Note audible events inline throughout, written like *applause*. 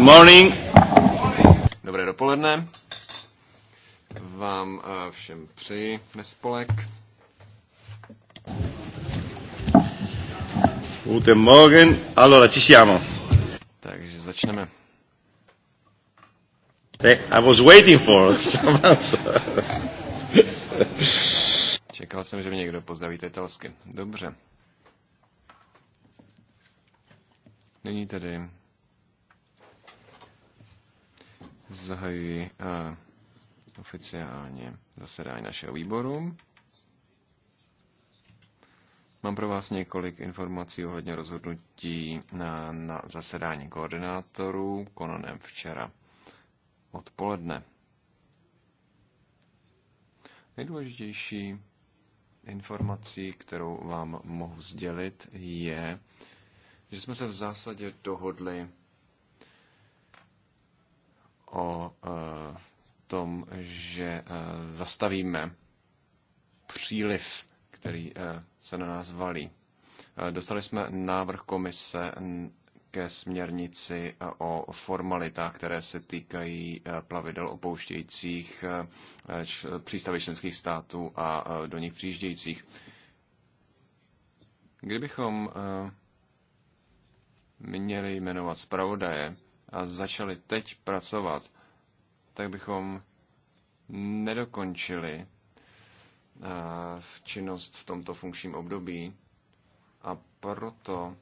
morning. Dobré dopoledne. Vám eh, všem přeji nespolek. Guten Morgen. Allora, ci siamo. Takže začneme. Eh, I was waiting for *laughs* some answer. Čekal jsem, že mě někdo pozdraví italsky. Dobře. Není tedy Zahajuji uh, oficiálně zasedání našeho výboru. Mám pro vás několik informací ohledně rozhodnutí na, na zasedání koordinátorů konaném včera odpoledne. Nejdůležitější informací, kterou vám mohu sdělit, je, že jsme se v zásadě dohodli o e, tom, že e, zastavíme příliv, který e, se na nás valí. Dostali jsme návrh komise ke směrnici o formalitách, které se týkají plavidel opouštějících přístavy členských států a do nich přijíždějících. Kdybychom měli jmenovat zpravodaje, a začali teď pracovat, tak bychom nedokončili eh, činnost v tomto funkčním období a proto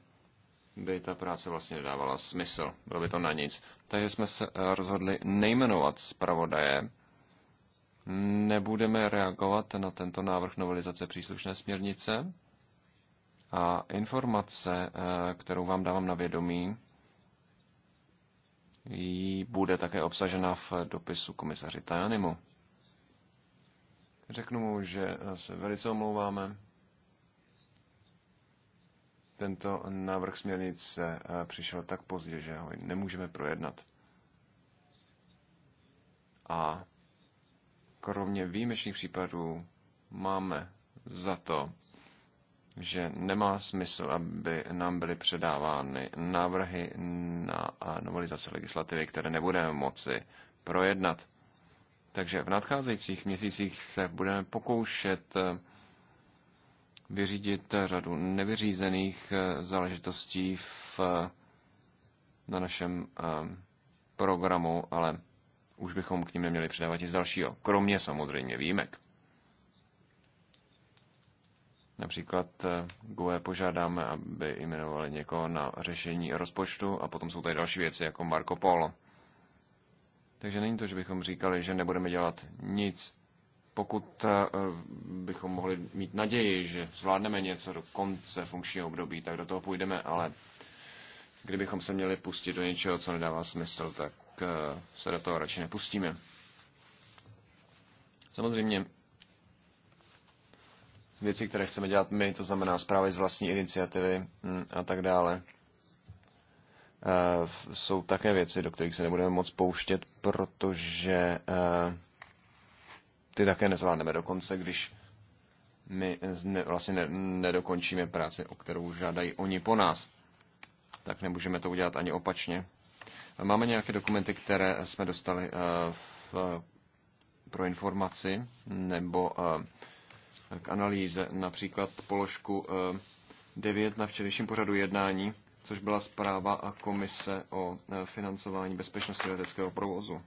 by ta práce vlastně nedávala smysl. Bylo by to na nic. Takže jsme se eh, rozhodli nejmenovat zpravodaje. Nebudeme reagovat na tento návrh novelizace příslušné směrnice a informace, eh, kterou vám dávám na vědomí, jí bude také obsažena v dopisu komisaři Tajanimu. Řeknu mu, že se velice omlouváme. Tento návrh směrnice eh, přišel tak pozdě, že ho nemůžeme projednat. A kromě výjimečných případů máme za to, že nemá smysl, aby nám byly předávány návrhy na eh, novelizace legislativy, které nebudeme moci projednat. Takže v nadcházejících měsících se budeme pokoušet eh, vyřídit řadu nevyřízených eh, záležitostí v, na našem programu, ale už bychom k ním neměli předávat nic dalšího, kromě samozřejmě výjimek. Například eh, GUE požádáme, aby jmenovali někoho na řešení rozpočtu a potom jsou tady další věci jako Marco Polo. Takže není to, že bychom říkali, že nebudeme dělat nic. Pokud eh, bychom mohli mít naději, že zvládneme něco do konce funkčního období, tak do toho půjdeme, ale kdybychom se měli pustit do něčeho, co nedává smysl, tak eh, se do toho radši nepustíme. Samozřejmě věci, které chceme dělat my, to znamená zprávy z vlastní iniciativy hm, a tak dále, eh, jsou také věci, do kterých se nebudeme moc pouštět, protože eh, ty také nezvládneme dokonce, když my vlastně ne, nedokončíme práci, o kterou žádají oni po nás. Tak nemůžeme to udělat ani opačně. Máme nějaké dokumenty, které jsme dostali eh, v, pro informaci nebo k analýze. Například položku 9 eh, na včerejším pořadu jednání, což byla zpráva a komise o eh, financování bezpečnosti leteckého provozu.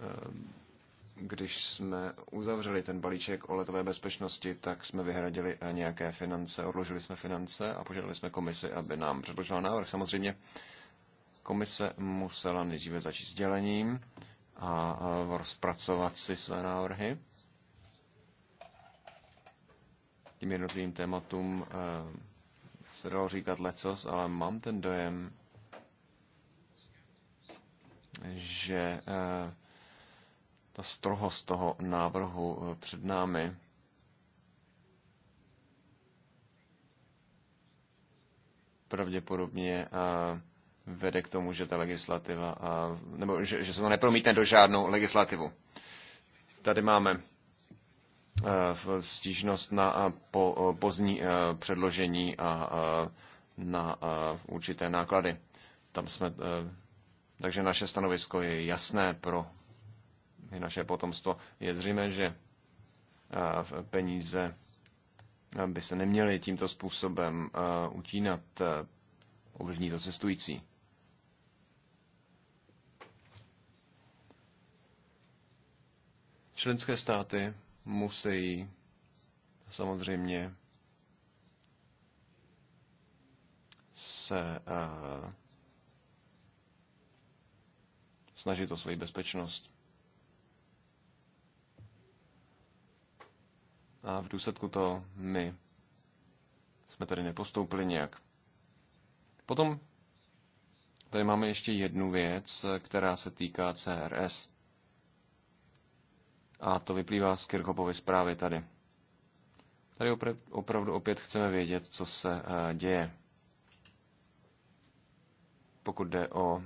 Eh, když jsme uzavřeli ten balíček o letové bezpečnosti, tak jsme vyhradili nějaké finance, odložili jsme finance a požádali jsme komisi, aby nám předložila návrh. Samozřejmě Komise musela nejdříve začít s dělením a rozpracovat si své návrhy. Tím jednotlivým tématům eh, se dalo říkat lecos, ale mám ten dojem, že eh, ta strohost toho návrhu eh, před námi pravděpodobně vede k tomu, že ta legislativa, a, nebo že, že se to nepromítne do žádnou legislativu. Tady máme e, stížnost na po, pozdní e, předložení a na určité náklady. Tam jsme, e, takže naše stanovisko je jasné pro naše potomstvo. Je zřejmé, že peníze by se neměly tímto způsobem utínat, ovlivní to cestující. Členské státy musí samozřejmě se uh, snažit o svoji bezpečnost. A v důsledku to my jsme tady nepostoupili nějak. Potom tady máme ještě jednu věc, která se týká CRS. A to vyplývá z Kirchhoffovy zprávy tady. Tady opravdu opět chceme vědět, co se eh, děje. Pokud jde o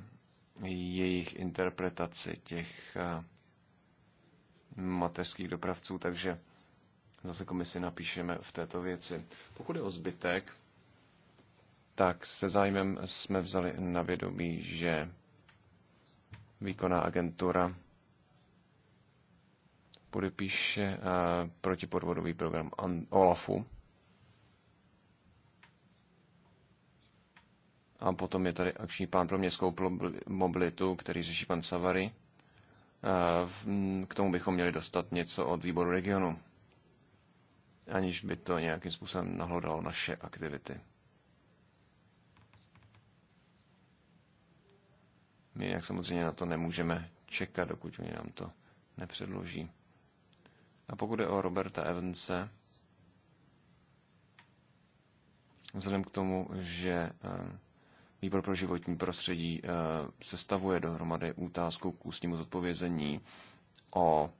jejich interpretaci těch eh, mateřských dopravců, takže zase komisi napíšeme v této věci. Pokud je o zbytek, tak se zájmem jsme vzali na vědomí, že výkonná agentura podepíše eh, protipodvodový program OLAFu. A potom je tady akční plán pro městskou mobilitu, který řeší pan Savary. Eh, k tomu bychom měli dostat něco od výboru regionu, aniž by to nějakým způsobem nahlodalo naše aktivity. My jak samozřejmě na to nemůžeme čekat, dokud oni nám to nepředloží. A pokud je o Roberta Evanse, vzhledem k tomu, že eh, Výbor pro životní prostředí eh, sestavuje dohromady útázku k ústnímu zodpovězení o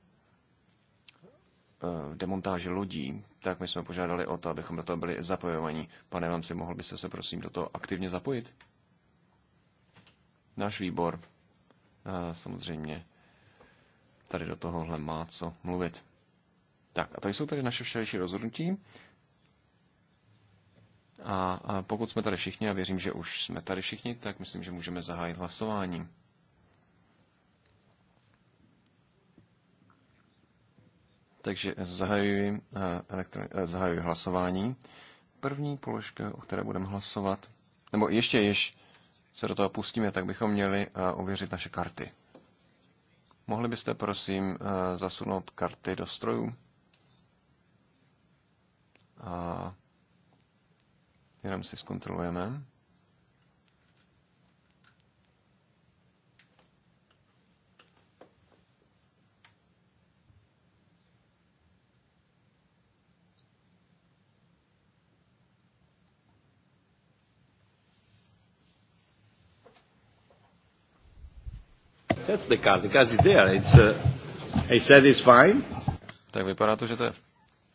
eh, demontáži lodí, tak my jsme požádali o to, abychom do toho byli zapojovaní. Pane Evansi, mohl byste se prosím do toho aktivně zapojit? Náš výbor samozřejmě tady do tohohle má co mluvit. Tak a to jsou tady naše včerejší rozhodnutí. A, a pokud jsme tady všichni, a věřím, že už jsme tady všichni, tak myslím, že můžeme zahájit hlasování. Takže zahajuji, eh, eh, zahajuji hlasování. První položka, o které budeme hlasovat, nebo ještě, jež se do toho pustíme, tak bychom měli eh, ověřit naše karty. Mohli byste prosím zasunout karty do strojů? a jenom si zkontrolujeme. That's the card. The card is there. It's, uh, I said it's fine. Tak vypadá to, že to je v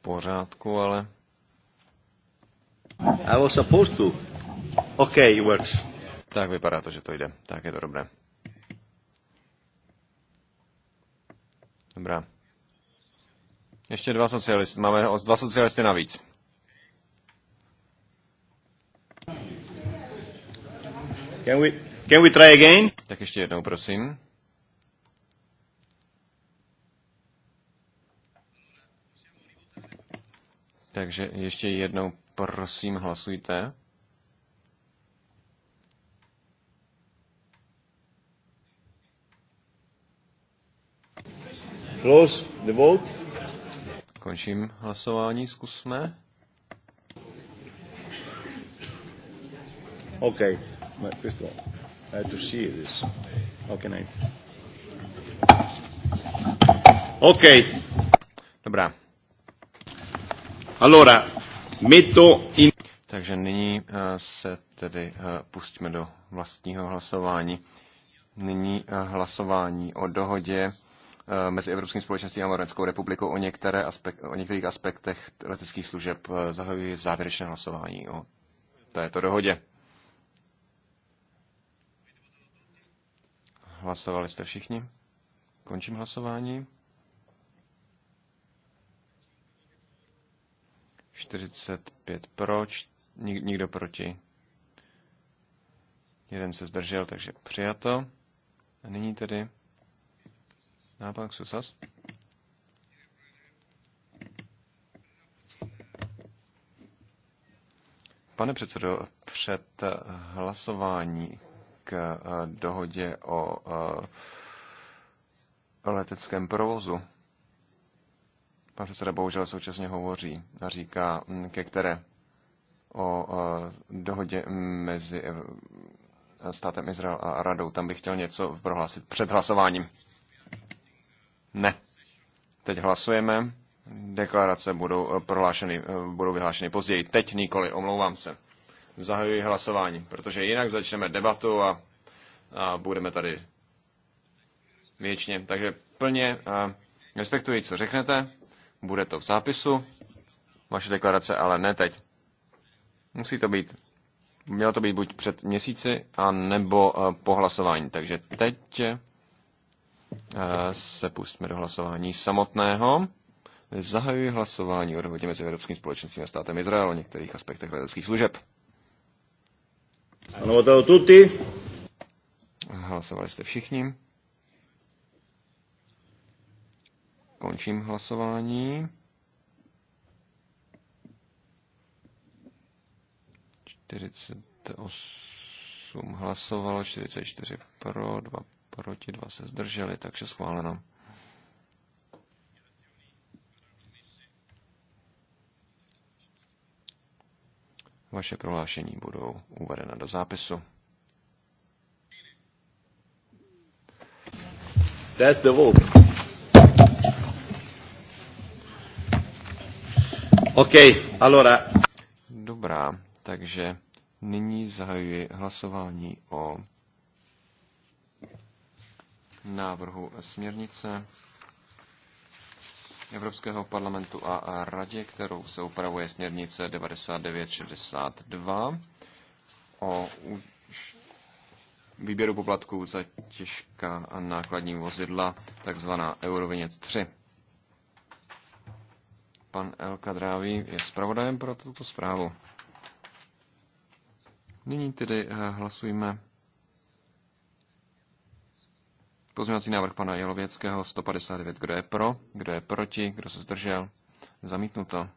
pořádku, ale i was supposed to. Okay, it works. Tak vypadá to, že to jde. Tak je to dobré. Dobrá. Ještě dva socialisty. Máme dva socialisty navíc. Can we, can we try again? Tak ještě jednou, prosím. Takže ještě jednou Prosím, hlasujte. Close the vote. Končím hlasování, zkusme. OK, questo I have to see this. How can I? OK. Dobrá. Allora, to... in... Takže nyní eh, se tedy eh, pustíme do vlastního hlasování. Nyní eh, hlasování o dohodě mezi Evropským společenstvím a Marockou republikou o, některé aspekt, o některých aspektech leteckých služeb. Zahajuji závěrečné hlasování o této dohodě. Hlasovali jste všichni? Končím hlasování. 45 pro, nikdo proti. Jeden se zdržel, takže přijato. A nyní tedy nápad Susas. Pane předsedo, před hlasování k eh, dohodě o eh, leteckém provozu Pan předseda bohužel současně hovoří a říká, mm, ke které o dohodě mezi státem Izrael a radou. Tam bych chtěl něco prohlásit před hlasováním. Ne. Teď hlasujeme. Deklarace budou, e, prohlášeny, e, budou vyhlášeny později. Teď nikoli, omlouvám se. Zahajuji hlasování, protože jinak začneme debatu a, a budeme tady věčně. Takže plně e, respektuji, co řeknete. Bude to v zápisu. Vaše deklarace ale ne teď. Musí to být. Mělo to být buď před měsíci, a nebo eh, po hlasování. Takže teď eh, se pustíme do hlasování samotného. Zahajuji hlasování o dohodě mezi Evropským společenstvím a státem Izrael o některých aspektech leteckých služeb. Hlasovali jste všichni. Končím hlasování. 48 hlasovalo, 44 pro, 2 proti, 2 se zdrželi, takže schváleno. Vaše prohlášení budou uvedena do zápisu. That's the vote. OK, allora. Dobrá, takže nyní zahajuji hlasování o návrhu směrnice Evropského parlamentu a radě, kterou se upravuje směrnice 9962 o výběru poplatků za těžká a nákladní vozidla, takzvaná Eurovinět 3. Pan El Kadrávi je zpravodajem pro tuto zprávu. Nyní tedy eh, hlasujeme pozměňovací návrh pana Jelověckého 159. Kdo je pro? Kdo je proti? Kdo se zdržel? Zamítnuto.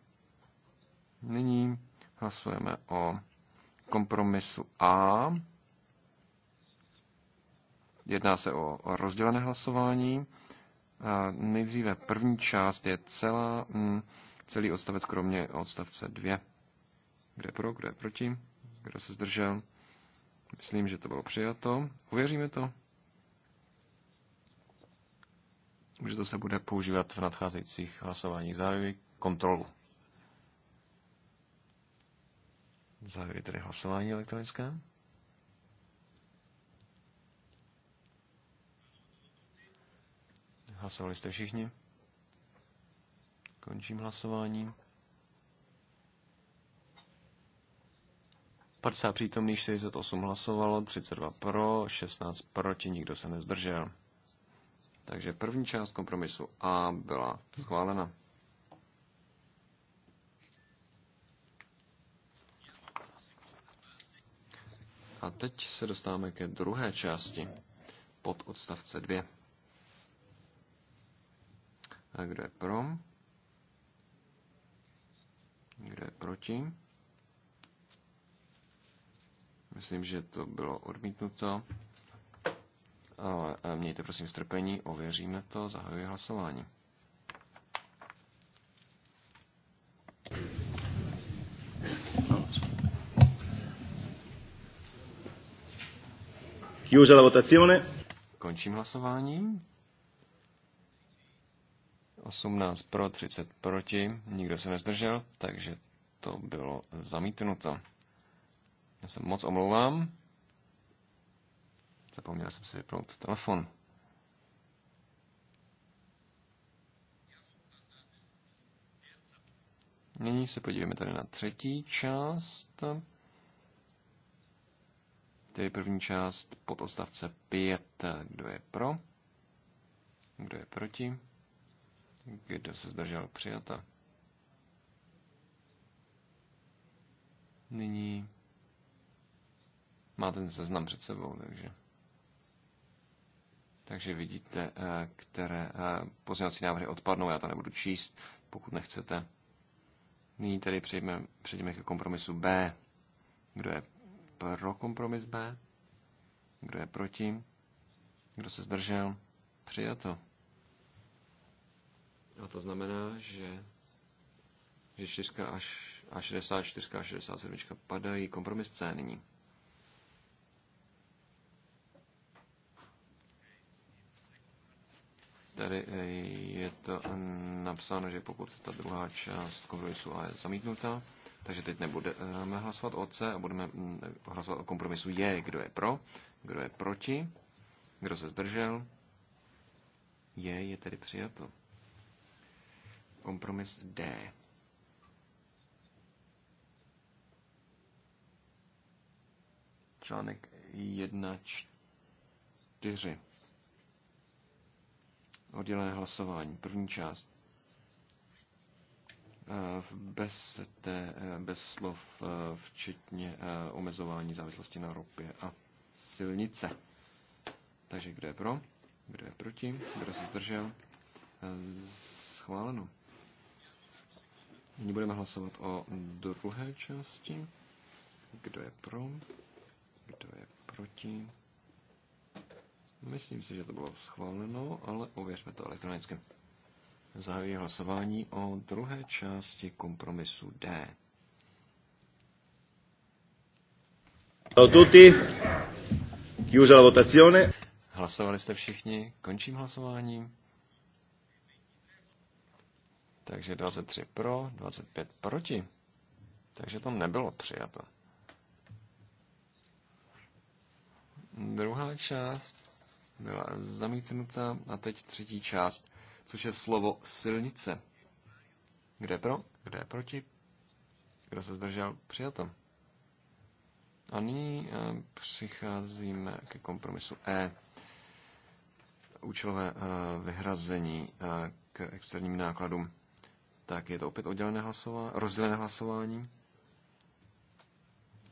Nyní hlasujeme o kompromisu A. Jedná se o rozdělené hlasování. Nejdříve první část je celá, mm, celý odstavec kromě odstavce 2. Kde pro, kde proti, kdo se zdržel. Myslím, že to bylo přijato. Uvěříme to. že to se bude používat v nadcházejících hlasováních. Zahajuji kontrolu. Zahajuji tedy hlasování elektronické. Hlasovali jste všichni? Končím hlasování. 50 přítomných, 68 hlasovalo, 32 pro, 16 proti, nikdo se nezdržel. Takže první část kompromisu A byla schválena. A teď se dostáváme ke druhé části pod odstavce 2. A kdo je pro? Kdo je proti? Myslím, že to bylo odmítnuto. Ale e, mějte prosím strpení, ověříme to, zahajuji hlasování. votazione. Končím hlasování. 18 pro, 30 proti, nikdo se nezdržel, takže to bylo zamítnuto. Já se moc omlouvám. Zapomněl jsem si vypnout telefon. Nyní se podívejme tady na třetí část. Tedy první část pod odstavce 5. Kdo je pro? Kdo je proti? Kdo se zdržel? Přijata. Nyní má ten seznam před sebou, takže. Takže vidíte, eh, které eh, pozměňovací návrhy odpadnou, já to nebudu číst, pokud nechcete. Nyní tedy přejdeme, přejdeme ke kompromisu B. Kdo je pro kompromis B? Kdo je proti? Kdo se zdržel? Přijato. A to znamená, že, že 4 až A64 a 67 padají. Kompromis C nyní. Tady eh, je to napsáno, že pokud ta druhá část kompromisu A je zamítnutá, takže teď nebudeme eh, hlasovat o C a budeme mm, hlasovat o kompromisu J. Kdo je pro, kdo je proti, kdo se zdržel. J je tedy přijato. Kompromis D. Článek 1, 4. Oddělené hlasování. První část. Eh, bez, té, eh, bez slov, eh, včetně omezování závislosti na ropě a silnice. Takže kdo je pro, kdo je proti, kdo se zdržel, schváleno. Nyní budeme hlasovat o druhé části. Kdo je pro? Kdo je proti? Myslím si, že to bylo schváleno, ale ověřme to elektronicky. Zahajuji hlasování o druhé části kompromisu D. la votazione. Hlasovali jste všichni. Končím hlasování. Takže 23 pro, 25 proti. Takže to nebylo přijato. Druhá část byla zamítnuta a teď třetí část, což je slovo silnice. Kde pro, kde proti, kdo se zdržel, přijato. A nyní eh, přicházíme ke kompromisu E. Účelové eh, vyhrazení eh, k externím nákladům. Tak je to opět oddělené hlasování, rozdělené hlasování.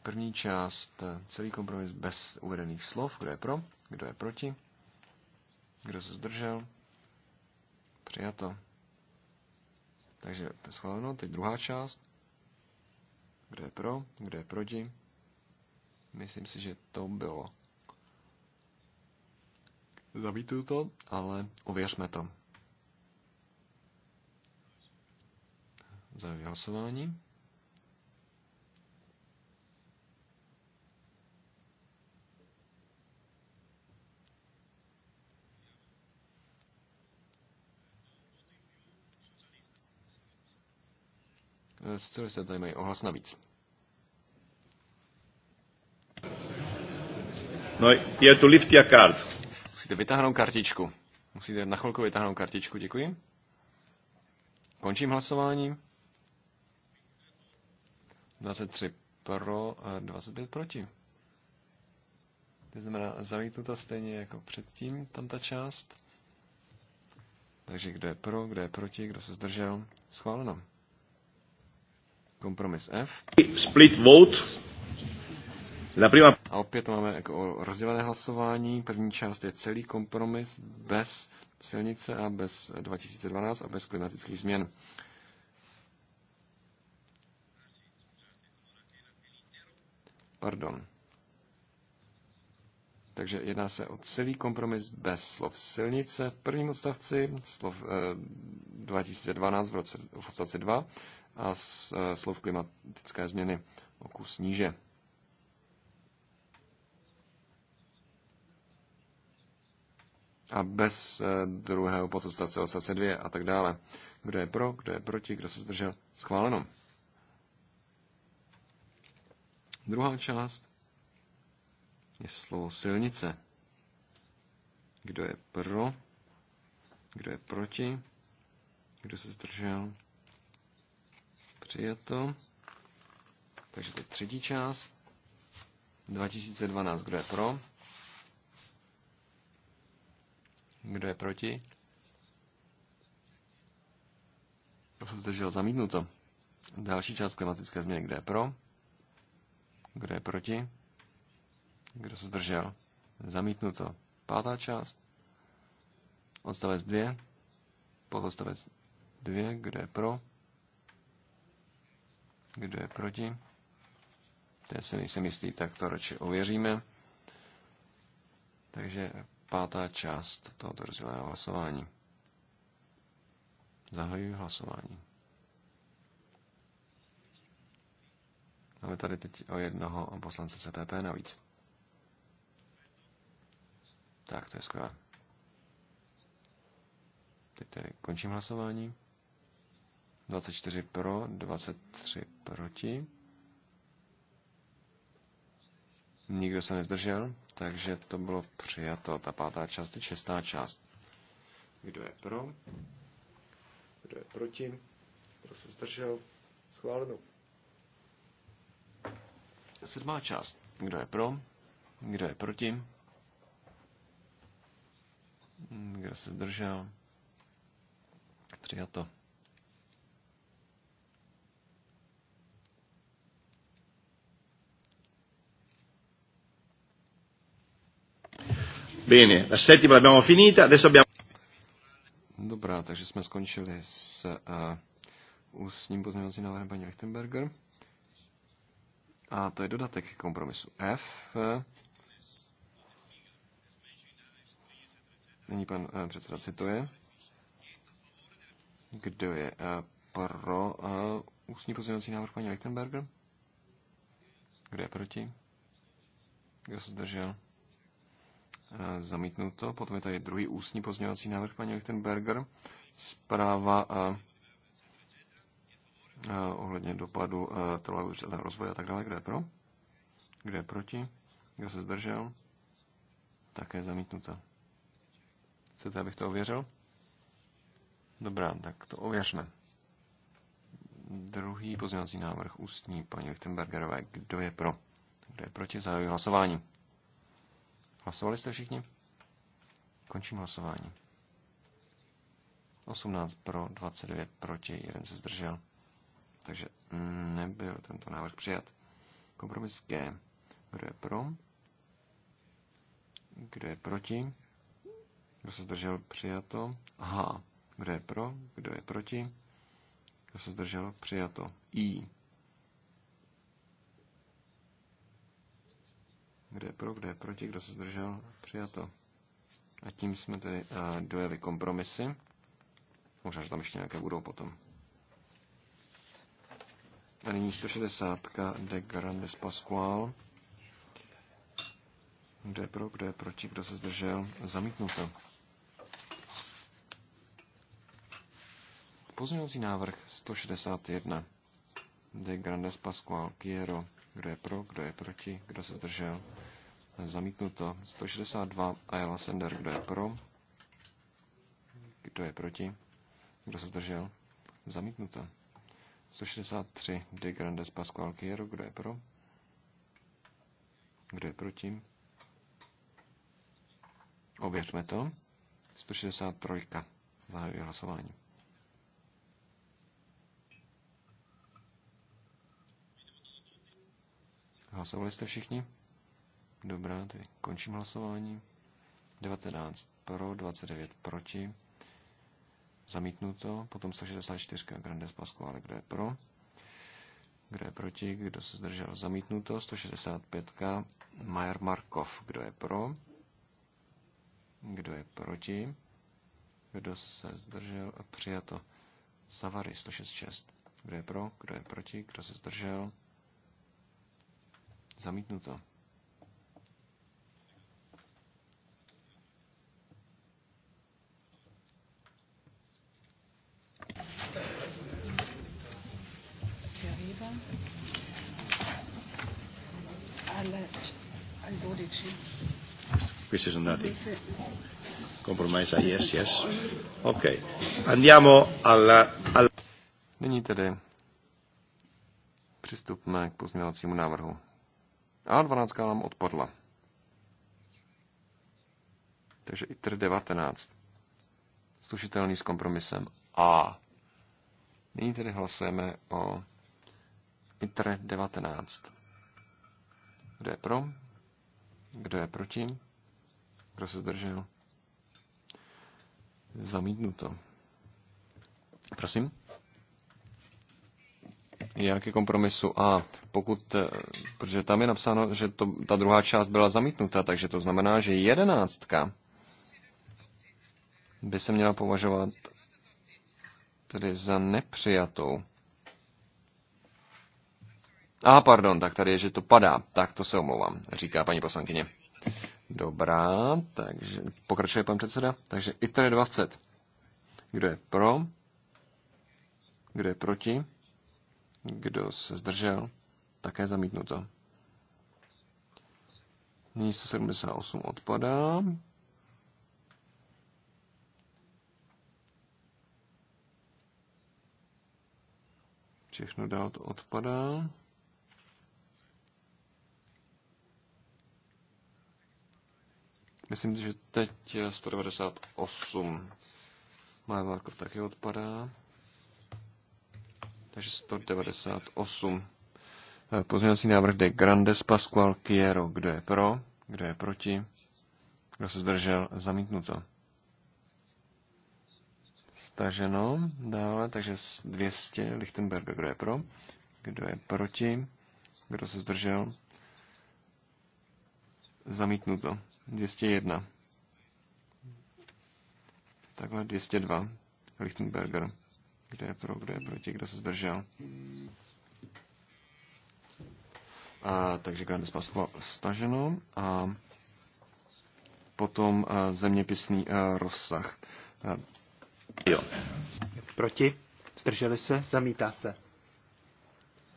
První část, eh, celý kompromis bez uvedených slov. Kdo je pro? Kdo je proti? Kdo se zdržel? Přijato. Takže to je schváleno. Teď druhá část. Kdo je pro? Kdo je proti? Myslím si, že to bylo. Zavítuju to, ale ověřme to. Zahajuji hlasování. Eh, socialisté tady mají ohlas navíc. No, je tu lift a card. Musíte vytáhnout kartičku. Musíte na chvilku vytáhnout kartičku, děkuji. Končím hlasování. 23 pro, 25 proti. To znamená zamítnuta stejně jako předtím, tam ta část. Takže kdo je pro, kdo je proti, kdo se zdržel, schváleno. Kompromis F. Split vote. A opět máme jako rozdělené hlasování. První část je celý kompromis bez silnice a bez 2012 a bez klimatických změn. Pardon. Takže jedná se o celý kompromis bez slov silnice v prvním odstavci, slov eh, 2012 v, roce, v odstavci 2 a s, eh, slov klimatické změny o kus níže. A bez eh, druhého podstavce odstavce 2 a tak dále. Kdo je pro, kdo je proti, kdo se zdržel, schváleno. Druhá část je slovo silnice. Kdo je pro? Kdo je proti? Kdo se zdržel? Přijato. Takže to je třetí část. 2012. Kdo je pro? Kdo je proti? Kdo se zdržel? Zamítnuto. Další část klimatické změny. Kdo je pro? Kdo je proti? Kdo se zdržel? Zamítnuto. Pátá část. Odstavec 2. Pododstavec 2. Kdo je pro? Kdo je proti? To se nejsem jistý, tak to radši ověříme. Takže pátá část tohoto rozděleného hlasování. Zahajuji hlasování. Máme tady teď o jednoho poslance CPP navíc. Tak, to je skvělé. Teď tady končím hlasování. 24 pro, 23 proti. Nikdo se nezdržel, takže to bylo přijato. Ta pátá část, teď šestá část. Kdo je pro? Kdo je proti? Kdo se zdržel? Schváleno. Sedmá část. Kdo je pro? Kdo je proti? Kdo se zdržel? Přijato. Bene, la settima l'abbiamo finita, adesso abbiamo... Dobrá, takže jsme skončili s uh, ústním pozměňovacím návrhem paní Lichtenberger. A to je dodatek k kompromisu F. Není pan eh, předseda cituje. Kdo je eh, pro eh, ústní pozměňovací návrh paní Lichtenberger? Kdo je proti? Kdo se zdržel? Zamítnuto. Potom je tady druhý ústní pozměňovací návrh paní Lichtenberger. Zpráva Eh, ohledně dopadu eh, trvalého udržitelného rozvoje a tak dále. Kdo je pro? Kdo je proti? Kdo se zdržel? Také zamítnuto. Chcete, abych to ověřil? Dobrá, tak to ověřme. Druhý pozměňovací návrh ústní paní Lichtenbergerové. Kdo je pro? Kdo je proti? Zahajuji hlasování. Hlasovali jste všichni? Končím hlasování. 18 pro, 29 proti, jeden se zdržel. Takže nebyl tento návrh přijat. Kompromis G. Kdo je pro? Kdo je proti? Kdo se zdržel? Přijato. H. Kdo je pro? Kdo je proti? Kdo se zdržel? Přijato. I. Kdo je pro? Kdo je proti? Kdo se zdržel? Přijato. A tím jsme tedy uh, dojeli kompromisy. Možná, že tam ještě nějaké budou potom. A nyní 160. De Grandes Pasquale. Kdo je pro, kdo je proti, kdo se zdržel? Zamítnuto. Pozměňovací návrh 161. De Grandes Pasqual. Piero. Kdo je pro, kdo je proti, kdo se zdržel? Zamítnuto. 162. Ayala Sender. Kdo je pro? Kdo je proti? Kdo se zdržel? Zamítnuto. 163 De Grandes Pascual Quiero, kdo je pro? Kdo je proti? Ověřme to. 163. Zahajuji hlasování. Hlasovali jste všichni? Dobrá, tedy končím hlasování. 19 pro, 29 proti. Zamítnuto. Potom 164. Grandes Pasquale. Kdo je pro? Kdo je proti? Kdo se zdržel? Zamítnuto. 165. Majer Markov. Kdo je pro? Kdo je proti? Kdo se zdržel? Přijato. Savary 166. Kdo je pro? Kdo je proti? Kdo se zdržel? Zamítnuto. questi sono dati. Compromise ah, yes, yes. Ok. Andiamo alla... alla... Nyní tedy přistupme k pozměňovacímu návrhu. A12 nám odpadla. Takže i 19. Slušitelný s kompromisem A. Nyní tedy hlasujeme o ITR 19. Kdo je pro? Kdo je proti? Kdo se zdržel? Zamítnuto. Prosím? Já kompromisu A, pokud, eh, protože tam je napsáno, že to, ta druhá část byla zamítnuta, takže to znamená, že jedenáctka by se měla považovat tedy za nepřijatou. A pardon, tak tady je, že to padá. Tak to se omlouvám, říká paní poslankyně. Dobrá, takže pokračuje pan předseda. Takže ITRE 20. Kdo je pro? Kdo je proti? Kdo se zdržel? Také zamítnuto. Nyní 178 odpadá. Všechno dál to odpadá. Myslím, že teď 198. Moje Markov taky odpadá. Takže 198. Eh, pozměňovací návrh de Grandes Pasqual Quiero. Kdo je pro? Kdo je proti? Kdo se zdržel? Zamítnuto. Staženo. Dále, takže 200. Lichtenberg, Kdo je pro? Kdo je proti? Kdo se zdržel? Zamítnuto. 201. Takhle 202. Lichtenberger. Kde je pro, kde je proti, kdo se zdržel. A, takže Grand Spasko staženo a potom a, e, zeměpisný a, e, rozsah. A... E, jo. Proti? Zdrželi se? Zamítá se.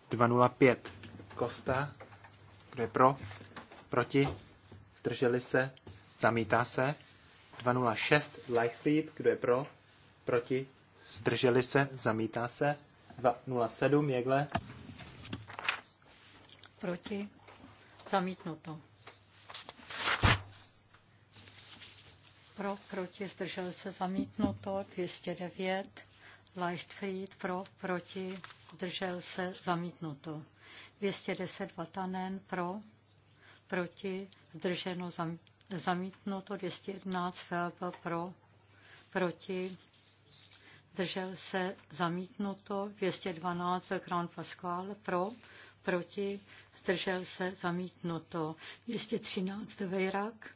205. Kosta. Kdo je pro? Proti? zdrželi se, zamítá se. 206 Lightfeed, kdo je pro, proti, zdrželi se, zamítá se. 207 Jegle. Proti, zamítnuto. Pro, proti, zdržel se, zamítnuto. 209 Leichtfried, pro, proti, zdržel se, zamítnuto. 210 Vatanen, pro, proti, zdrženo, zamítnuto 211 Felba pro, proti, zdržel se, zamítnuto 212 Grand Pascal pro, proti, zdržel se, zamítnuto 213 Vejrak,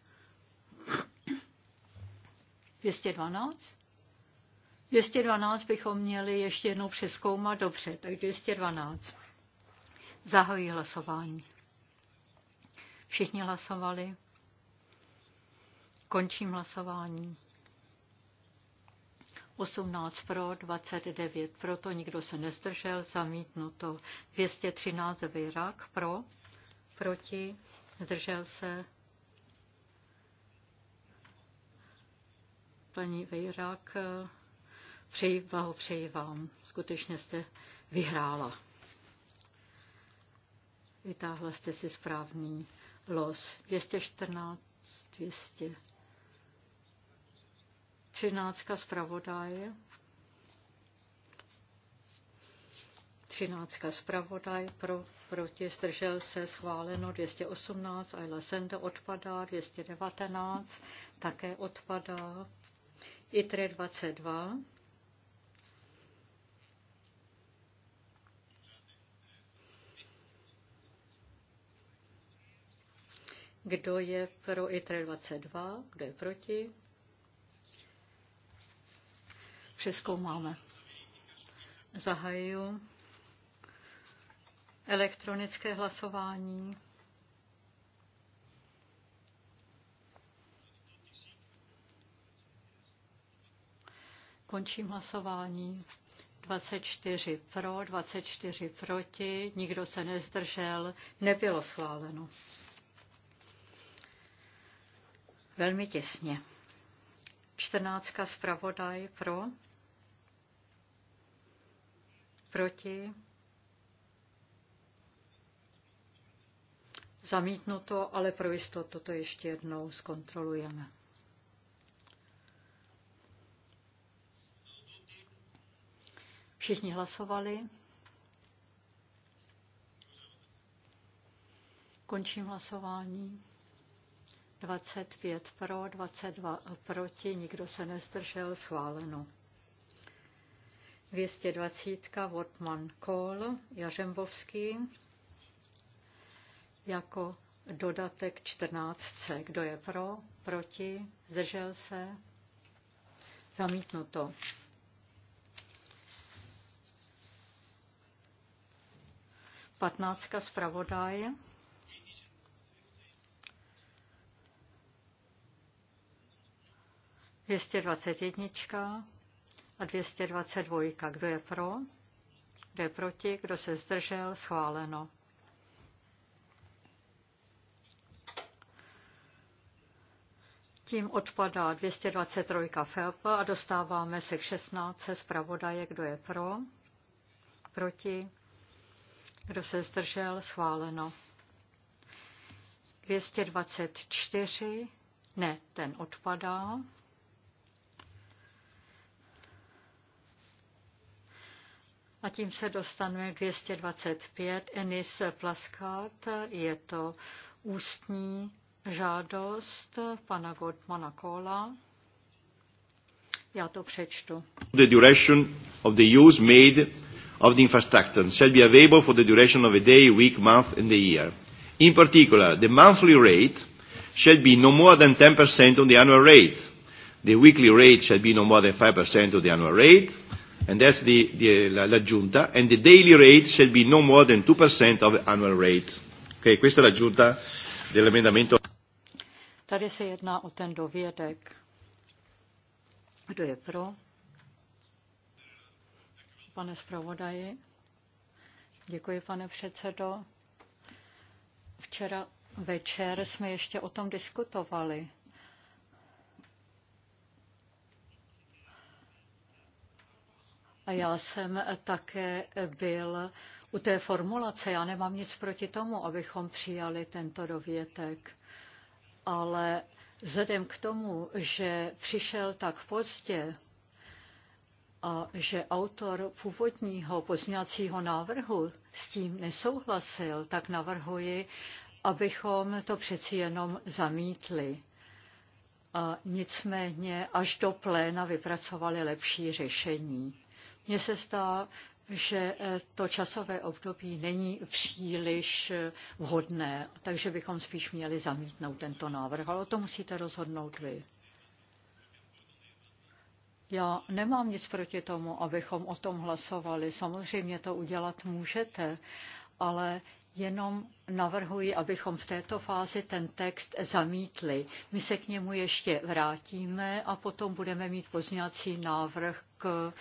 212 212 bychom měli ještě jednou přeskoumat. Dobře, tak 212. Zahojí hlasování. Všichni hlasovali. Končím hlasování. 18 pro, 29 proto, nikdo se nezdržel, zamítnuto. 213 vyrak pro, proti, zdržel se. Paní Vejrak, přeji, přeji vám. Skutečně jste vyhrála. Vytáhla jste si správný los 214, 200. 13. zpravodaje. 13. zpravodaj pro, proti zdržel se schváleno 218, a Sende odpadá, 219 také odpadá, ITRE 22 Kdo je pro ITR 22? Kdo je proti? Přeskoumáme. Zahajuji elektronické hlasování. Končím hlasování. 24 pro, 24 proti, nikdo se nezdržel, nebylo schváleno velmi těsně. Čtrnáctka zpravodaj pro, proti, zamítnuto, ale pro jistotu to ještě jednou zkontrolujeme. Všichni hlasovali. Končím hlasování. 25 pro, 22 proti, nikdo se nezdržel, schváleno. 220 Wortmann Kohl, Jařembovský, jako dodatek 14. Kdo je pro, proti, zdržel se, zamítnuto. Patnáctka zpravodaje. 221 a 222. Kdo je pro? Kdo je proti? Kdo se zdržel? Schváleno. Tím odpadá 223 FELP a dostáváme se k 16 zpravodaje, kdo je pro, proti, kdo se zdržel, schváleno. 224, ne, ten odpadá. A tím se dostaneme 225. Enis Plaskát, je to ústní žádost pana Gottmana Kola. Já to přečtu. The duration of the use made of the infrastructure shall be available for the duration of a day, week, month and the year. In particular, the monthly rate shall be no more than 10% on the annual rate. The weekly rate shall be no more than 5% of the annual rate and that's the, the, la, la giunta, and the daily rate shall be no more than 2% of annual rate. Okay, questa è la giunta dell'emendamento. Tady se jedná o ten dovědek. Kdo je pro? Pane zpravodaji. Děkuji, pane předsedo. Včera večer jsme ještě o tom diskutovali. A já jsem také byl u té formulace, já nemám nic proti tomu, abychom přijali tento dovětek, ale vzhledem k tomu, že přišel tak pozdě a že autor původního pozměňovacího návrhu s tím nesouhlasil, tak navrhuji, abychom to přeci jenom zamítli. A nicméně až do pléna vypracovali lepší řešení. Mně se stá, že eh, to časové období není příliš eh, vhodné, takže bychom spíš měli zamítnout tento návrh, ale o to musíte rozhodnout vy. Já nemám nic proti tomu, abychom o tom hlasovali. Samozřejmě to udělat můžete, ale jenom navrhuji, abychom v této fázi ten text zamítli. My se k němu ještě vrátíme a potom budeme mít pozňací návrh k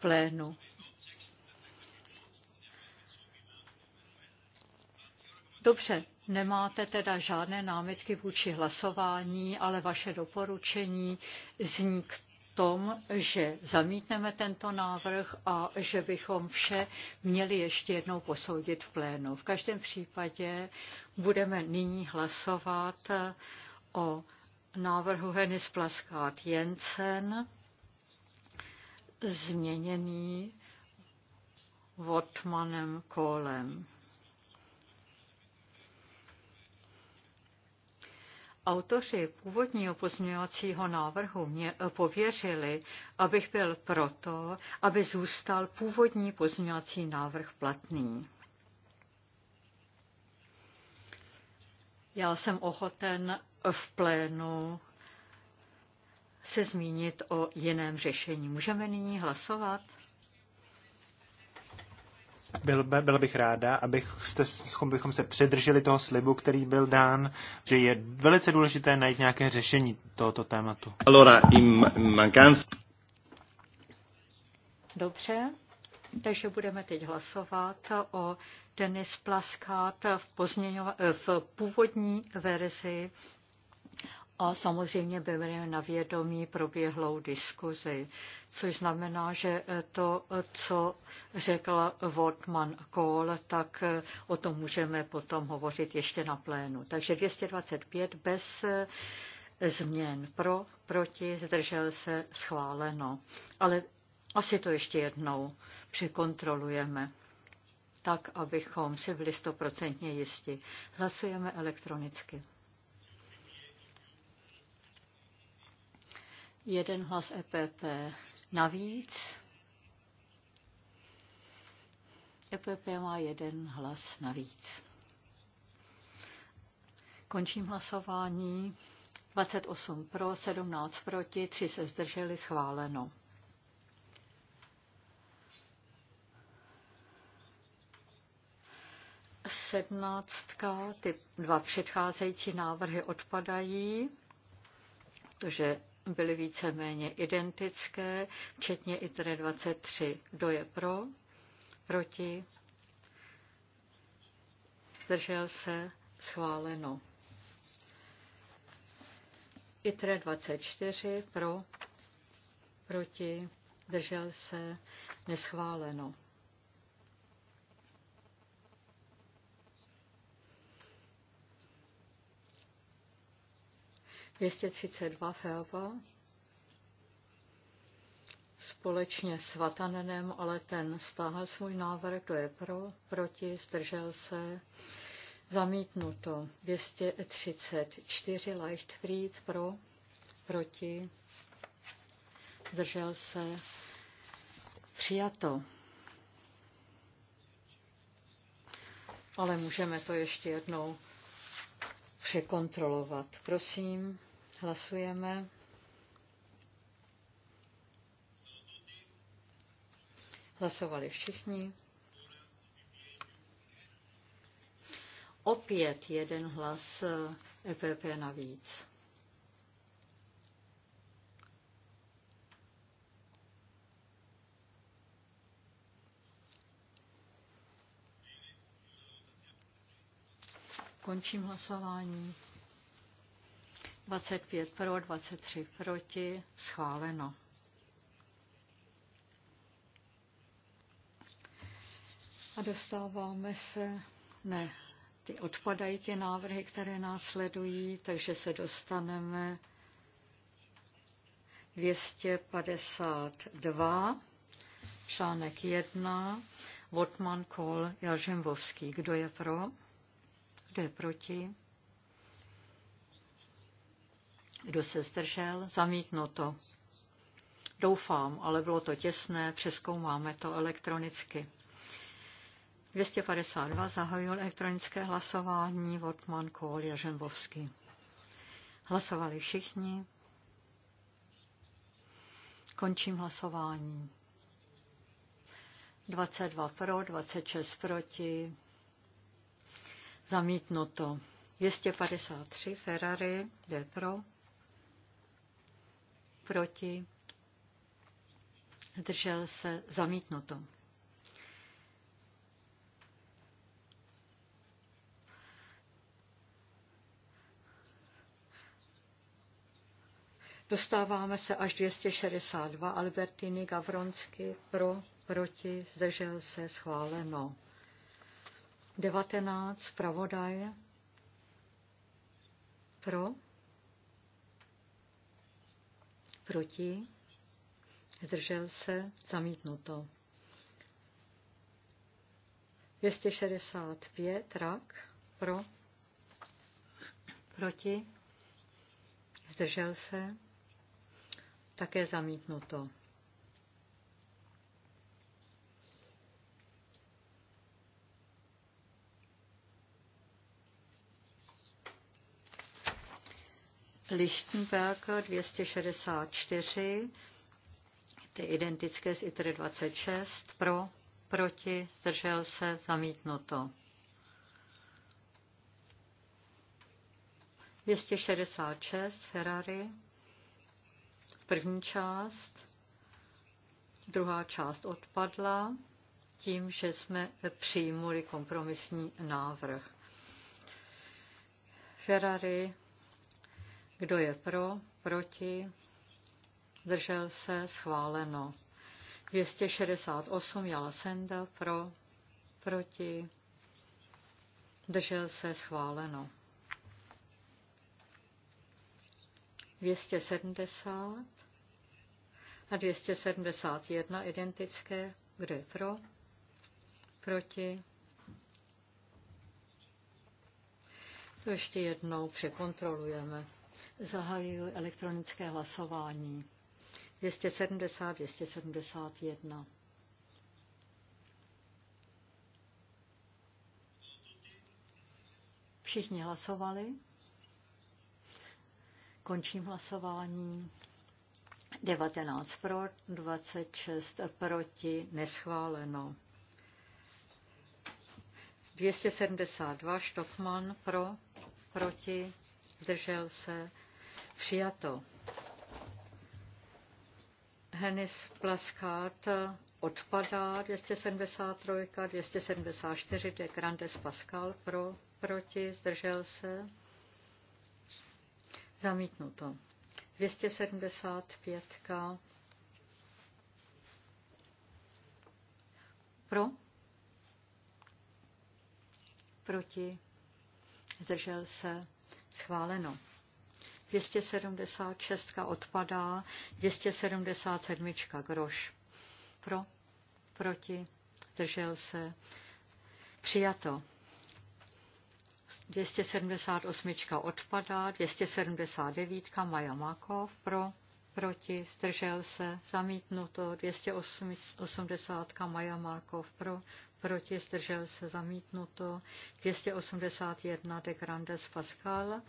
plénu. Dobře, nemáte teda žádné námitky vůči hlasování, ale vaše doporučení zní k tom, že zamítneme tento návrh a že bychom vše měli ještě jednou posoudit v plénu. V každém případě budeme nyní hlasovat o návrhu Henis Plaskát Jensen změněný Votmanem Kolem. Autoři původního pozměňovacího návrhu mě pověřili, abych byl proto, aby zůstal původní pozměňovací návrh platný. Já jsem ochoten v plénu se zmínit o jiném řešení. Můžeme nyní hlasovat? Byl, byla bych ráda, abychom bychom se předrželi toho slibu, který byl dán, že je velice důležité najít nějaké řešení tohoto tématu. Allora, in Dobře, takže budeme teď hlasovat o Denis Plaskát v, v původní verzi a samozřejmě bereme na vědomí proběhlou diskuzi, což znamená, že to, co řekla Wortmann Kohl, tak o tom můžeme potom hovořit ještě na plénu. Takže 225 bez změn pro, proti, zdržel se, schváleno. Ale asi to ještě jednou překontrolujeme tak, abychom si byli stoprocentně jisti. Hlasujeme elektronicky. Jeden hlas EPP navíc. EPP má jeden hlas navíc. Končím hlasování. 28 pro, 17 proti, 3 se zdrželi, schváleno. Sednáctka, ty dva předcházející návrhy odpadají, protože byly víceméně identické, včetně ITRE 23. Kdo je pro? Proti? Zdržel se? Schváleno. ITRE 24. Pro? Proti? Zdržel se? Neschváleno. 232 Feoba společně s Vatanenem, ale ten stáhl svůj návrh, to je pro, proti, zdržel se, zamítnuto. 234 Leichtfried pro, proti, zdržel se, přijato. Ale můžeme to ještě jednou překontrolovat. Prosím. Hlasujeme. Hlasovali všichni. Opět jeden hlas EPP eh, e navíc. Končím hlasování. 25 pro, 23 proti, schváleno. A dostáváme se, ne, ty odpadají ty návrhy, které následují, takže se dostaneme 252, článek 1, Votman Kol Jalžembovský. Kdo je pro? Kdo je proti? Kdo se zdržel? zamítno to Doufám, ale bylo to těsné, přeskoumáme to elektronicky. 252 zahájil elektronické hlasování Wortmann, Kohl, Jažembovský. Hlasovali všichni. Končím hlasování. 22 pro, 26 proti. Zamítnuto. 253 Ferrari, jde pro proti, zdržel se, zamítnuto. Dostáváme se až 262 Albertiny Gavronsky pro, proti, zdržel se, schváleno. 19 pravodaje pro, proti, zdržel se, zamítnuto. 265 rak pro, proti, zdržel se, také zamítnuto. Lichtenberger 264, ty identické s ITRE 26, pro, proti, zdržel se, zamítnuto. 266 Ferrari, první část, druhá část odpadla tím, že jsme přijmuli kompromisní návrh. Ferrari kdo je pro? Proti? Zdržel se? Schváleno. 268 Jala Senda pro, proti, držel se schváleno. 270 a 271 identické, kdo je pro, proti. To ještě jednou překontrolujeme. Zahajuji elektronické hlasování. 270, 271. Všichni hlasovali. Končím hlasování. 19 pro, 26 proti, neschváleno. 272 Štokman pro, proti, zdržel se, Přijato. Hennis Plaskát odpadá 273, 274 de Grandes Pascal pro, proti, zdržel se. Zamítnuto. 275 pro, proti, zdržel se, schváleno. 276 odpadá, 277 groš. Pro, proti, držel se, přijato. 278 odpadá, 279 Majamakov pro, proti, zdržel se, zamítnuto, 280 Majamakov pro, proti, zdržel se, zamítnuto, 281 de Grandes Pascal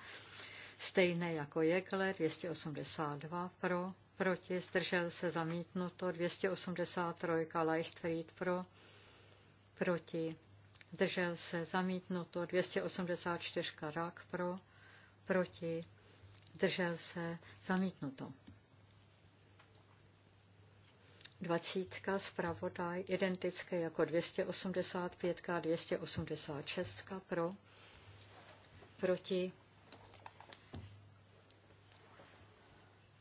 stejné jako Jekle 282 pro, proti, zdržel se zamítnuto 283 Leichtfried pro, proti, zdržel se zamítnuto 284 Rak pro, proti, zdržel se zamítnuto. Dvacítka zpravodaj identické jako 285 a 286 pro, proti,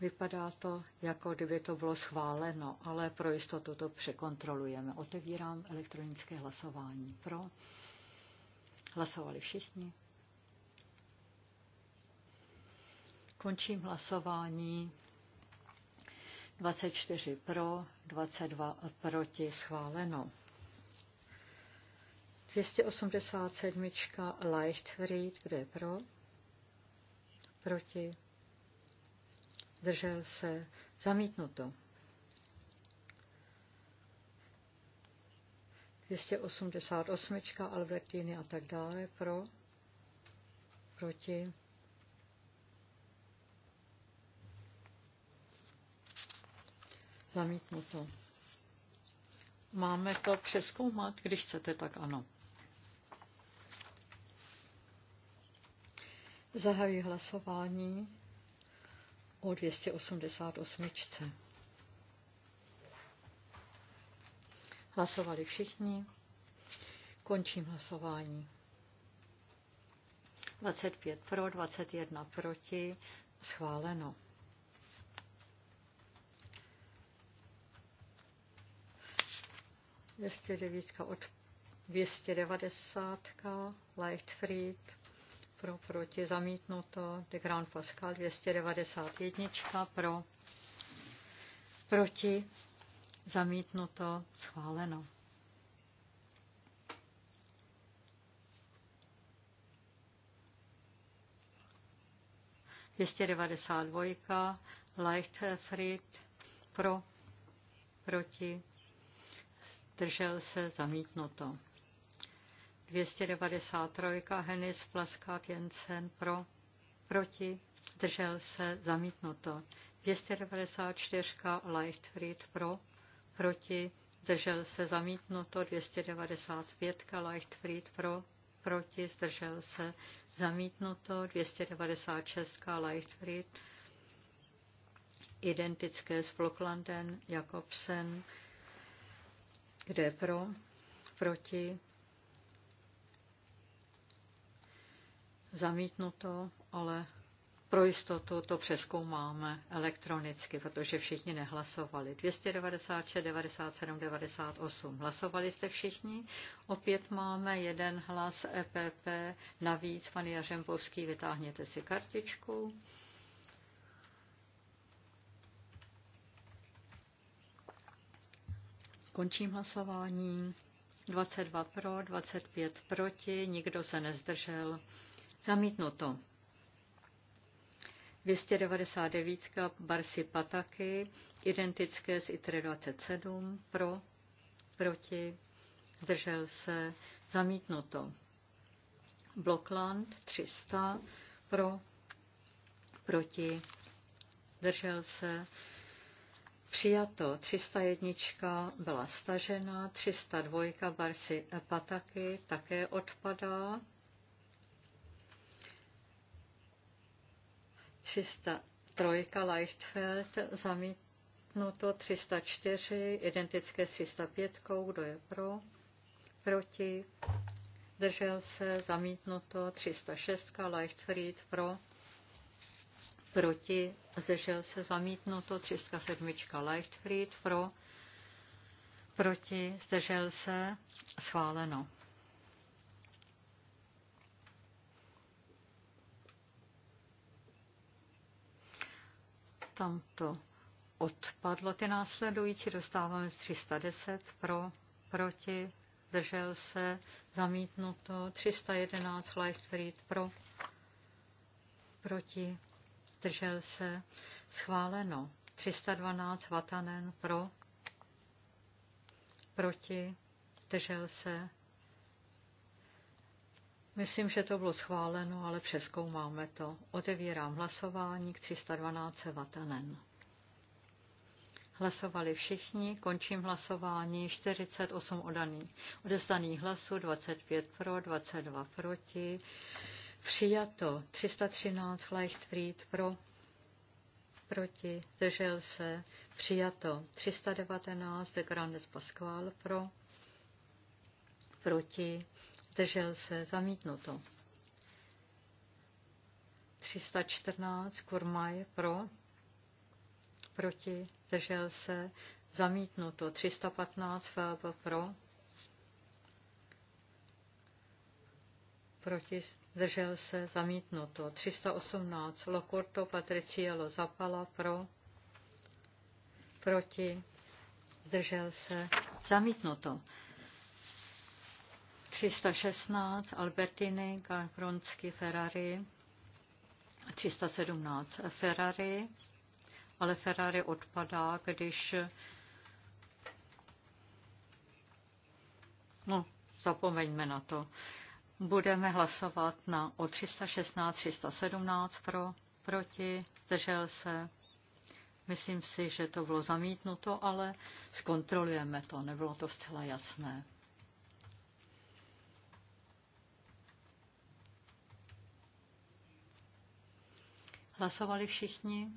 Vypadá to, jako kdyby to bylo schváleno, ale pro jistotu to překontrolujeme. Otevírám elektronické hlasování. Pro. Hlasovali všichni. Končím hlasování. 24 pro, 22 proti, schváleno. 287. Leichtfried, kdo je pro? Proti zdržel se, zamítnuto. 288, Albertiny a tak dále, pro, proti. Zamítnuto. Máme to přeskoumat, když chcete, tak ano. Zahají hlasování o 288. Hlasovali všichni. Končím hlasování. 25 pro, 21 proti. Schváleno. Dvěstě devítka od 290. Lightfried pro, proti, zamítnuto. De Grand Pascal 291 pro, proti, zamítnuto, schváleno. Dvěstě devadesát dvojka, Leichtfried, pro, proti, držel se, zamítnuto. 293. Henis Plaskát Jensen pro, proti, držel se, zamítnuto. 294. Leichtfried pro, proti, zdržel se, zamítnuto. 295. Leichtfried pro, proti, zdržel se, zamítnuto. 296. Leichtfried identické s Bloklandem, Jakobsen, kde pro, proti, zamítnuto, ale pro jistotu to přeskoumáme elektronicky, protože všichni nehlasovali. 296, 97, 98. Hlasovali jste všichni? Opět máme jeden hlas EPP. Navíc, pan Jařempovský, vytáhněte si kartičku. Končím hlasování. 22 pro, 25 proti, nikdo se nezdržel. Zamítnuto. 299 Barsi Pataky, identické s ITR 27, pro, proti, zdržel se, zamítnuto. Blokland 300, pro, proti, zdržel se, Přijato 301 byla stažena, 302 Barsi Pataky také odpadá, 303 Leichtfeld zamítnuto, 304 identické s 305, kdo je pro, proti, držel se, zamítnuto, 306 Leichtfried pro, proti, zdržel se, zamítnuto, 307 Leichtfried pro, proti, zdržel se, schváleno. tam to odpadlo. Ty následující dostáváme z 310 pro, proti, zdržel se, zamítnuto, 311 read pro, proti, zdržel se, schváleno, 312 Vatanen pro, proti, zdržel se, Myslím, že to bylo schváleno, ale přeskoumáme to. Otevírám hlasování k 312 Vatanen. Hlasovali všichni, končím hlasování, 48 odaný, odezdaných hlasů, 25 pro, 22 proti, přijato 313 Leichtfried pro, proti, držel se, přijato 319 de Grandes Pasqual pro, proti, zdržel se, zamítnuto. 314, Kurmaj pro, proti, zdržel se, zamítnuto. 315, Fába pro, proti, zdržel se, zamítnuto. 318, Lokorto Patriciello Zapala pro, proti, zdržel se, zamítnuto. 316 Albertini, Galfronsky, Ferrari. 317 Ferrari, ale Ferrari odpadá, když no, zapomeňme na to. Budeme hlasovat na o 316, 317 pro, proti, zdržel se. Myslím si, že to bylo zamítnuto, ale zkontrolujeme to, nebylo to zcela jasné. Hlasovali všichni?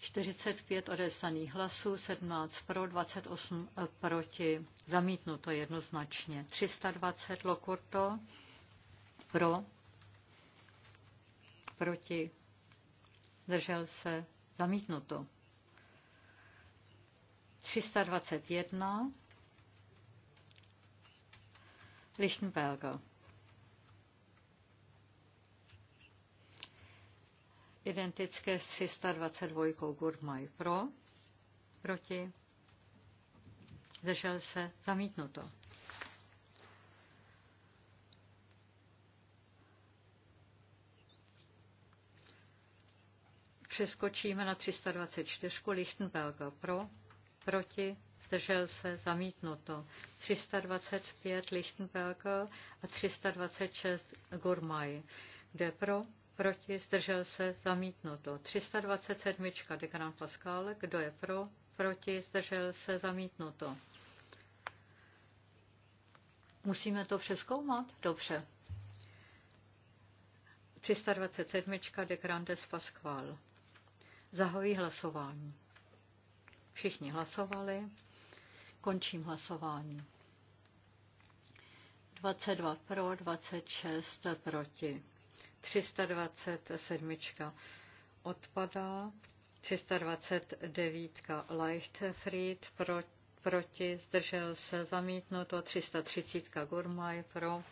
Čtyřicet pět odevzdaných hlasů, 17 pro, 28 eh, proti. Zamítnu to jednoznačně. 320 Lokurto pro, proti, držel se, zamítnuto. 321 Lichtenberger identické s 322 Gurmaj pro, proti, zdržel se, zamítnuto. Přeskočíme na 324 Lichtenberga pro, proti, zdržel se, zamítnuto. 325 Lichtenberger a 326 Gurmaj. Kde pro, proti, zdržel se, zamítnuto. 327. Dekan Pascal, kdo je pro, proti, zdržel se, zamítnuto. Musíme to přeskoumat? Dobře. 327. De des Pascal. Zahojí hlasování. Všichni hlasovali. Končím hlasování. 22 pro, 26 proti. 327 odpadá, 329 Leichtfried pro, proti, zdržel se zamítnuto, 330 Gurmaj pro,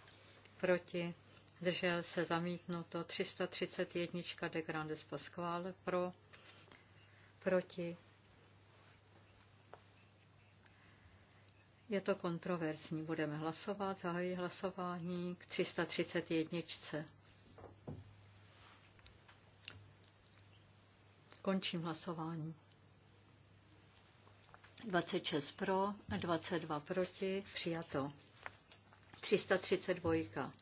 proti, zdržel se zamítnuto, 331 De Grandes Pasquale pro, proti. Je to kontroverzní, budeme hlasovat, zahají hlasování k 331. Končím hlasování. 26 pro, 22 proti, přijato. 332.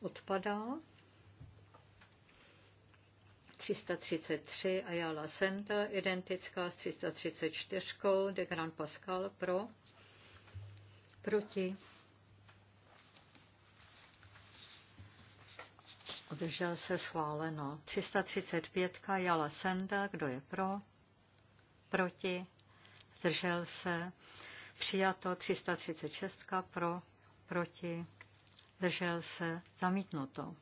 Odpadá. 333 Ayala Senta, identická s 334, de Grand Pascal pro, proti Zdržel se schváleno. 335. Jala Senda. Kdo je pro? Proti? Zdržel se. Přijato 336. Pro? Proti? Zdržel se. Zamítnuto.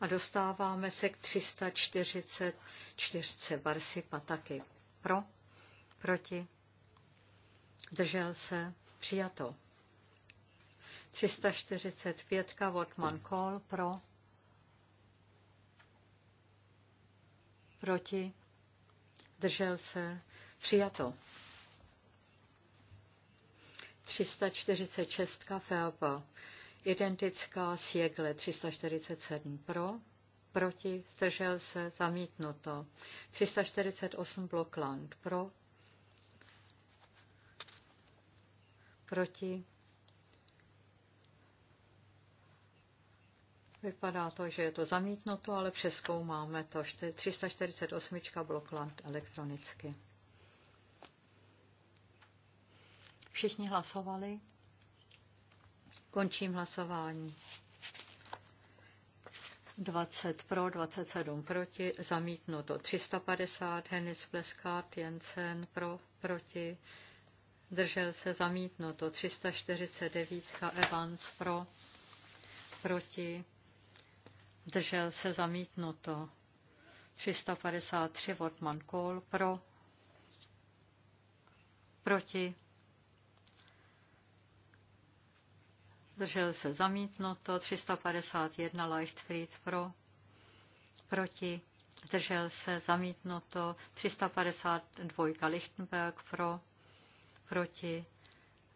A dostáváme se k 344 Barsi Pataky. Pro, proti, držel se, přijato. 345 Wortmann Kohl pro, proti, držel se, přijato. 346 Felpa, identická s Jegle 347 pro, proti, zdržel se, zamítnuto. 348 Blokland pro, proti, Vypadá to, že je to zamítnuto, ale přeskoumáme to. 348 Blokland elektronicky. Všichni hlasovali? Končím hlasování. 20 pro, 27 proti, zamítnuto 350, Henis Pleskát, Jensen pro, proti, držel se zamítnuto 349, Evans pro, proti, držel se zamítnuto 353, Wortmann Kohl pro, proti, zdržel se zamítnuto, 351 Leichtfried pro, proti, zdržel se zamítnuto, 352 Lichtenberg pro, proti,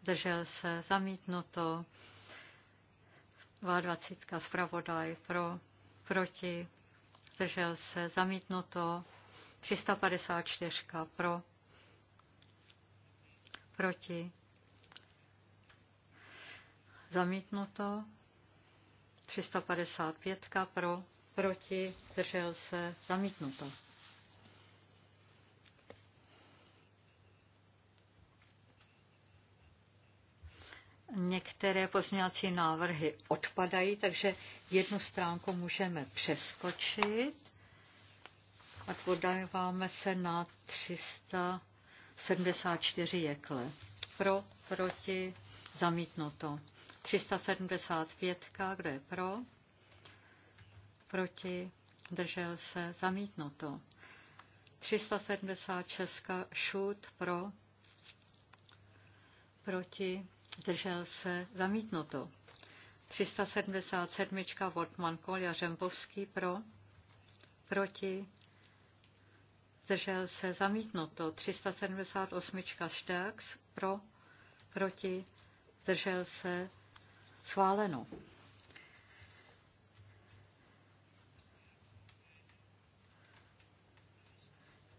zdržel se zamítnuto, 22 Spravodaj pro, proti, zdržel se zamítnuto, 354 pro, proti, Zamítnuto. 355 pro, proti, držel se, zamítnuto. Některé pozměňovací návrhy odpadají, takže jednu stránku můžeme přeskočit a podáváme se na 374 jekle. Pro, proti, zamítnuto. 375. Kdo je pro? Proti? Držel se? Zamítnuto. 376. Šut pro? Proti? Držel se? Zamítnuto. 377. Wortmann Kolja Žembovský pro? Proti? Zdržel se zamítnuto 378 Šterks pro, proti, zdržel se Schváleno.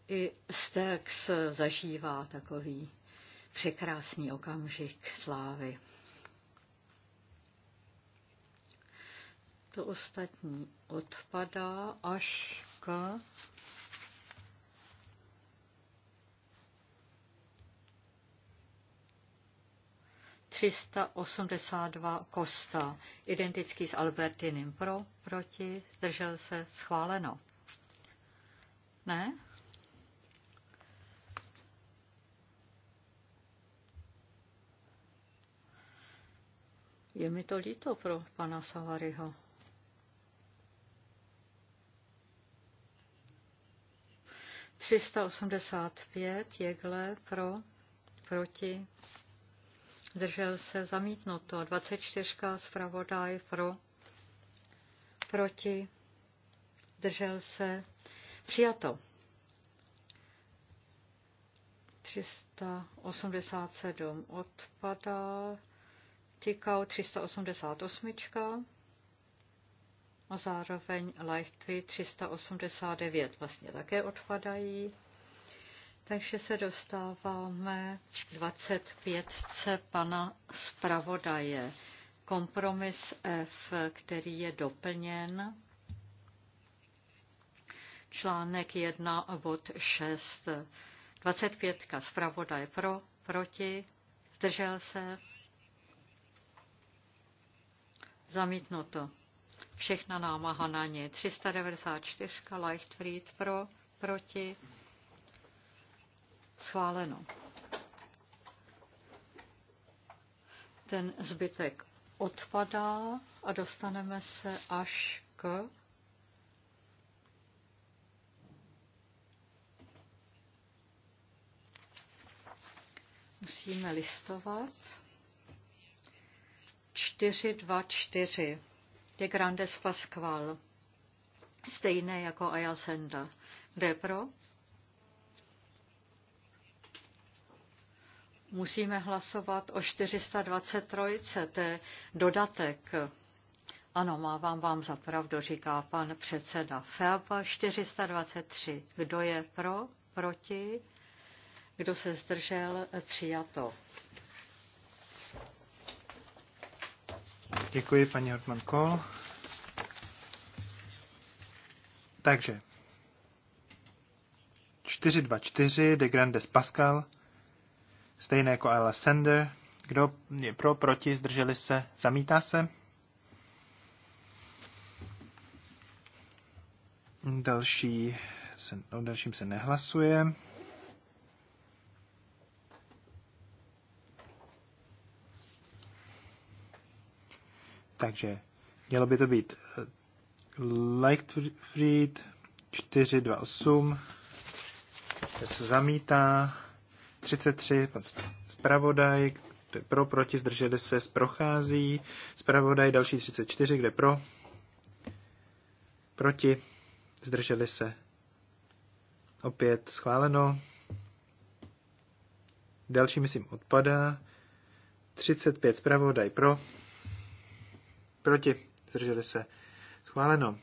I Stex zažívá takový překrásný okamžik slávy. To ostatní odpadá až k 382 Kosta, identický s Albertinem. Pro, proti, zdržel se, schváleno. Ne? Je mi to líto pro pana Savaryho. Třista osmdesát pět jegle pro, proti, zdržel se zamítnuto. 24. zpravodaj pro, proti, zdržel se přijato. 387 odpadá, tikal 388 a zároveň Life 389 vlastně také odpadají. Takže se dostáváme 25. pana zpravodaje. Kompromis F, který je doplněn. Článek 1, bod 6. 25. zpravodaj pro, proti, zdržel se. Zamítnuto. Všechna námaha na ně. 394. Leichtfried pro, proti Schváleno. Ten zbytek odpadá a dostaneme se až k musíme listovat. 4, 2, 4. De Grandes Pasqual. Stejné jako Ayasenda. Kde pro? Musíme hlasovat o 423. To je dodatek. Ano, mávám vám za pravdu, říká pan předseda FEAPA 423. Kdo je pro, proti, kdo se zdržel, přijato. Děkuji, paní Hortman Kohl. Takže 424 de Grandes Pascal Stejné jako Ella Sender. Kdo je pro, proti, zdrželi se, zamítá se. Další, se, o dalším se nehlasuje. Takže mělo by to být eh, Lightfried 428, se zamítá. 33, pan zpravodaj, kde pro, proti, zdrželi se, prochází. Zpravodaj další 34, kde pro, proti, zdrželi se. Opět schváleno. Další, myslím, odpadá. 35 zpravodaj pro, proti, zdrželi se. Schváleno.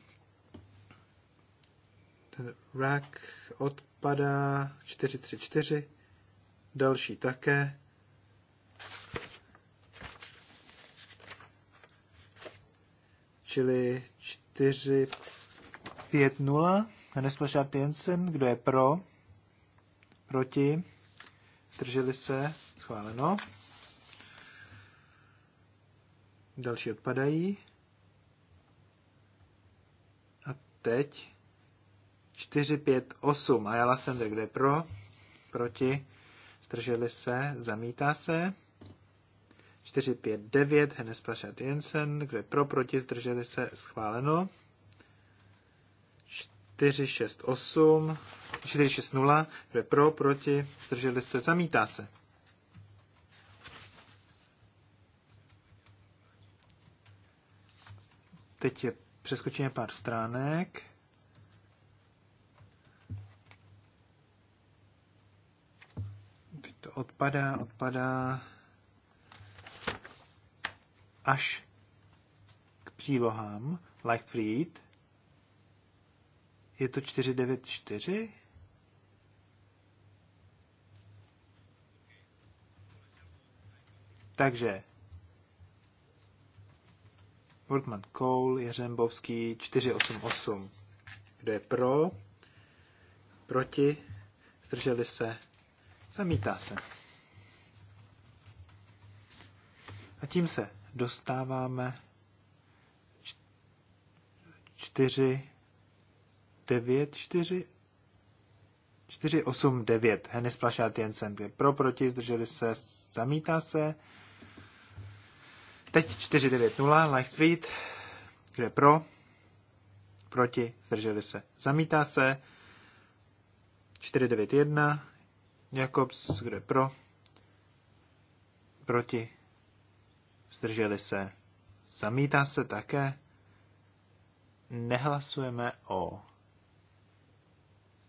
Ten rak odpadá 434 další také. Čili 4, 5, 0. Hnesla Nesplošat Jensen, kdo je pro? Proti? Drželi se? Schváleno. Další odpadají. A teď 4, 5, 8. A Ayala Sender, je pro? Proti? zdrželi se, zamítá se. 4, 5, 9, Hennes Pašat Jensen, kdo je pro, proti, zdrželi se, schváleno. 4, 6, 8, 4, 6, 0, kdo je pro, proti, zdrželi se, zamítá se. Teď je přeskočíme pár stránek. odpadá, odpadá až k přílohám Light Freed. Je to 494? Takže Workman Cole, Jeřembovský, 488. Kdo je pro? Proti? Zdrželi se? Zamítá se. A tím se dostáváme 4, 9, 4, 4, 8, 9. Hennis Plašát Jensen pro, proti, zdrželi se, zamítá se. Teď 4, 9, 0, Lightfried, kde pro, proti, zdrželi se, zamítá se. 491 Jakobs, kde pro, proti, zdrželi se, zamítá se také, nehlasujeme o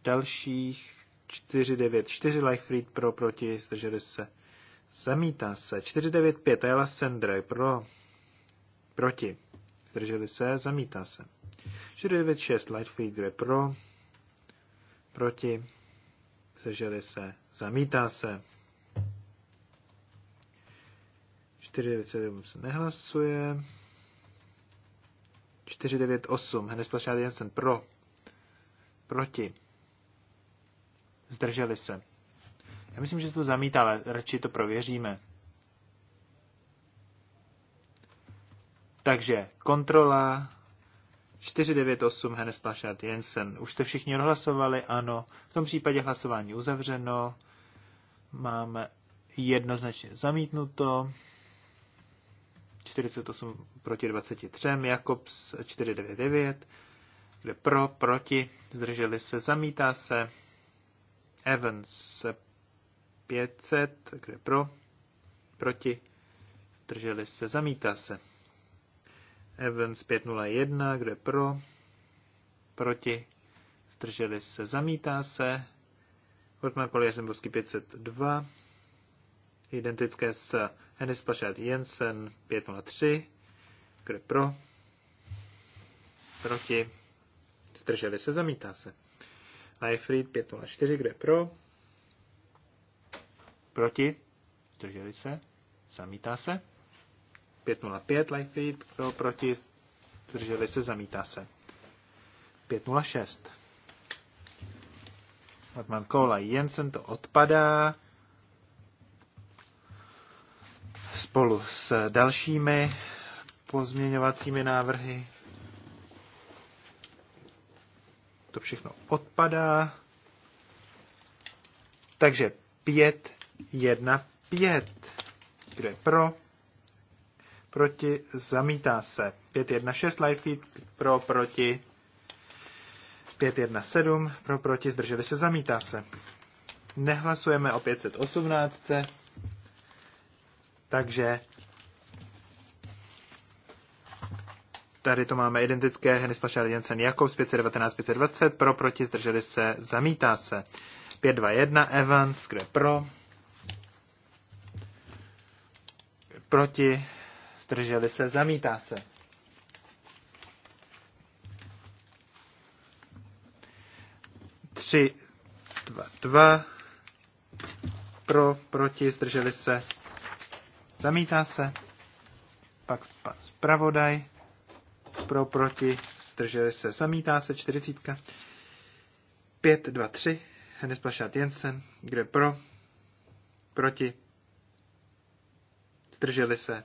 dalších 494 Leichfried pro, proti, zdrželi se, zamítá se, 495 Ayla Sendre pro, proti, zdrželi se, zamítá se, 496 Lightfried, kde pro, proti, zdrželi se, zamítá se. 497 se nehlasuje. 498, hned Plašád Jensen pro, proti, zdrželi se. Já myslím, že se to zamítá, ale radši to prověříme. Takže kontrola 498 Hennes Plašát Jensen. Už jste všichni odhlasovali? Ano. V tom případě hlasování uzavřeno. Máme jednoznačně zamítnuto. 48 proti 23. Jakobs 499. Kde pro, proti, zdrželi se, zamítá se. Evans 500, kde pro, proti, zdrželi se, zamítá se. Evans 501, kde pro, proti, zdrželi se, zamítá se. Hortman Koliařembovský 502, identické s Hennis Pašát Jensen 503, kde pro, proti, zdrželi se, zamítá se. Leifried 504, kde pro, proti, zdrželi se, zamítá se. 505 Lightfeed pro, proti, drželi se, zamítá se. 506. Otman Kola Jensen to odpadá. Spolu s dalšími pozměňovacími návrhy. To všechno odpadá. Takže 5, 1, 5. Kdo je pro? proti, zamítá se. 516 feed pro, proti, 517 pro, proti, zdrželi se, zamítá se. Nehlasujeme o 518, takže tady to máme identické, Hennis Pašar Jensen z 519, 520, pro, proti, zdrželi se, zamítá se. 521 Evans, kde pro, proti, zdrželi se, zamítá se. Tři, dva, dva, pro, proti, zdrželi se, zamítá se. Pak pan zpravodaj, pro, proti, zdrželi se, zamítá se, čtyřicítka. Pět, dva, tři, Hennes Plašát Jensen, kde pro, proti, zdrželi se,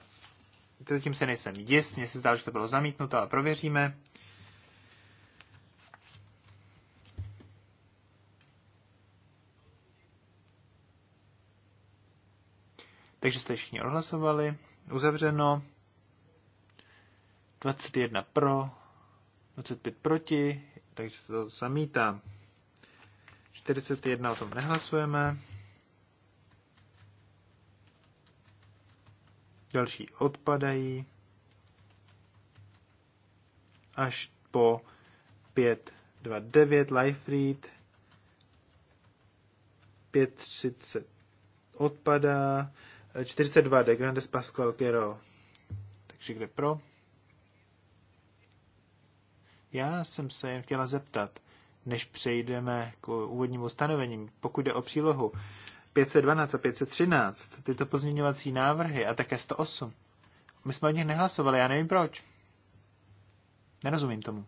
Zatím se nejsem jist, mně se zdá, že to bylo zamítnuto, ale prověříme. Takže jste všichni odhlasovali. Uzavřeno. 21 pro, 25 proti, takže to zamítám. 41 o tom nehlasujeme. další odpadají až po 529 Life Read, 530 odpadá, 42 De Grandes Pascual Quero. Takže kde pro? Já jsem se jen chtěla zeptat, než přejdeme k úvodnímu stanovením, pokud jde o přílohu, 512 a 513, tyto pozměňovací návrhy a také 108. My jsme o nich nehlasovali, já nevím proč. Nerozumím tomu.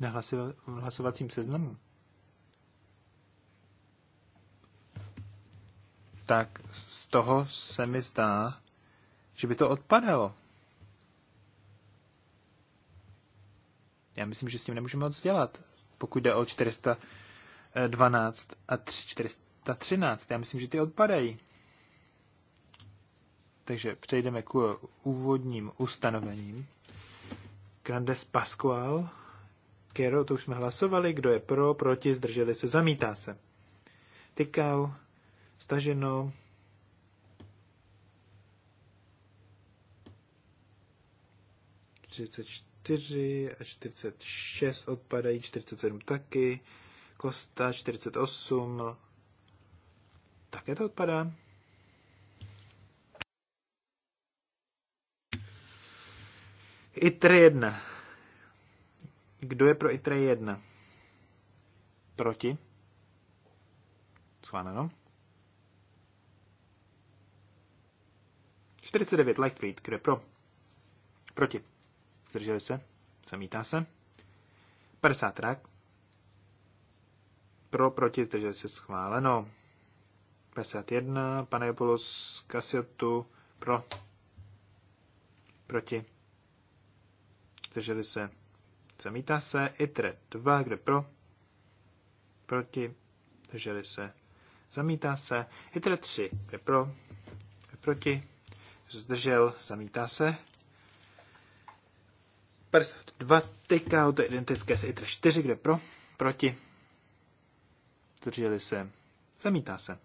Na hlasovacím seznamu. tak z toho se mi zdá, že by to odpadalo. Já myslím, že s tím nemůžeme moc dělat, pokud jde o 412 a 413. Já myslím, že ty odpadají. Takže přejdeme k úvodním ustanovením. Grandes Pascual. Kero, to už jsme hlasovali. Kdo je pro, proti, zdrželi se, zamítá se. Tykau Staženo. Třicet čtyři a 46 odpadají, 47 taky, Kosta 48, také to odpadá. ITRE 1. Kdo je pro ITRE 1? Proti? Schváleno. 49 Lightfried, kdo je pro? Proti. Zdrželi se? Zamítá se. 50 Rak. Pro, proti, zdrželi se schváleno. 51 Panajopoulos Kasiotu pro. Proti. Zdrželi se. Zamítá se. ITRE 2, kde pro. Proti. Zdrželi se. Zamítá se. ITRE 3, kde pro. Kde proti zdržel, zamítá se. 52 teďka to je identické s ITR 4, kde pro, proti, zdrželi se, zamítá se.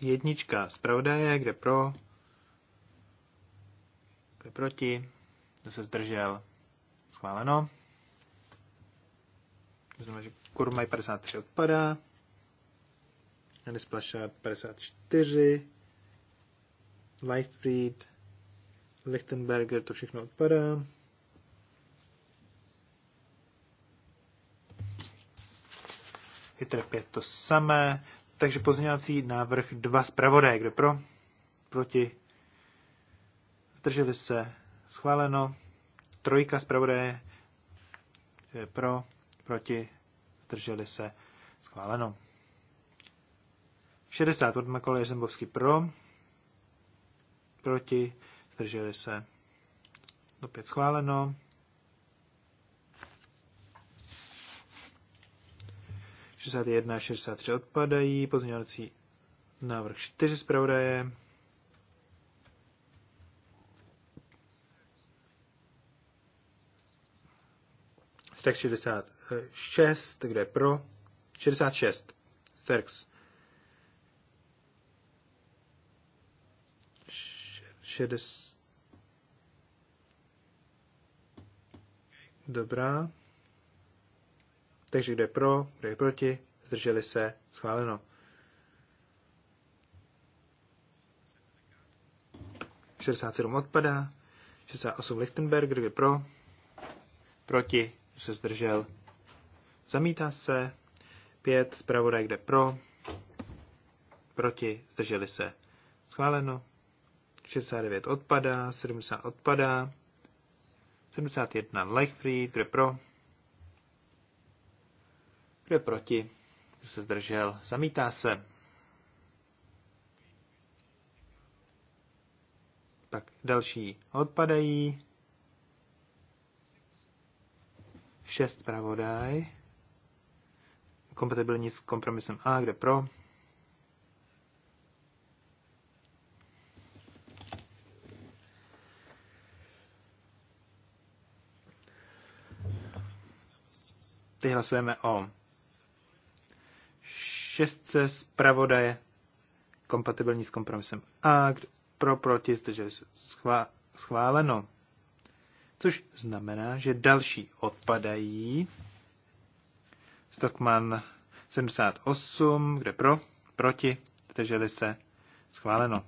Jednička je kde pro, kde proti, kde se zdržel, schváleno. To znamená, že Kurmaj 53 odpadá. Janis 54. Lightfried, Lichtenberger, to všechno odpadá. Hitler 5 to samé. Takže pozměňovací návrh 2 zpravodaje. Kdo pro? Proti? Zdrželi se? Schváleno. Trojka zpravodaje. Pro? Proti? Zdrželi se? Schváleno. 60 od Makola Jeřembovský pro proti, zdrželi se. Opět schváleno. 61 a 63 odpadají, pozměňovací návrh 4 zpravodaje. Stack 66, kde je pro? 66, Sterks 60. Dobrá. Takže kdo je pro, kdo je proti, zdrželi se, schváleno. sedm odpadá, 68 Lichtenberg, kdo je pro, proti, se zdržel, zamítá se, 5 zpravodaj, kde pro, proti, zdrželi se, schváleno. 69 odpadá, 70 odpadá, 71 like free, kdo je pro, kdo je proti, kdo se zdržel, zamítá se. Tak další odpadají. 6 pravodaj. Kompatibilní s kompromisem A, kde pro, Teď hlasujeme o šestce zpravodaje kompatibilní s kompromisem A, pro, proti, zdrželi se schvá, schváleno. Což znamená, že další odpadají. Stockman 78, kde pro, proti, zdrželi se schváleno.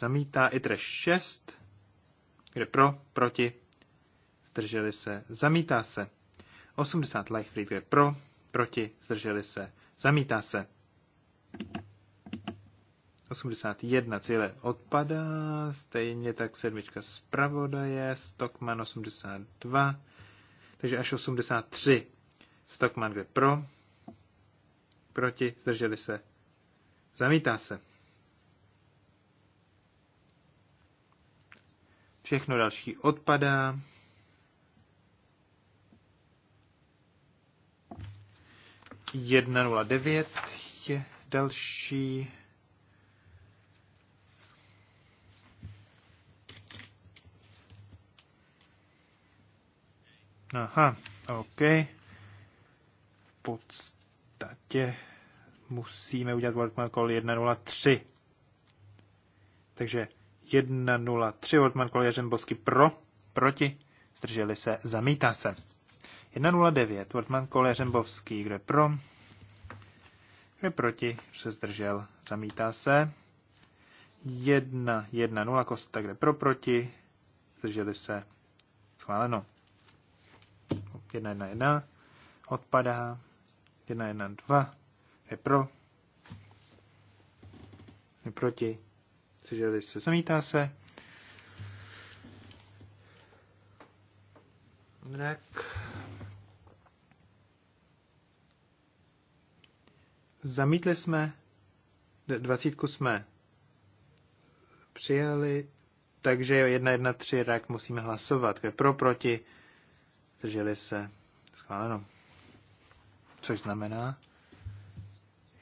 zamítá i 6, kde pro, proti, zdrželi se, zamítá se. 80 Leichfried, kde pro, proti, zdrželi se, zamítá se. 81 cíle odpadá, stejně tak sedmička zpravodaje, Stockman 82, takže až 83. Stockman je pro, proti, zdrželi se, zamítá se. Všechno další odpadá. Jedna nula devět je další. Aha, OK. V podstatě musíme udělat workman call 1.0.3. Takže 1-0-3 Otman Kolja Řembovský pro, proti, zdrželi se, zamítá se. 1-0-9 Otman Kolja Řembovský, kdo je pro, kdo je proti, se zdržel, zamítá se. 1, 1, 0, Kosta, kde pro, proti, zdrželi se, schváleno. 1, 1, 1, odpadá, 1, 1, 2, je pro, je proti, zdrželi se, zamítá se. Mrak. Zamítli jsme, dvacítku jsme přijali, takže jedna jedna tři. rak musíme hlasovat. Kde pro, proti, drželi se, schváleno. Což znamená,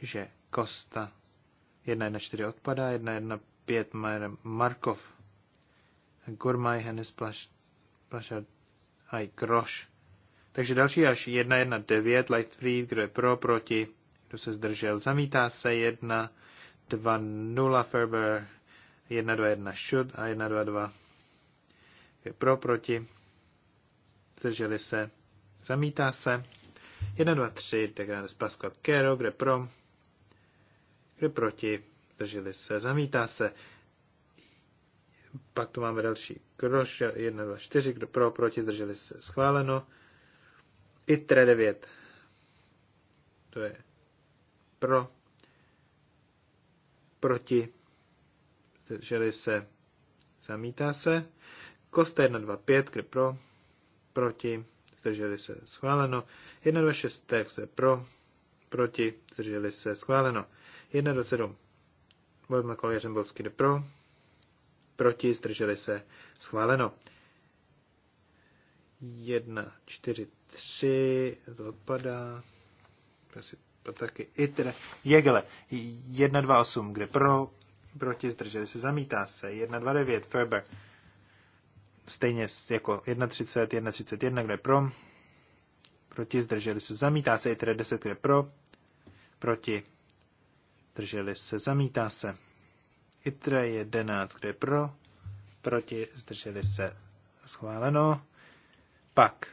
že Kosta 1, 1, 4 odpadá, 1, 1, 5 Markov, Gormaj, Hennes, Plašard a Kroš. Takže další až 1, 1, 9, Light Lightfried, kdo je pro, proti, kdo se zdržel, zamítá se 1, 2, 0, Ferber, 1, 2, 1, Schut a 1, 2, 2. Kdo je pro, proti, zdrželi se, zamítá se. 1, 2, 3, tak dáme z Pascal Kero, je pro, kdo je proti, zdrželi se, zamítá se. Pak tu máme další kroš, 1, 2, 4, kdo pro, proti, zdrželi se, schváleno. ITRE 9, to je pro, proti, zdrželi se, zamítá se. Kosta 1, 2, 5, kdo pro, proti, zdrželi se, schváleno. 1, 2, 6, se pro, proti, zdrželi se, schváleno. 1, 2, 7, Volební kolo Jeřembovský jde pro. Proti, zdrželi se, schváleno. 1, 4, 3, to odpadá. Asi to taky. I teda, Jegle, 1, 2, 8, kde pro, proti, zdrželi se, zamítá se. 1, 2, 9, Ferber. Stejně jako 1, 30, 1, 31, kde pro, proti, zdrželi se, zamítá se. I teda 10, kde pro, proti, zdrželi se, zamítá se. ITRE 11, kde je pro, proti, zdrželi se, schváleno. Pak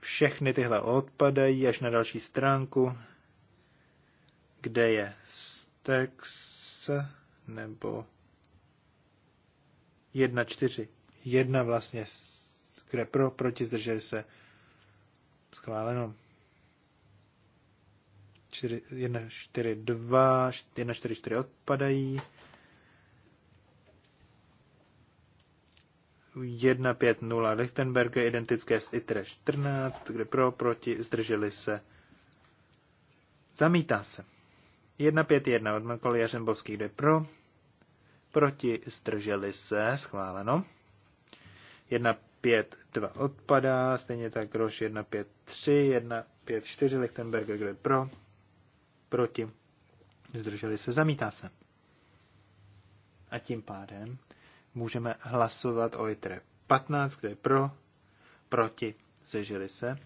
všechny tyhle odpadají až na další stránku, kde je text nebo 1, 4, 1 vlastně, kde pro, proti, zdrželi se, schváleno. 4, 1, 4, 2, 1, 4, 4 odpadají. 0 Lichtenberg je identické s ITRE 14, kde pro, proti, zdrželi se. Zamítá se. 1 od Makolia Řembovský, kde pro, proti, zdrželi se, schváleno. 2 odpadá, stejně tak Roš 5, 4 Lichtenberg, kde pro, proti, zdrželi se, zamítá se. A tím pádem můžeme hlasovat o ITRE 15, kde je pro, proti, zdrželi se.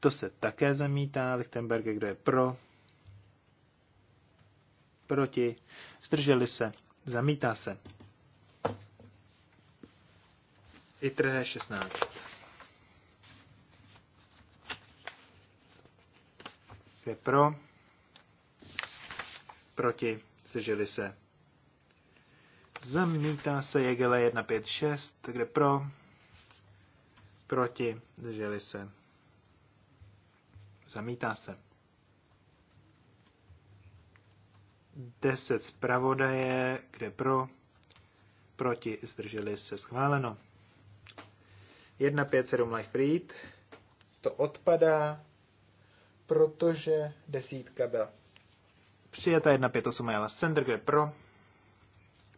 To se také zamítá, Lichtenberg, kde je pro, proti, zdrželi se, zamítá se. ITRE 16. dvě pro? Proti? Zdrželi se. Zamítá se Jegele 6, Kde pro? Proti? Zdrželi se. Zamítá se. 10 zpravodaje, kde pro, proti, zdrželi se, schváleno. 7, Life Read, to odpadá, protože desítka byla přijata 158 Jela Sender, kde pro,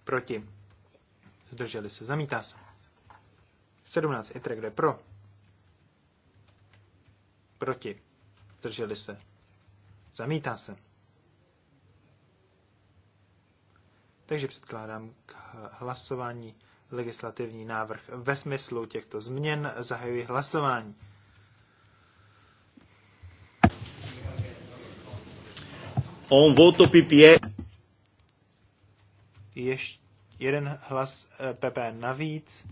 proti, zdrželi se, zamítá se. 17 Itre, kde pro, proti, zdrželi se, zamítá se. Takže předkládám k hlasování legislativní návrh ve smyslu těchto změn. Zahajuji hlasování. On voto PPA. E. Ještě jeden hlas PP eh, navíc.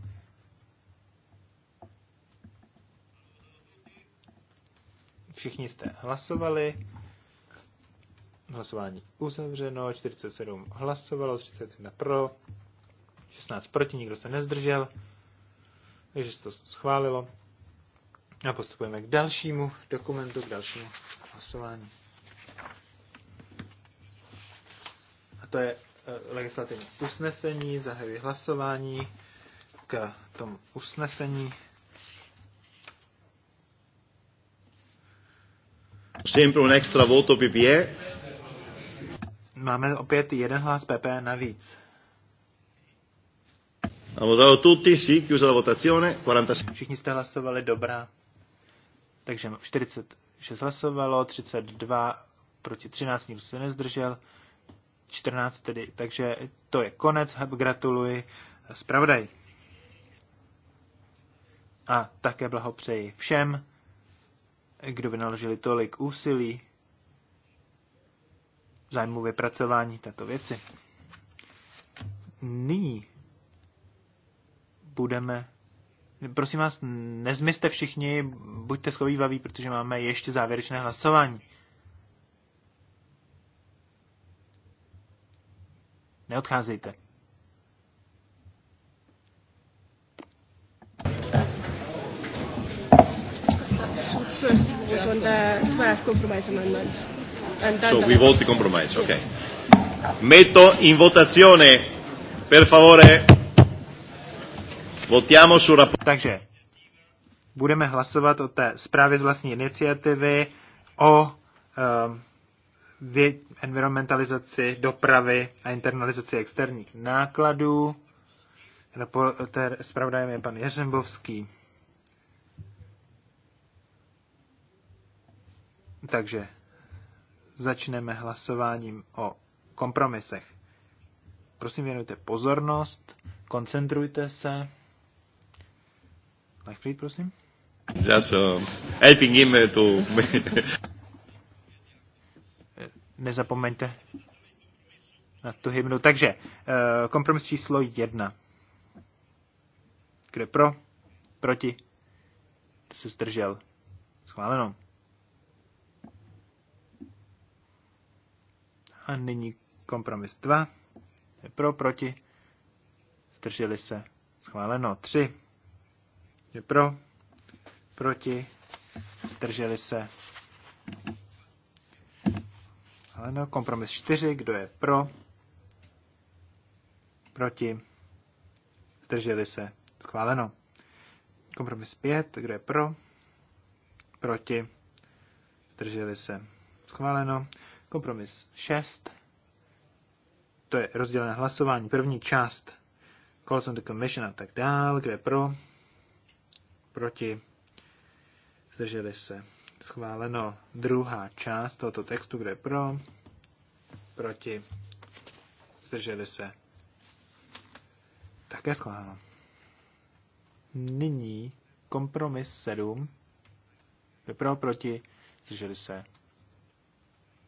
Všichni jste hlasovali. Hlasování uzavřeno, 47 hlasovalo, 31 pro, 16 proti, nikdo se nezdržel, takže se to schválilo. A postupujeme k dalšímu dokumentu, k dalšímu hlasování. A to je eh, legislativní usnesení, zahajuji hlasování k tomu usnesení. Sempre un extra voto PPE. Máme opět jeden hlas PP e navíc. A votato tutti, sì, chiusa la votazione, 46. Všichni jste hlasovali dobrá. Takže 46 hlasovalo, 32 proti 13, nikdo se nezdržel. 14 tedy. Takže to je konec. Gratuluji zpravodaj. A také blahopřeji všem, kdo vynaložili tolik úsilí v zájmu vypracování této věci. Nyní budeme prosím vás, nezmizte všichni, buďte schovývaví, protože máme ještě závěrečné hlasování. Neodcházejte. First, on the 12 compromise amendments. And then so we vote the compromise, okay. Metto in votazione, per favore, votiamo sul rapporto. Takže, budeme hlasovat o té zprávě z vlastní iniciativy, o um, environmentalizaci dopravy a internalizaci externích nákladů. zpravodajem je pan Jeřembovský. Takže začneme hlasováním o kompromisech. Prosím, věnujte pozornost, koncentrujte se. Lechfried, prosím. Já jsem Ej, him tu nezapomeňte na tu hymnu. Takže eh, kompromis číslo jedna. Kdo je pro? Proti? To se zdržel? Schváleno. A nyní kompromis Je Pro, proti. Zdrželi se. Schváleno. tři. Je pro, proti. Zdrželi se. Schváleno. Kompromis 4. Kdo je pro? Proti? Zdrželi se. Schváleno. Kompromis 5. Kdo je pro? Proti? Zdrželi se. Schváleno. Kompromis 6. To je rozdělené hlasování. První část. Calls on the Commission a tak dál. Kdo je pro? Proti? Zdrželi se Schváleno druhá část tohoto textu, kde je pro, proti, zdrželi se. Také schváleno. Nyní kompromis 7, kde pro, proti, zdrželi se.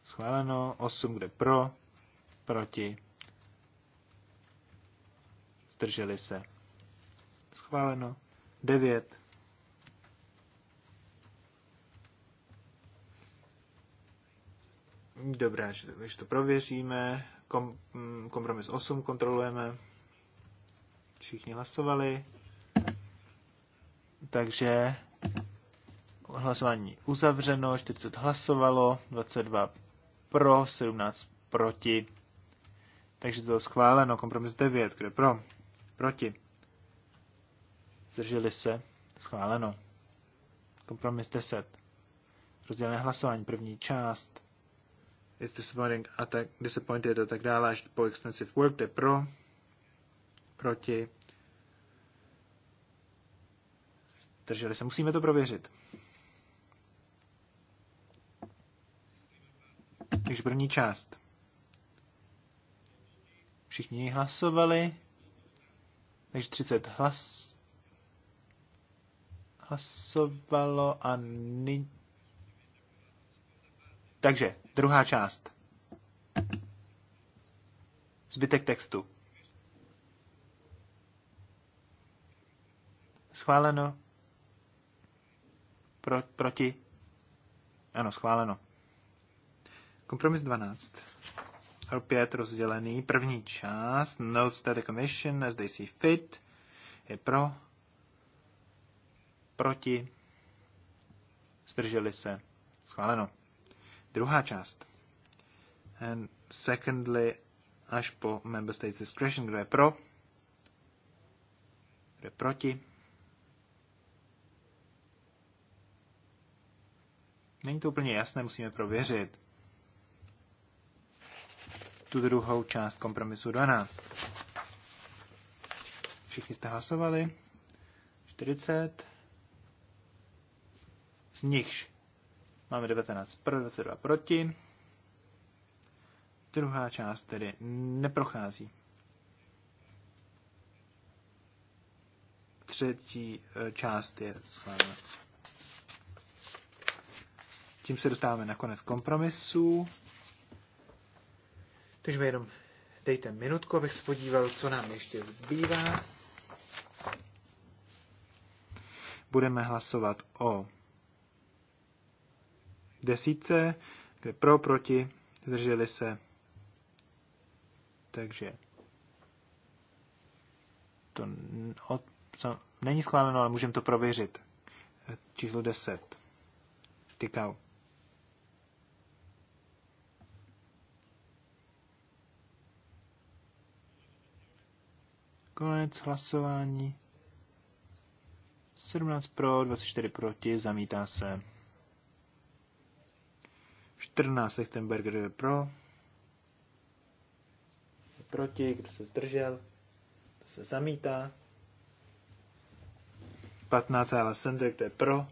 Schváleno 8, kde pro, proti, zdrželi se. Schváleno 9, Dobrá, že to prověříme. Kom, mm, kompromis 8 kontrolujeme. Všichni hlasovali. Takže hlasování uzavřeno, 40 hlasovalo, 22 pro, 17 proti. Takže to bylo schváleno. Kompromis 9, kde pro, proti. Zdrželi se, schváleno. Kompromis 10. Rozdělené hlasování, první část is disappointing a tak, disappointed a tak dále, až po expensive work, jde pro, proti, zdrželi se, musíme to prověřit. Takže první část. Všichni hlasovali, takže 30 hlas, hlasovalo a nyní takže druhá část. Zbytek textu. Schváleno. Pro, proti. Ano, schváleno. Kompromis 12. Opět rozdělený. První část. Notes that the commission as they see fit. Je pro. Proti. Zdrželi se. Schváleno. Druhá část. And secondly, až po Member States Discretion, kdo je pro, kdo je proti. Není to úplně jasné, musíme prověřit tu druhou část kompromisu 12. Všichni jste hlasovali. 40. Z nichž Máme 19 pro, 22 proti. Druhá část tedy neprochází. Třetí e, část je schválena. Tím se dostáváme na konec kompromisu. Takže mi jenom dejte minutku, abych se podíval, co nám ještě zbývá. Budeme hlasovat o desítce, kde pro, proti, zdrželi se. Takže to od, není schváleno, ale můžeme to prověřit. E, číslo 10. Tykal. Konec hlasování. 17 pro, 24 proti, zamítá se. 14 Lichtenberg, kdo je pro? Je Proti, kdo se zdržel? Kdo se zamítá? 15 Hala kdo je pro?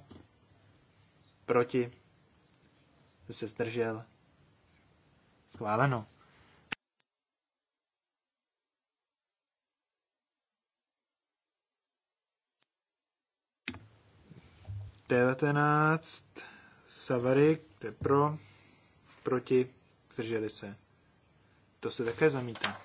Proti, kdo se zdržel? Schváleno. Devatenáct Savary, to je pro proti, zdrželi se. To se také zamítá.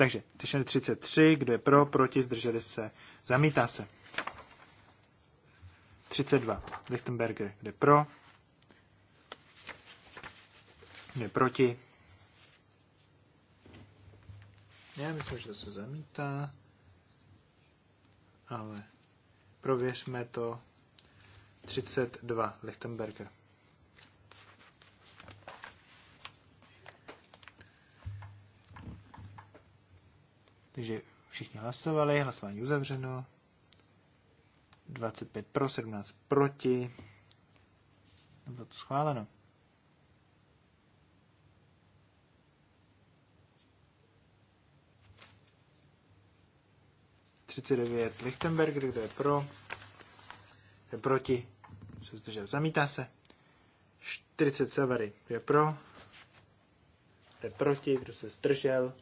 Takže 33, kdo je pro, proti, zdrželi se, zamítá se. 32, Lichtenberger, kde pro, je proti. Já myslím, že to se zamítá, ale prověřme to. 32, Lichtenberger. Takže všichni hlasovali, hlasování uzavřeno. 25 pro, 17 proti. Bylo to schváleno. Lichtenberg, kdo je pro, kdo je proti, se zdržel, zamítá se. 40 Severy, kdo je pro, kdo je proti, kdo se zdržel,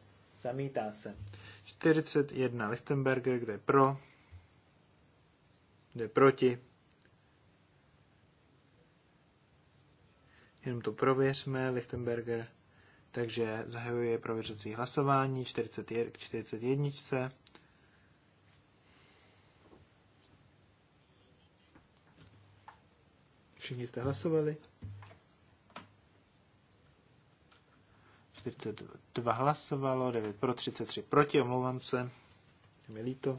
zamítá se. 41 Lichtenberger, kde je pro, kde je proti. Jenom to prověřme, Lichtenberger. Takže zahajuje prověřecí hlasování 41, 41. Všichni jste hlasovali? 42 hlasovalo, 9 pro, 33 proti, omlouvám se, je mi líto.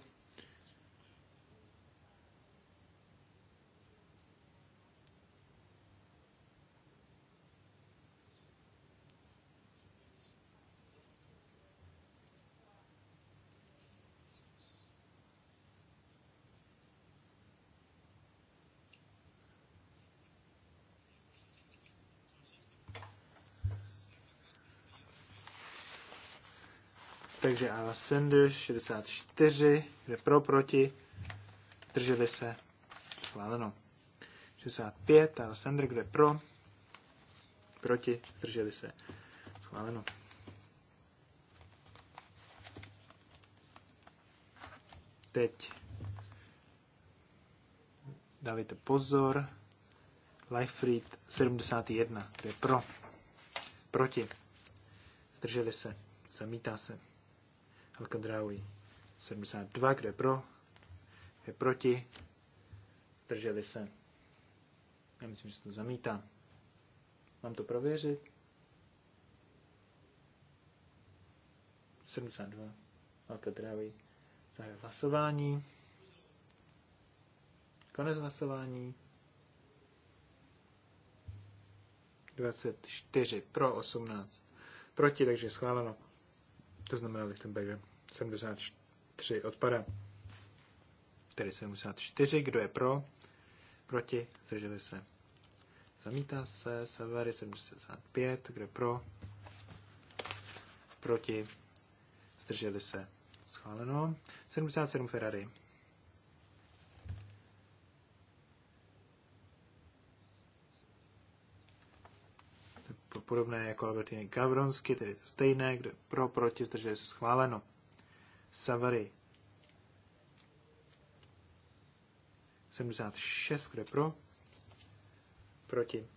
Takže Ala Sanders 64, kde pro, proti, drželi se, schváleno. 65, Ala Sanders, kde pro, proti, drželi se, schváleno. Teď dávajte pozor. Life Lifefried 71, kde pro, proti, zdrželi se, zamítá se. Alkadráují 72, kdo je pro, je proti, drželi se. Já myslím, že se to zamítá. Mám to prověřit. 72. Alcatrávi. Zahajuji hlasování. Konec hlasování. 24 pro 18 proti, takže schváleno. To znamená že Lichtenberger. 73 odpada. Tedy 74, kdo je pro, proti, zdrželi se. Zamítá se, Severy 75, kdo je pro, proti, zdrželi se. Schváleno. 77 Ferrari. podobné jako Albertiny Gavronsky, tedy to stejné, kdo pro, proti, zdrželi se schváleno. Savary. 76, kde pro? Proti.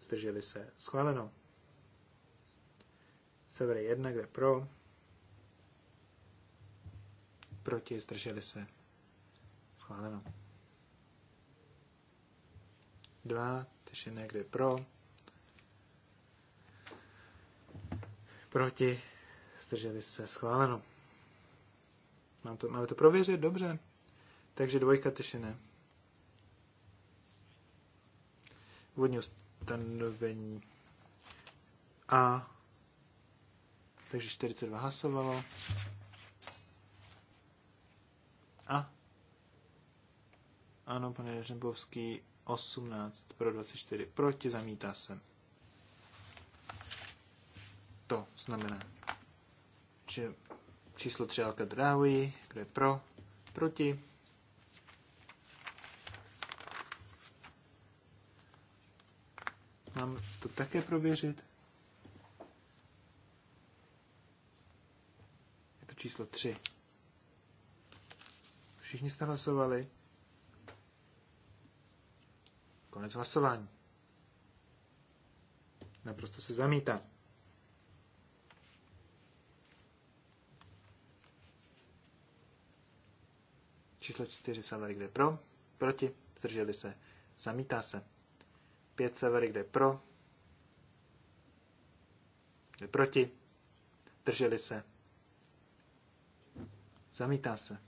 Zdrželi se. Schváleno. Severy 1, kde pro? Proti. Zdrželi se. Schváleno. 2, Tešené, kde pro? Proti. Zdrželi se. Schváleno. Mám to, máme to prověřit? Dobře. Takže dvojka ne. Úvodní ustanovení A. Takže 42 hlasovalo. A. Ano, pane Řembovský, 18 pro 24 proti, zamítá se. To znamená, že Číslo 3 alka Alcadrávi, kdo je pro, proti. Mám to také prověřit. Je to číslo 3. Všichni jste hlasovali. Konec hlasování. Naprosto se zamítá. Číslo 4 Severik jde pro, proti, zdrželi se, zamítá se. 5 Severik jde pro, jde proti, drželi se, zamítá se.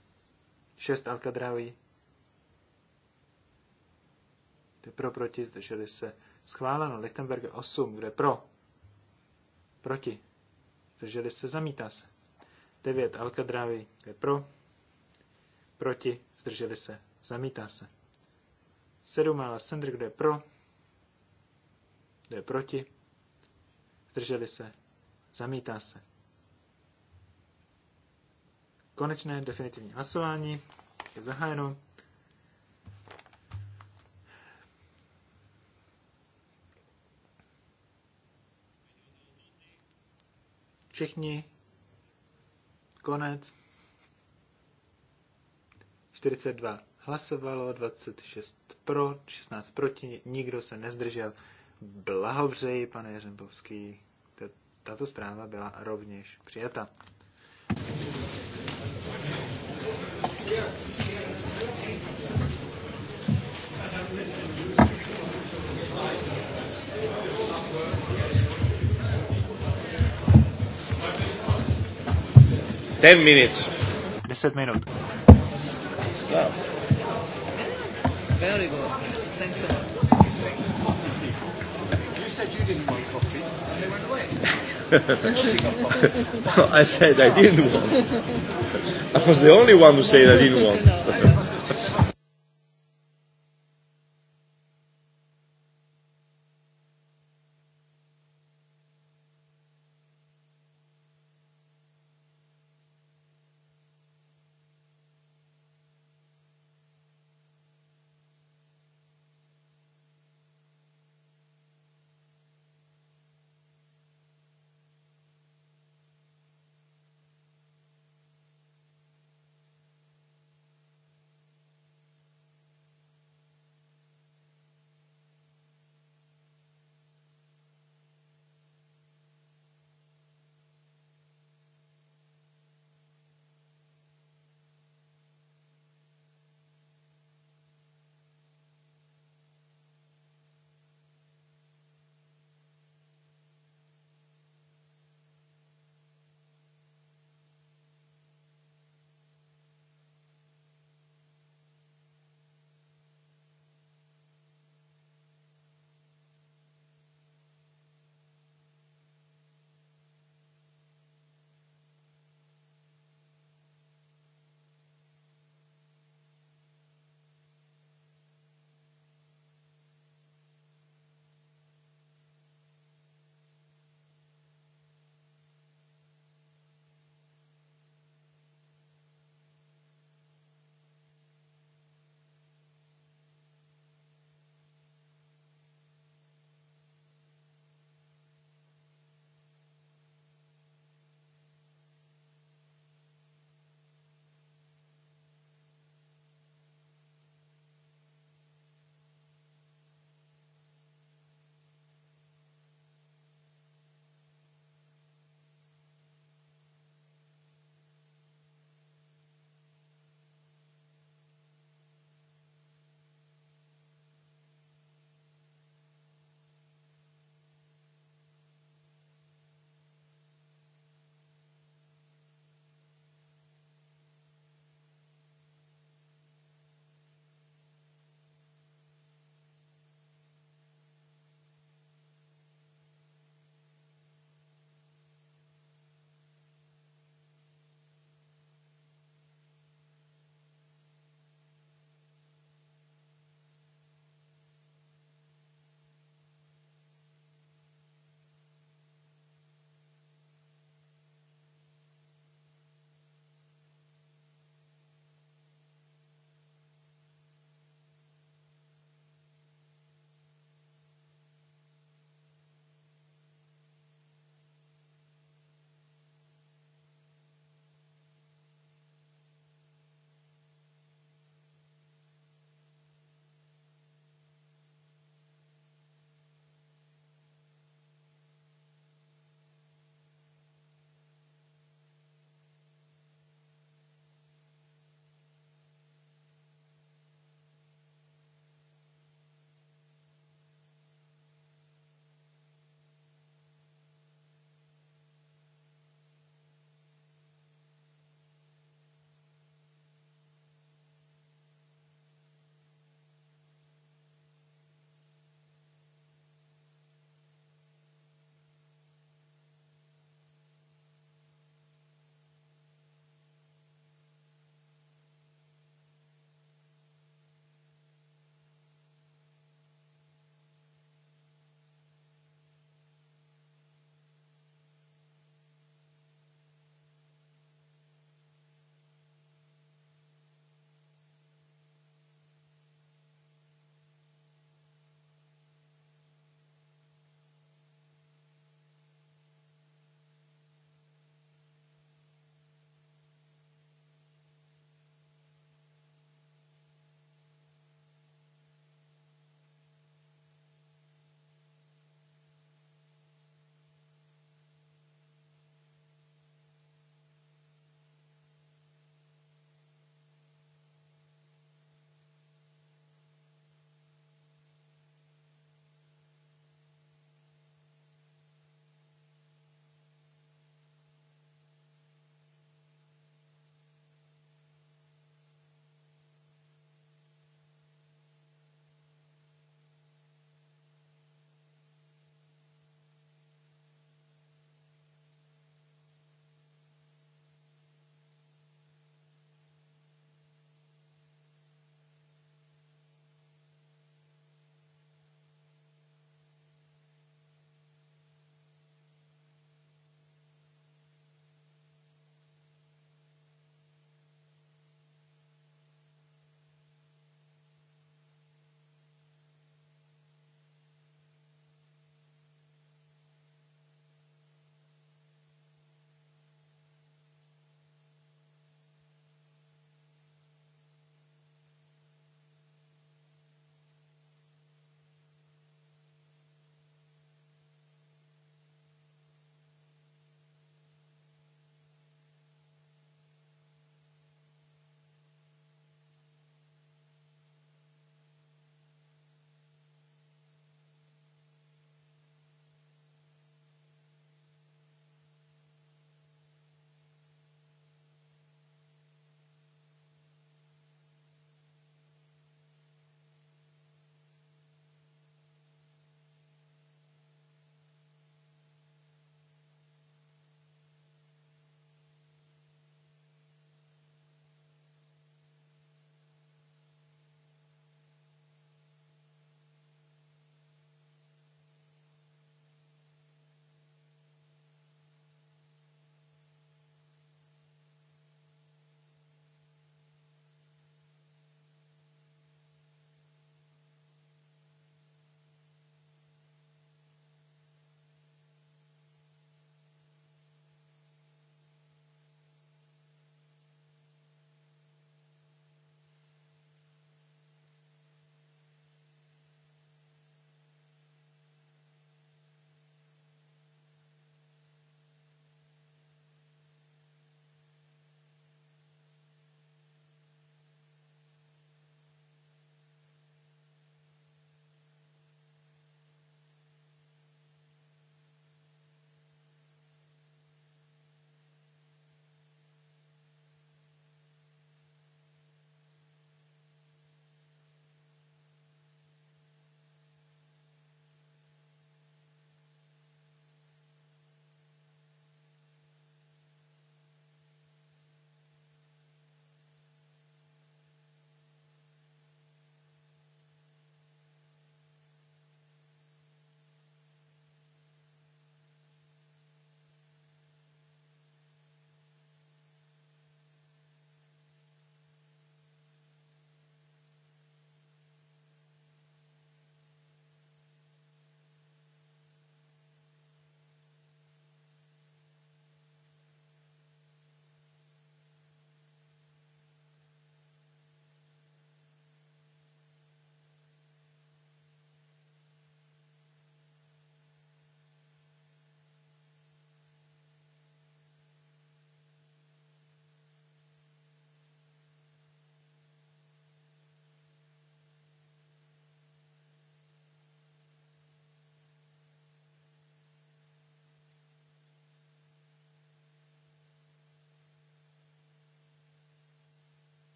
6 Alkadráví jde pro, proti, zdrželi se, schváleno. Lichtenberg 8, kde pro, proti, zdrželi se, zamítá se. 9 Alkadráví jde pro, proti, zdrželi se, zamítá se. Sedm Ela Sender, kdo je pro, kdo je proti, zdrželi se, zamítá se. Konečné definitivní hlasování je zahájeno. Všichni. Konec. 42 hlasovalo, 26 pro, 16 proti, nikdo se nezdržel. Blahovřeji, pane Jeřenbovský, Tato zpráva byla rovněž přijata. Ten minut. Deset minut. Wow. Very good. Thanks a lot. You said you didn't want coffee, and they went away. *laughs* *laughs* No, I said I didn't want. I was the only one who said I didn't want. No.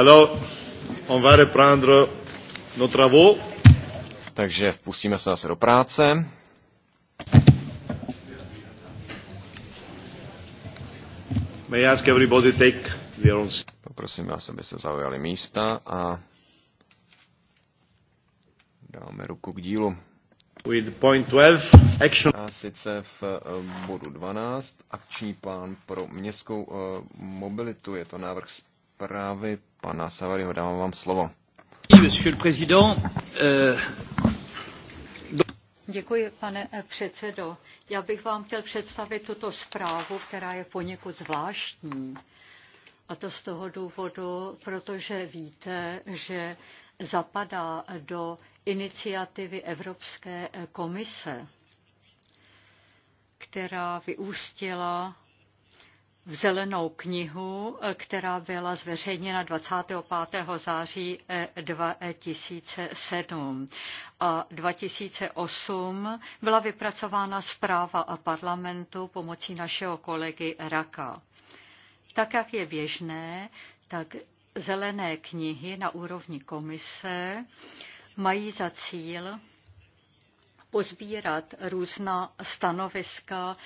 Alors, on va reprendre nos travaux. Takže pustíme se zase do práce. May I ask everybody take their own... Poprosím vás, aby se zaujali místa a dáme ruku k dílu. With point 12, action. A sice v eh, bodu 12, akční plán pro městskou uh, mobilitu, je to návrh zprávy pana Savaryho. Dávám vám slovo. Euh, Děkuji, pane eh, předsedo. Já bych vám chtěl představit tuto zprávu, která je poněkud zvláštní. A to z toho důvodu, protože víte, že zapadá do iniciativy Evropské eh, komise, která vyústila v zelenou knihu, eh, která byla zveřejněna 25. září 2007. Eh, a 2008 byla vypracována zpráva a parlamentu pomocí našeho kolegy Raka. Tak, jak je běžné, tak zelené knihy na úrovni komise mají za cíl pozbírat různá stanoviska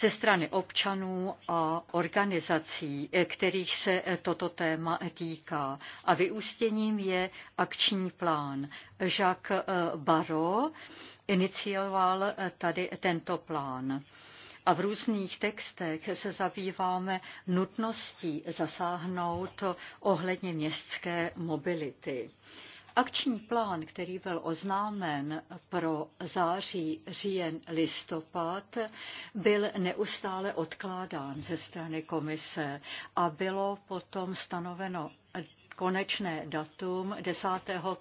ze strany občanů a organizací, eh, kterých se eh, toto téma týká. A vyústěním je akční plán. Jacques eh, Baro inicioval tady tento plán a v různých textech se zabýváme nutností zasáhnout ohledně městské mobility. Akční plán, který byl oznámen pro září, říjen, listopad, byl neustále odkládán ze strany komise a bylo potom stanoveno konečné datum 10.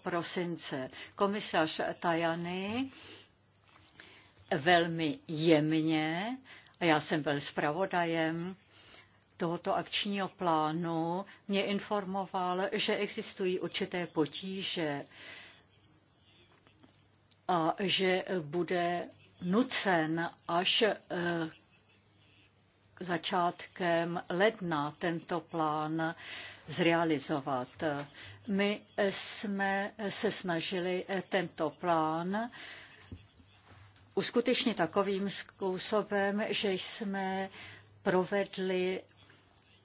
prosince. Komisař Tajany velmi jemně, a já jsem byl zpravodajem, tohoto akčního plánu mě informoval, že existují určité potíže a že bude nucen až eh, začátkem ledna tento plán zrealizovat. My jsme se snažili tento plán uskutečnit takovým způsobem, že jsme provedli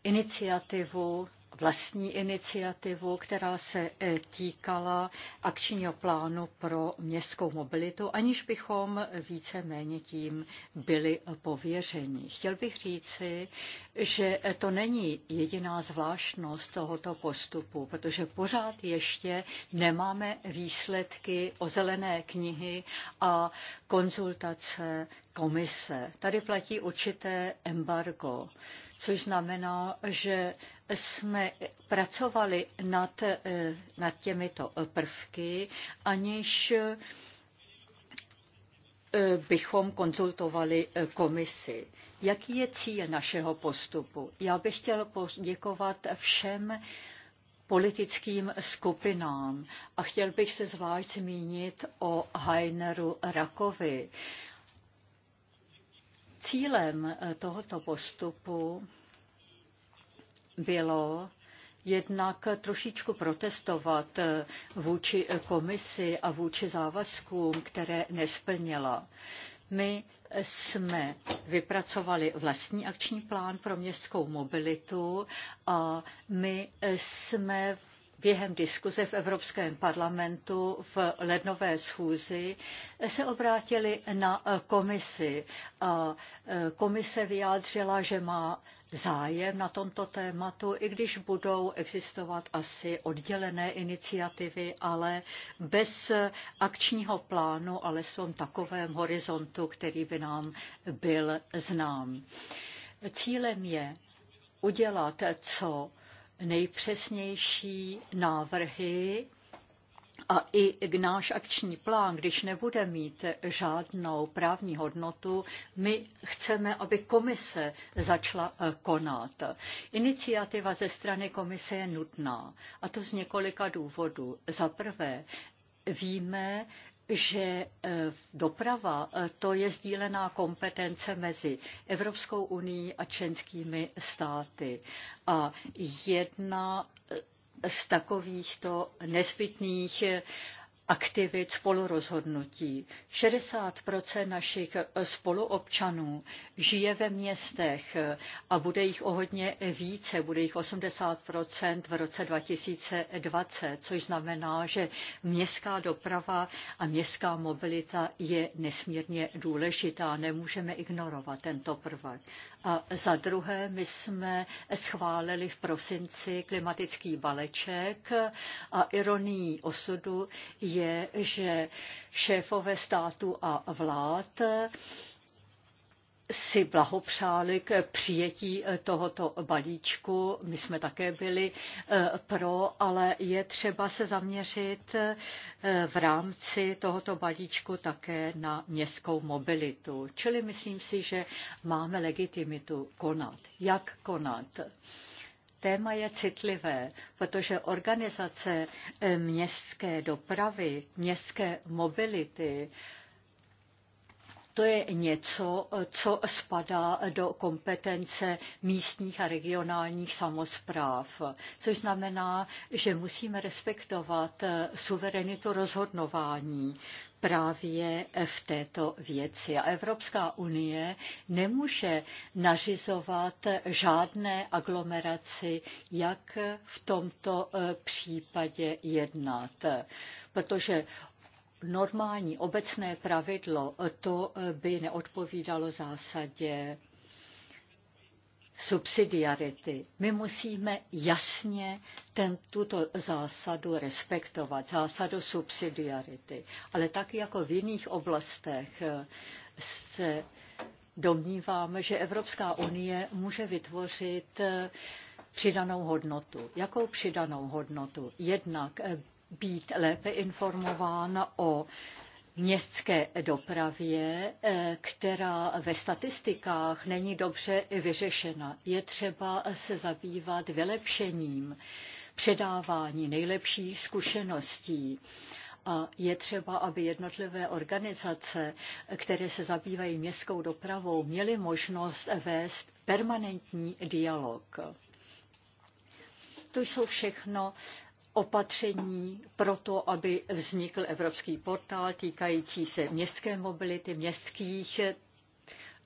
iniciativu, vlastní iniciativu, která se e, týkala akčního plánu pro městskou mobilitu, aniž bychom více méně tím byli pověřeni. Chtěl bych říci, že to není jediná zvláštnost tohoto postupu, protože pořád ještě nemáme výsledky o zelené knihy a konzultace komise. Tady platí určité embargo což znamená, že jsme pracovali nad, eh, nad těmito eh, prvky, aniž eh, bychom konzultovali komisi. Jaký je cíl našeho postupu? Já bych chtěl poděkovat všem politickým skupinám a chtěl bych se zvlášť zmínit o Heineru Rakovi Cílem eh, tohoto postupu bylo jednak trošičku protestovat eh, vůči komisi a vůči závazkům, které nesplnila. My jsme vypracovali vlastní akční plán pro městskou mobilitu a my jsme během diskuze v Evropském parlamentu v lednové schůzi se obrátili na komisi. A komise vyjádřila, že má zájem na tomto tématu, i když budou existovat asi oddělené iniciativy, ale bez akčního plánu, ale v takovém horizontu, který by nám byl znám. Cílem je udělat co nejpřesnější návrhy a i náš akční plán, když nebude mít žádnou právní hodnotu, my chceme, aby komise začala eh, konat. Iniciativa ze strany komise je nutná, a to z několika důvodů. Za prvé, víme, že e, doprava e, to je sdílená kompetence mezi Evropskou unii a členskými státy. A jedna e, z takovýchto nezbytných aktivit spolurozhodnutí. 60 našich spoluobčanů žije ve městech a bude jich o hodně více, bude jich 80 v roce 2020, což znamená, že městská doprava a městská mobilita je nesmírně důležitá. Nemůžeme ignorovat tento prvek. A za druhé, my jsme schválili v prosinci klimatický baleček a ironií osudu je, že šéfové státu a vlád si blahopřáli k přijetí tohoto balíčku. My jsme také byli eh, pro, ale je třeba se zaměřit eh, v rámci tohoto balíčku také na městskou mobilitu. Čili myslím si, že máme legitimitu konat. Jak konat? téma je citlivé, protože organizace eh, městské dopravy, městské mobility, to je něco, co spadá do kompetence místních a regionálních samozpráv, což znamená, že musíme respektovat eh, suverenitu rozhodnování, právě v této věci. A Evropská unie nemůže nařizovat žádné aglomeraci, jak v tomto eh, případě jednat. Protože normální obecné pravidlo, eh, to eh, by neodpovídalo zásadě subsidiarity. My musíme jasně ten, tuto zásadu respektovat, zásadu subsidiarity. Ale tak jako v jiných oblastech eh, se domníváme, že Evropská unie může vytvořit eh, přidanou hodnotu. Jakou přidanou hodnotu? Jednak eh, být lépe informován o městské dopravě, eh, která ve statistikách není dobře vyřešena. Je třeba se zabývat vylepšením, předávání nejlepších zkušeností. A je třeba, aby jednotlivé organizace, které se zabývají městskou dopravou, měly možnost vést permanentní dialog. To jsou všechno opatření pro to, aby vznikl evropský portál týkající se městské mobility, městských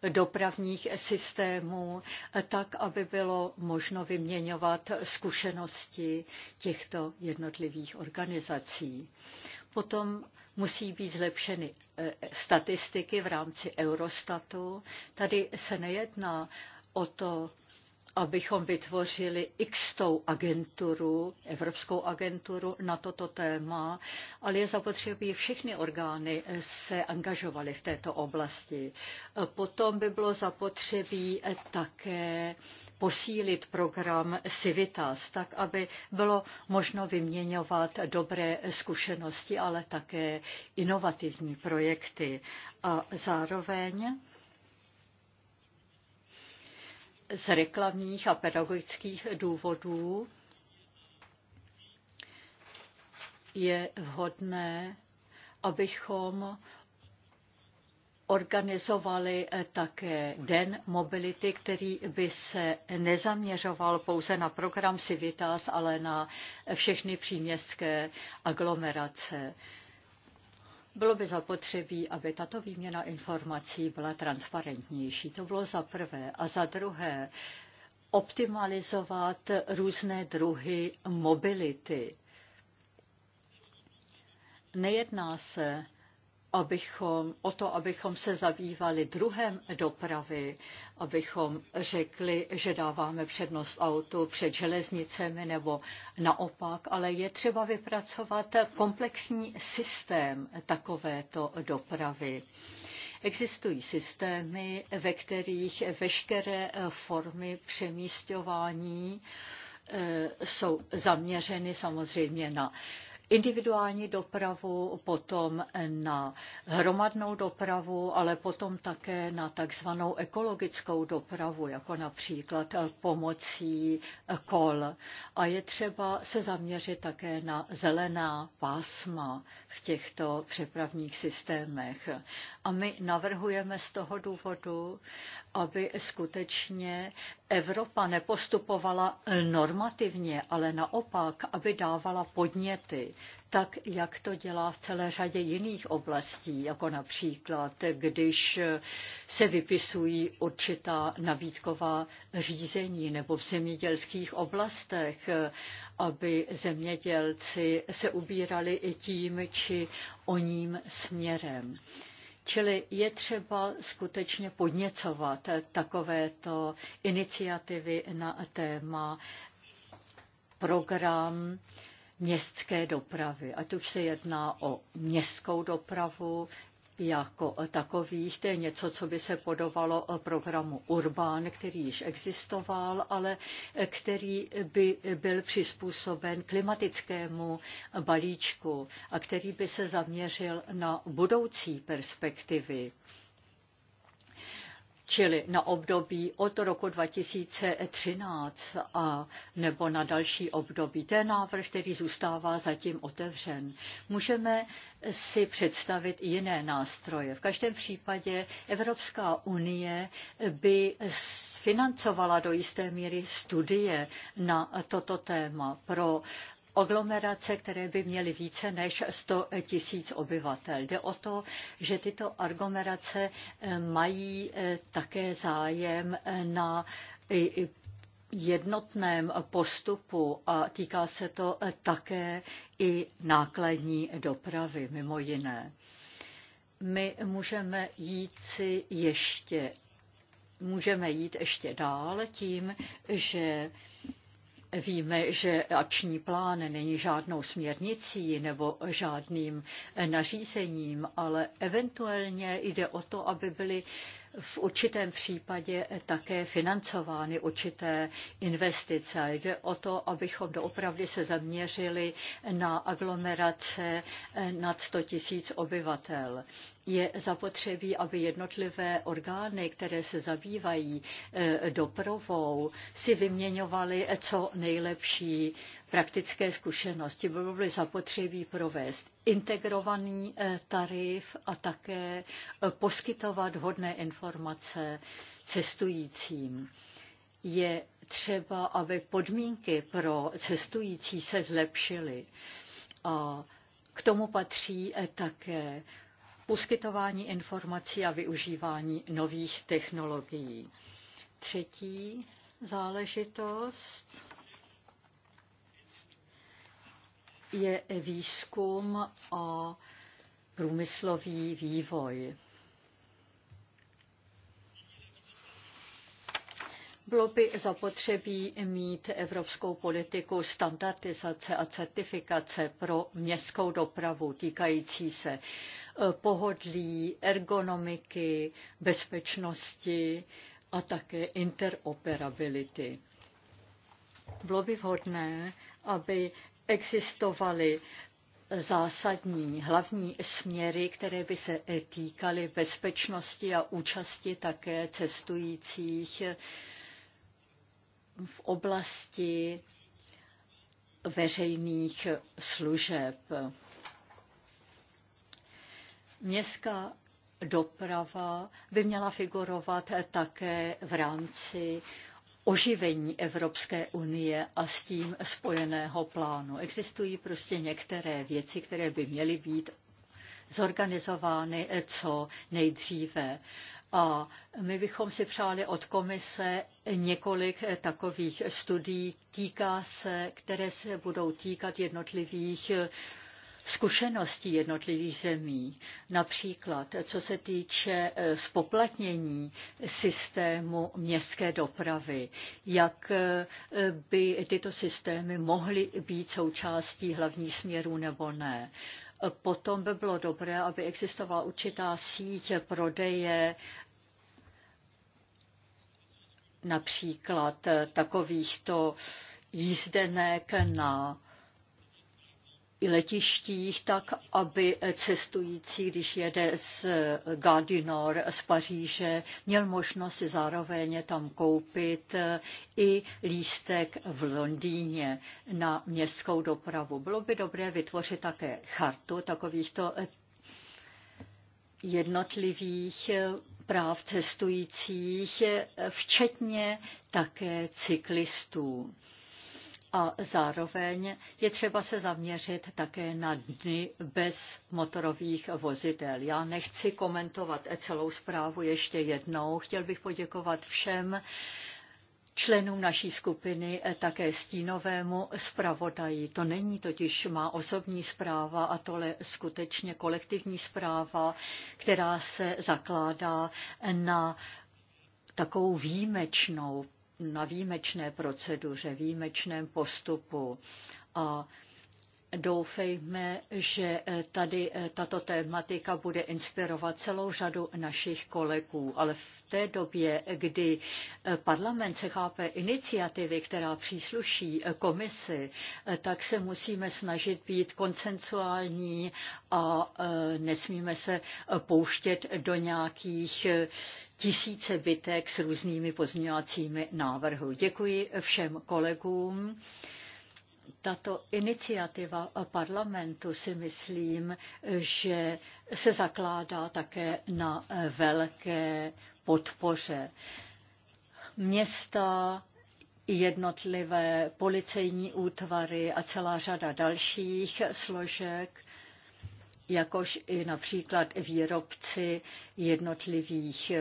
dopravních systémů, tak, aby bylo možno vyměňovat zkušenosti těchto jednotlivých organizací. Potom musí být zlepšeny eh, statistiky v rámci Eurostatu. Tady se nejedná o to, abychom vytvořili x agenturu, evropskou agenturu na toto téma, ale je zapotřebí všechny orgány se angažovaly v této oblasti. Potom by bylo zapotřebí také posílit program Civitas, tak aby bylo možno vyměňovat dobré zkušenosti, ale také inovativní projekty. A zároveň z reklamních a pedagogických důvodů je vhodné, abychom organizovali eh, také Den mobility, který by se nezaměřoval pouze na program Civitas, ale na všechny příměstské aglomerace. Bylo by zapotřebí, aby tato výměna informací byla transparentnější. To bylo za prvé. A za druhé, optimalizovat různé druhy mobility. Nejedná se abychom, o to, abychom se zabývali druhem dopravy, abychom řekli, že dáváme přednost autu před železnicemi nebo naopak, ale je třeba vypracovat komplexní systém takovéto dopravy. Existují systémy, ve kterých veškeré formy přemístování eh, jsou zaměřeny samozřejmě na individuální dopravu, potom na hromadnou dopravu, ale potom také na takzvanou ekologickou dopravu, jako například pomocí kol. A je třeba se zaměřit také na zelená pásma v těchto přepravních systémech. A my navrhujeme z toho důvodu, aby skutečně Evropa nepostupovala normativně, ale naopak, aby dávala podněty, tak jak to dělá v celé řadě jiných oblastí, jako například, když se vypisují určitá nabídková řízení nebo v zemědělských oblastech, aby zemědělci se ubírali i tím či oním směrem. Čili je třeba skutečně podněcovat takovéto iniciativy na téma program městské dopravy. Ať už se jedná o městskou dopravu jako takových. To je něco, co by se podovalo programu Urban, který již existoval, ale který by byl přizpůsoben klimatickému balíčku a který by se zaměřil na budoucí perspektivy čili na období od roku 2013 a nebo na další období. To je návrh, který zůstává zatím otevřen. Můžeme si představit jiné nástroje. V každém případě Evropská unie by financovala do jisté míry studie na toto téma pro aglomerace, které by měly více než 100 tisíc obyvatel. Jde o to, že tyto aglomerace eh, mají eh, také zájem eh, na jednotném postupu a týká se to také i nákladní dopravy, mimo jiné. My můžeme jít si ještě můžeme jít ještě dál tím, že Víme, že akční plán není žádnou směrnicí nebo žádným nařízením, ale eventuálně jde o to, aby byly v určitém případě také financovány určité investice. Jde o to, abychom doopravdy se zaměřili na aglomerace nad 100 000 obyvatel je zapotřebí, aby jednotlivé orgány, které se zabývají e, dopravou, si vyměňovaly e, co nejlepší praktické zkušenosti. Bylo by zapotřebí provést integrovaný e, tarif a také poskytovat hodné informace cestujícím. Je třeba, aby podmínky pro cestující se zlepšily. A k tomu patří také poskytování informací a využívání nových technologií. Třetí záležitost je výzkum a průmyslový vývoj. Bylo by zapotřebí mít evropskou politiku standardizace a certifikace pro městskou dopravu týkající se pohodlí, ergonomiky, bezpečnosti a také interoperability. Bylo by vhodné, aby existovaly zásadní hlavní směry, které by se týkaly bezpečnosti a účasti také cestujících v oblasti veřejných služeb. Městská doprava by měla figurovat také v rámci oživení Evropské unie a s tím spojeného plánu. Existují prostě některé věci, které by měly být zorganizovány co nejdříve. A my bychom si přáli od komise několik takových studií, týká se, které se budou týkat jednotlivých zkušeností jednotlivých zemí. Například, co se týče spoplatnění eh, systému městské dopravy, jak eh, by tyto systémy mohly být součástí hlavních směrů nebo ne potom by bylo dobré, aby existovala určitá síť prodeje například eh, takovýchto jízdenek na letištích, tak aby cestující, když jede z Gardinor z Paříže, měl možnost si zároveň tam koupit eh, i lístek v Londýně na městskou dopravu. Bylo by dobré vytvořit také chartu takovýchto eh, jednotlivých eh, práv cestujících, včetně také cyklistů a zároveň je třeba se zaměřit také na dny bez motorových vozidel. Já nechci komentovat celou zprávu ještě jednou. Chtěl bych poděkovat všem, členům naší skupiny, e, také stínovému zpravodaji. To není totiž má osobní zpráva a tohle skutečně kolektivní zpráva, která se zakládá na takovou výjimečnou na výjimečné proceduře, výjimečném postupu a Doufejme, že eh, tady eh, tato tématika bude inspirovat celou řadu našich kolegů, ale v té době, kdy eh, parlament se chápe iniciativy, která přísluší komisi, tak se musíme snažit být koncensuální a nesmíme se pouštět do nějakých tisíce bytek s různými pozměňovacími návrhy. Děkuji všem kolegům tato iniciativa parlamentu si myslím, že se zakládá také na velké podpoře. Města, jednotlivé policejní útvary a celá řada dalších složek, jakož i například výrobci jednotlivých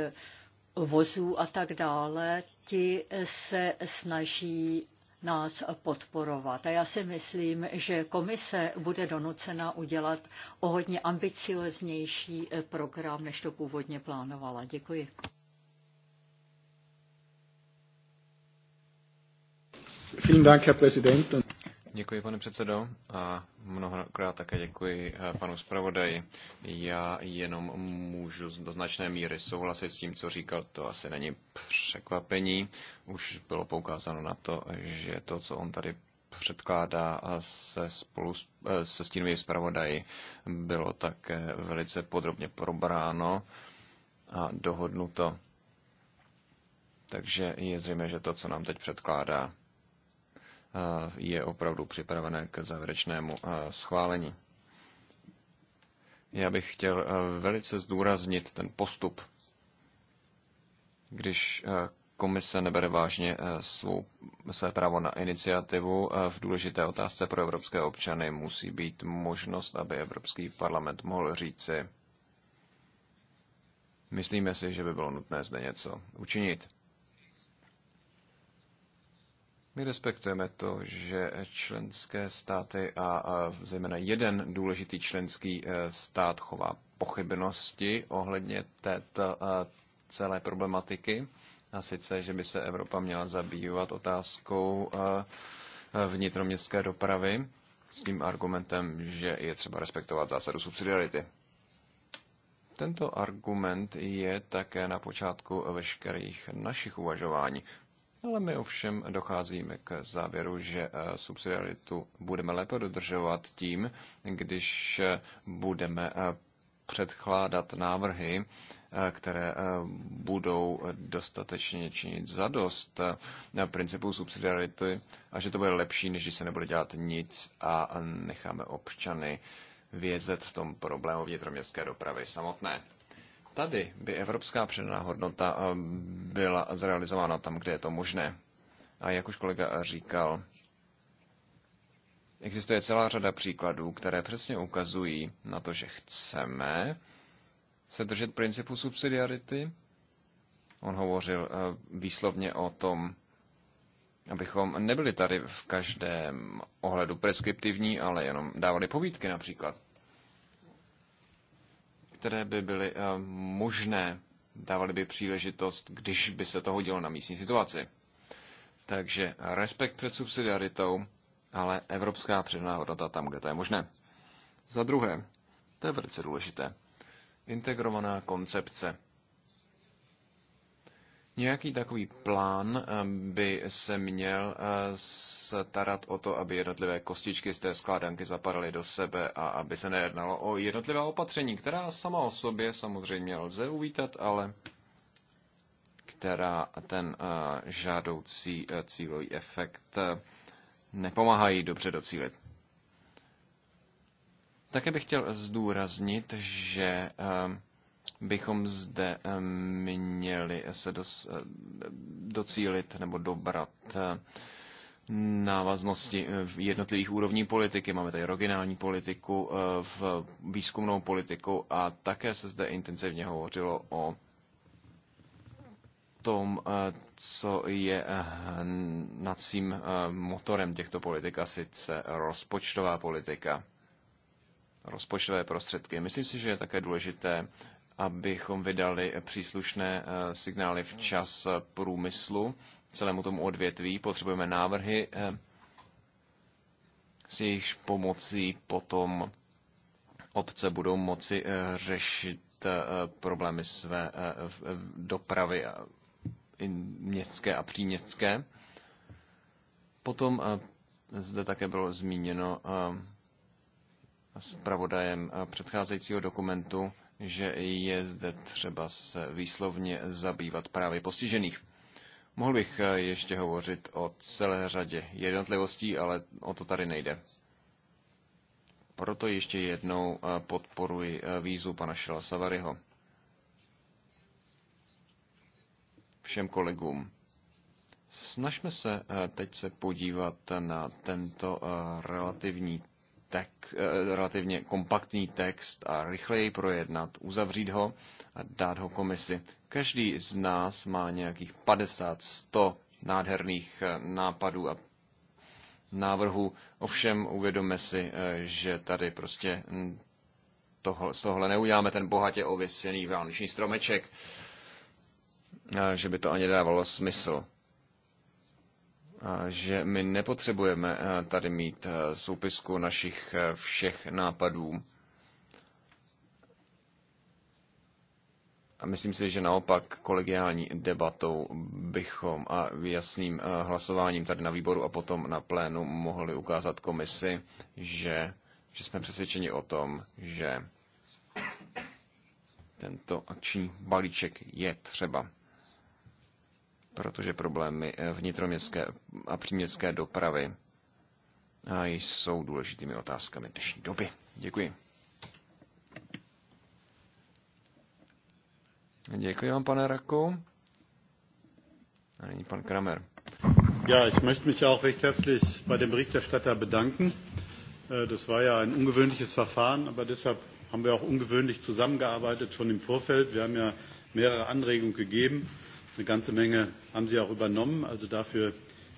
vozů a tak dále, ti se snaží nás podporovat. A já si myslím, že komise bude donucena udělat o hodně ambicioznější eh, program, než to původně plánovala. Děkuji. Vielen Dank, Herr Präsident. Děkuji, pane předsedo, a mnohokrát také děkuji eh, panu zpravodaji. Já jenom můžu do značné míry souhlasit s tím, co říkal, to asi není překvapení. Už bylo poukázáno na to, že to, co on tady předkládá se spolu eh, se stínovým zpravodaji, bylo také velice podrobně probráno a dohodnuto. Takže je zřejmé, že to, co nám teď předkládá, je opravdu připravené k závěrečnému schválení. Já bych chtěl velice zdůraznit ten postup, když komise nebere vážně svou, své právo na iniciativu. V důležité otázce pro evropské občany musí být možnost, aby Evropský parlament mohl říci, myslíme si, že by bylo nutné zde něco učinit. My respektujeme to, že členské státy a zejména jeden důležitý členský e, stát chová pochybnosti ohledně této e, celé problematiky. A sice, že by se Evropa měla zabývat otázkou e, vnitroměstské dopravy s tím argumentem, že je třeba respektovat zásadu subsidiarity. Tento argument je také na počátku veškerých našich uvažování. Ale my ovšem docházíme k závěru, že eh, subsidiaritu budeme lépe dodržovat tím, když eh, budeme eh, předkládat návrhy, které budou dostatečně činit za dost principu subsidiarity a že to bude lepší, než když se nebude dělat nic a necháme občany vězet v tom problému vnitroměstské dopravy samotné tady by evropská přidaná hodnota eh, byla zrealizována tam, kde je to možné. A jak už kolega říkal, existuje celá řada příkladů, které přesně ukazují na to, že chceme se držet principu subsidiarity. On hovořil eh, výslovně o tom, abychom nebyli tady v každém ohledu preskriptivní, ale jenom dávali povídky například které by byly eh, možné, dávaly by příležitost, když by se to hodilo na místní situaci. Takže respekt před subsidiaritou, ale evropská přidaná hodnota tam, kde to je možné. Za druhé, to je velice důležité, integrovaná koncepce Nějaký takový plán eh, by se měl eh, starat o to, aby jednotlivé kostičky z té skládanky zapadaly do sebe a aby se nejednalo o jednotlivá opatření, která sama o sobě samozřejmě lze uvítat, ale která ten eh, žádoucí cílový efekt nepomáhají dobře docílit. Také bych chtěl zdůraznit, že bychom zde eh, měli se dos, eh, docílit nebo dobrat eh, návaznosti v jednotlivých úrovní politiky. Máme tady regionální politiku, v výzkumnou politiku a také se zde intenzivně hovořilo o tom, co je nacím motorem těchto politik, a sice rozpočtová politika, rozpočtové prostředky. Myslím si, že je také důležité abychom vydali eh, příslušné eh, signály včas eh, průmyslu, celému tomu odvětví. Potřebujeme návrhy, s jejichž pomocí potom obce budou moci řešit problémy své dopravy městské a příměstské. Potom zde také bylo zmíněno pravodajem eh, předcházejícího dokumentu, že je zde třeba se výslovně zabývat právě postižených. Mohl bych eh, ještě hovořit o celé řadě jednotlivostí, ale o to tady nejde. Proto ještě jednou eh, podporuji výzvu pana Šela Savaryho. Všem kolegům. Snažme se teď se podívat na tento relativní tek, eh, relativně kompaktní text a rychleji projednat, uzavřít ho a dát ho komisi. Každý z nás má nějakých 50, 100 nádherných eh, nápadů a návrhů. Ovšem uvědomme si, eh, že tady prostě tohle, tohle neuděláme ten bohatě ověsněný vánoční stromeček, že by to ani dávalo smysl že my nepotřebujeme eh, tady mít eh, soupisku našich eh, všech nápadů. A myslím si, že naopak kolegiální debatou bychom a jasným hlasováním tady na výboru a potom na plénu mohli ukázat komisi, že, že jsme přesvědčeni o tom, že tento akční balíček je třeba protože problémy eh, vnitroměstské a příměstské dopravy eh, jsou důležitými otázkami dnešní doby. Děkuji. Děkuji vám, pane Raku. A nyní pan Kramer. Ja, ich möchte mich auch recht herzlich bei dem Berichterstatter bedanken. Äh, das war ja ein ungewöhnliches Verfahren, aber deshalb haben wir auch ungewöhnlich zusammengearbeitet schon im Vorfeld. Wir haben ja mehrere Anregungen gegeben. Eine ganze Menge haben Sie auch übernommen. Also dafür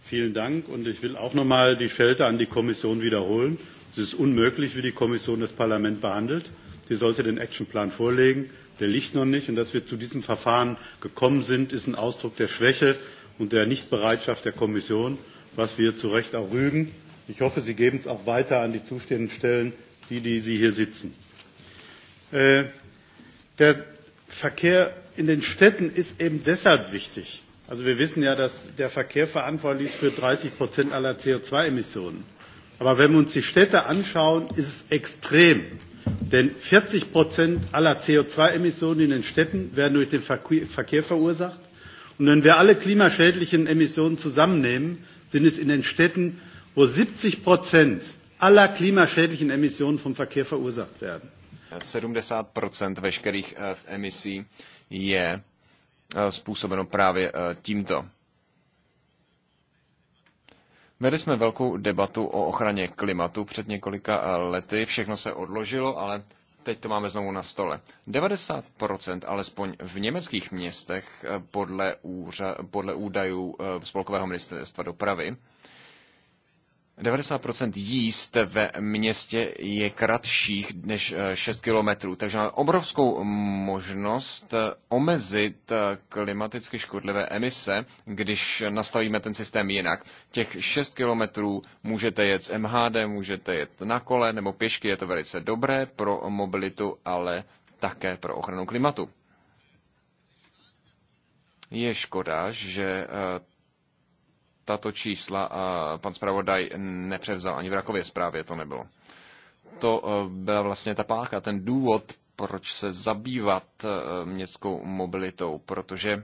vielen Dank. Und ich will auch noch mal die Schelte an die Kommission wiederholen. Es ist unmöglich, wie die Kommission das Parlament behandelt. Sie sollte den Actionplan vorlegen. Der liegt noch nicht. Und dass wir zu diesem Verfahren gekommen sind, ist ein Ausdruck der Schwäche und der Nichtbereitschaft der Kommission, was wir zu Recht auch rügen. Ich hoffe, Sie geben es auch weiter an die zuständigen Stellen, die, die Sie hier sitzen. Äh, der Verkehr in den Städten ist eben deshalb wichtig. Also wir wissen ja, dass der Verkehr verantwortlich ist für 30 Prozent aller CO2-Emissionen. Aber wenn wir uns die Städte anschauen, ist es extrem. Denn 40 Prozent aller CO2-Emissionen in den Städten werden durch den Verkehr verursacht. Und wenn wir alle klimaschädlichen Emissionen zusammennehmen, sind es in den Städten, wo 70 Prozent aller klimaschädlichen Emissionen vom Verkehr verursacht werden. 70 Prozent veškerých eh, emisí je eh, způsobeno právě eh, tímto. Vedli jsme velkou debatu o ochraně klimatu před několika eh, lety. Všechno se odložilo, ale teď to máme znovu na stole. 90% alespoň v německých městech podle, úřa, podle údajů Spolkového ministerstva dopravy 90% jíst ve městě je kratších než 6 eh, kilometrů, takže máme obrovskou možnost eh, omezit eh, klimaticky škodlivé emise, když nastavíme ten systém jinak. Těch 6 kilometrů můžete jet z MHD, můžete jet na kole nebo pěšky, je to velice dobré pro mobilitu, ale také pro ochranu klimatu. Je škoda, že tato čísla pan zpravodaj nepřevzal ani v Rakově zprávě, to nebylo. To eh, byla vlastně ta páka, ten důvod, proč se zabývat eh, městskou mobilitou, protože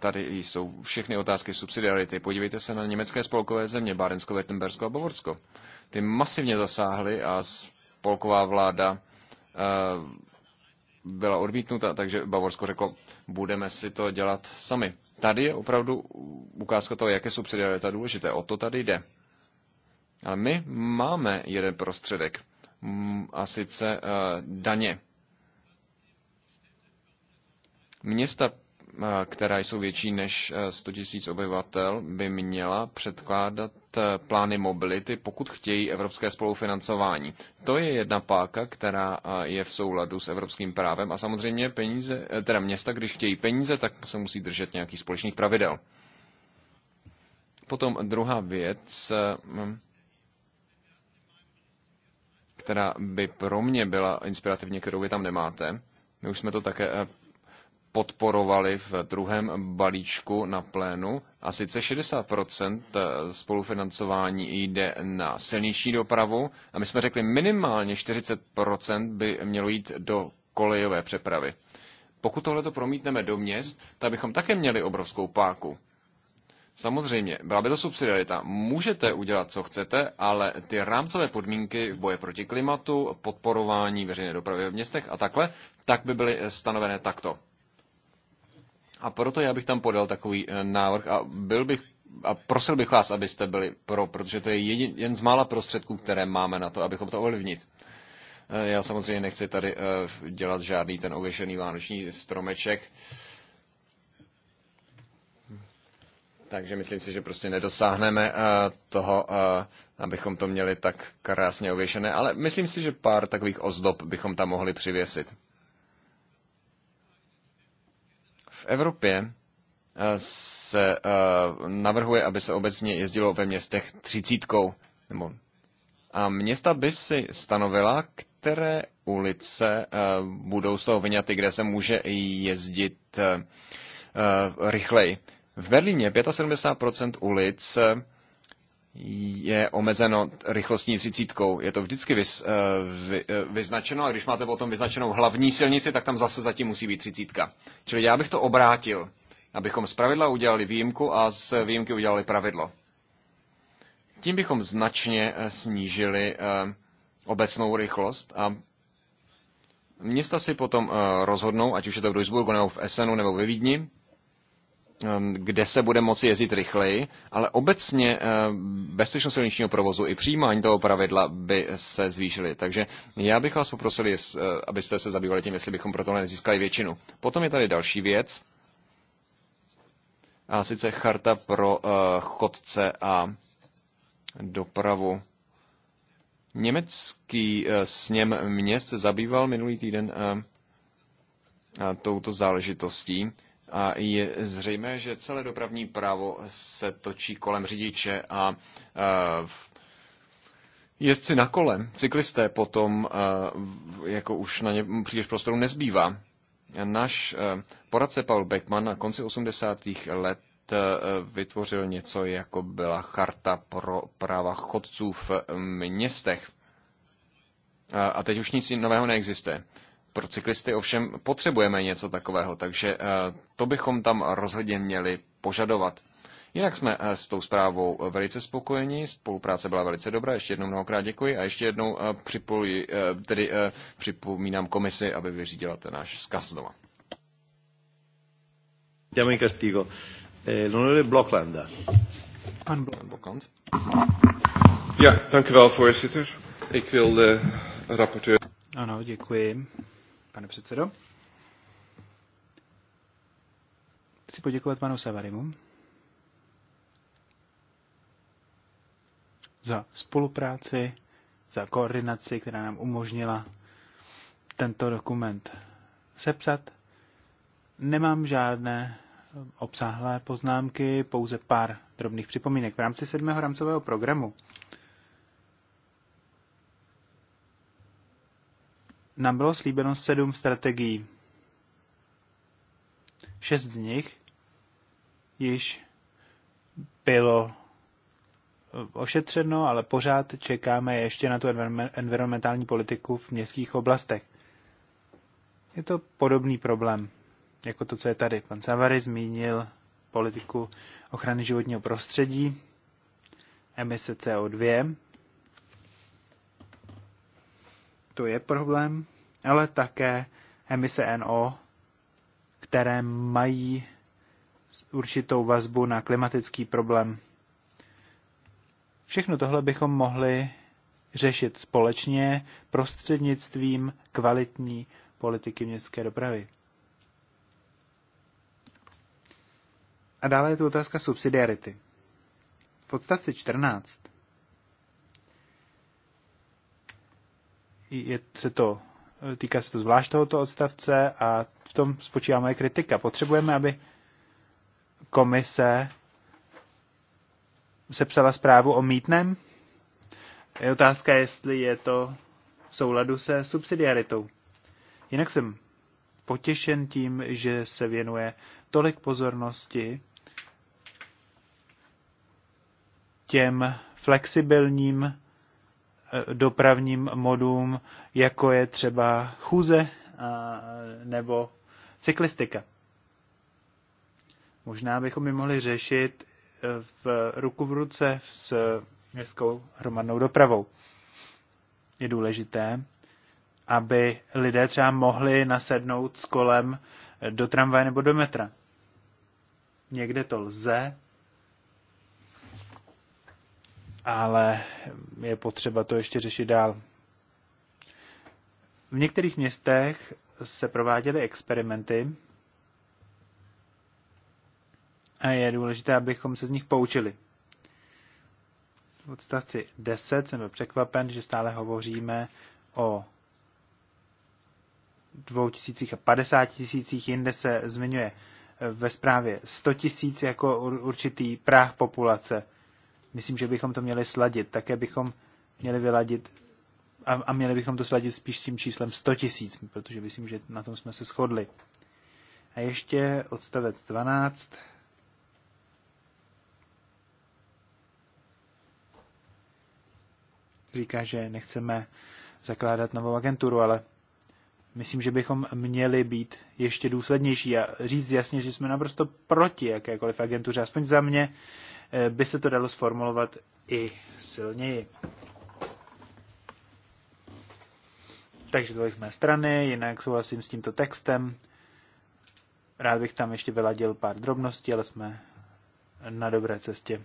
tady jsou všechny otázky subsidiarity. Podívejte se na německé spolkové země, Bárensko, Wettenbersko a Bavorsko. Ty masivně zasáhly a spolková vláda eh, byla odmítnuta, takže Bavorsko řeklo, budeme si to dělat sami. Tady je opravdu ukázka toho, jaké jsou subsidiarita důležité. O to tady jde. Ale my máme jeden prostředek, mm, a sice eh, daně. Města Eh, která jsou větší než 100 eh, tisíc obyvatel, by měla předkládat eh, plány mobility, pokud chtějí evropské spolufinancování. To je jedna páka, která je v souladu s evropským právem a samozřejmě peníze, teda města, když chtějí peníze, tak se musí držet nějakých společných pravidel. Potom druhá věc, která by pro mě byla inspirativně, kterou vy tam nemáte. My už jsme to také podporovali v druhém balíčku na plénu. A sice 60% eh, spolufinancování jde na silnější dopravu a my jsme řekli minimálně 40% by mělo jít do kolejové přepravy. Pokud tohle to promítneme do měst, tak bychom také měli obrovskou páku. Samozřejmě, byla by to subsidiarita. Můžete udělat, co chcete, ale ty rámcové podmínky v boje proti klimatu, podporování veřejné dopravy v městech a takhle, tak by byly stanovené takto. A proto já bych tam podal takový eh, návrh a byl bych a prosil bych vás, abyste byli pro, protože to je jedin, jen z mála prostředků, které máme na to, abychom to ovlivnit. Eh, já samozřejmě nechci tady eh, dělat žádný ten ověšený vánoční stromeček. Takže myslím si, že prostě nedosáhneme toho, abychom to měli tak krásně ověšené, ale myslím si, že pár takových ozdob bychom tam mohli přivěsit. Evropě eh, se eh, navrhuje, aby se obecně jezdilo ve městech třicítkou. Nebo a města by si stanovila, které ulice eh, budou z toho vyňaty, kde se může jezdit rychleji. V Berlíně 75% ulic je omezeno rychlostní třicítkou. Je to vždycky vys, eh, vy, eh, vyznačeno a když máte potom vyznačenou hlavní silnici, tak tam zase zatím musí být třicítka. Čili já bych to obrátil, abychom z pravidla udělali výjimku a z výjimky udělali pravidlo. Tím bychom značně eh, snížili obecnou rychlost a města si potom rozhodnou, ať už je to v Duisburgu nebo v Essenu nebo ve Vídni, Ehm, kde se bude moci jezdit rychleji, ale obecně ehm, bezpečnost silničního provozu i přijímání toho pravidla by se zvýšily. Takže já bych vás poprosil, eh, abyste se zabývali tím, jestli bychom pro tohle nezískali většinu. Potom je tady další věc, a sice charta pro eh, chodce a dopravu. Německý eh, sněm měst se zabýval minulý týden touto záležitostí a je zřejmé, že celé dopravní právo se točí kolem řidiče a jezdci na kole, cyklisté potom, jako už na ně příliš prostoru nezbývá. Náš poradce Paul Beckman na konci 80. let vytvořil něco, jako byla charta pro práva chodců v městech. A teď už nic nového neexistuje. Pro cyklisty ovšem potřebujeme něco takového, takže eh, to bychom tam rozhodně měli požadovat. Jinak jsme eh, s tou zprávou eh, velice spokojeni, spolupráce byla velice dobrá, ještě jednou mnohokrát děkuji a ještě jednou připuji, tedy připomínám komisi, aby vyřídila ten náš zkaz doma. Děkuji, Castigo. L'onorevole Blokland. Pan Blockland. Ja, dank u wel, voorzitter. Ik wil de rapporteur... Ano, děkuji pane předsedo. Chci poděkovat panu Savarimu za spolupráci, za koordinaci, která nám umožnila tento dokument sepsat. Nemám žádné obsáhlé poznámky, pouze pár drobných připomínek. V rámci sedmého rámcového programu nám bylo slíbeno sedm strategií. Šest z nich již bylo eh, ošetřeno, ale pořád čekáme ještě na tu environmentální politiku v městských oblastech. Je to podobný problém, jako to, co je tady. Pan Savary zmínil politiku ochrany životního prostředí, emise CO2, to je problém, ale také emise NO, které mají určitou vazbu na klimatický problém. Všechno tohle bychom mohli řešit společně prostřednictvím kvalitní politiky městské dopravy. A dále je tu otázka subsidiarity. V odstavci 14 je, se to, týká se to zvlášť tohoto odstavce a v tom spočívá moje kritika. Potřebujeme, aby komise sepsala zprávu o mítném. Je otázka, jestli je to v souladu se subsidiaritou. Jinak jsem potěšen tím, že se věnuje tolik pozornosti těm flexibilním Eh, dopravním modům, jako je třeba chůze a, eh, nebo cyklistika. Možná bychom je mohli řešit eh, v ruku v ruce s městskou hromadnou dopravou. Je důležité, aby lidé třeba mohli nasednout s kolem do tramvaje nebo do metra. Někde to lze, ale je potřeba to ještě řešit dál. V některých městech se prováděly experimenty a je důležité, abychom se z nich poučili. V odstavci 10 jsem byl překvapen, že stále hovoříme o dvou tisících a 50 tisících, jinde se zmiňuje ve zprávě 100 tisíc jako určitý práh populace – Myslím, že bychom to měli sladit. Také bychom měli vyladit a, a měli bychom to sladit spíš s tím číslem 100 tisíc, protože myslím, že na tom jsme se shodli. A ještě odstavec 12. Říká, že nechceme zakládat novou agenturu, ale myslím, že bychom měli být ještě důslednější a říct jasně, že jsme naprosto proti jakékoliv agentuře. Aspoň za mě Eh, by se to dalo sformulovat i silněji. Takže tolik z mé strany, jinak souhlasím s tímto textem. Rád bych tam ještě vyladil pár drobností, ale jsme na dobré cestě.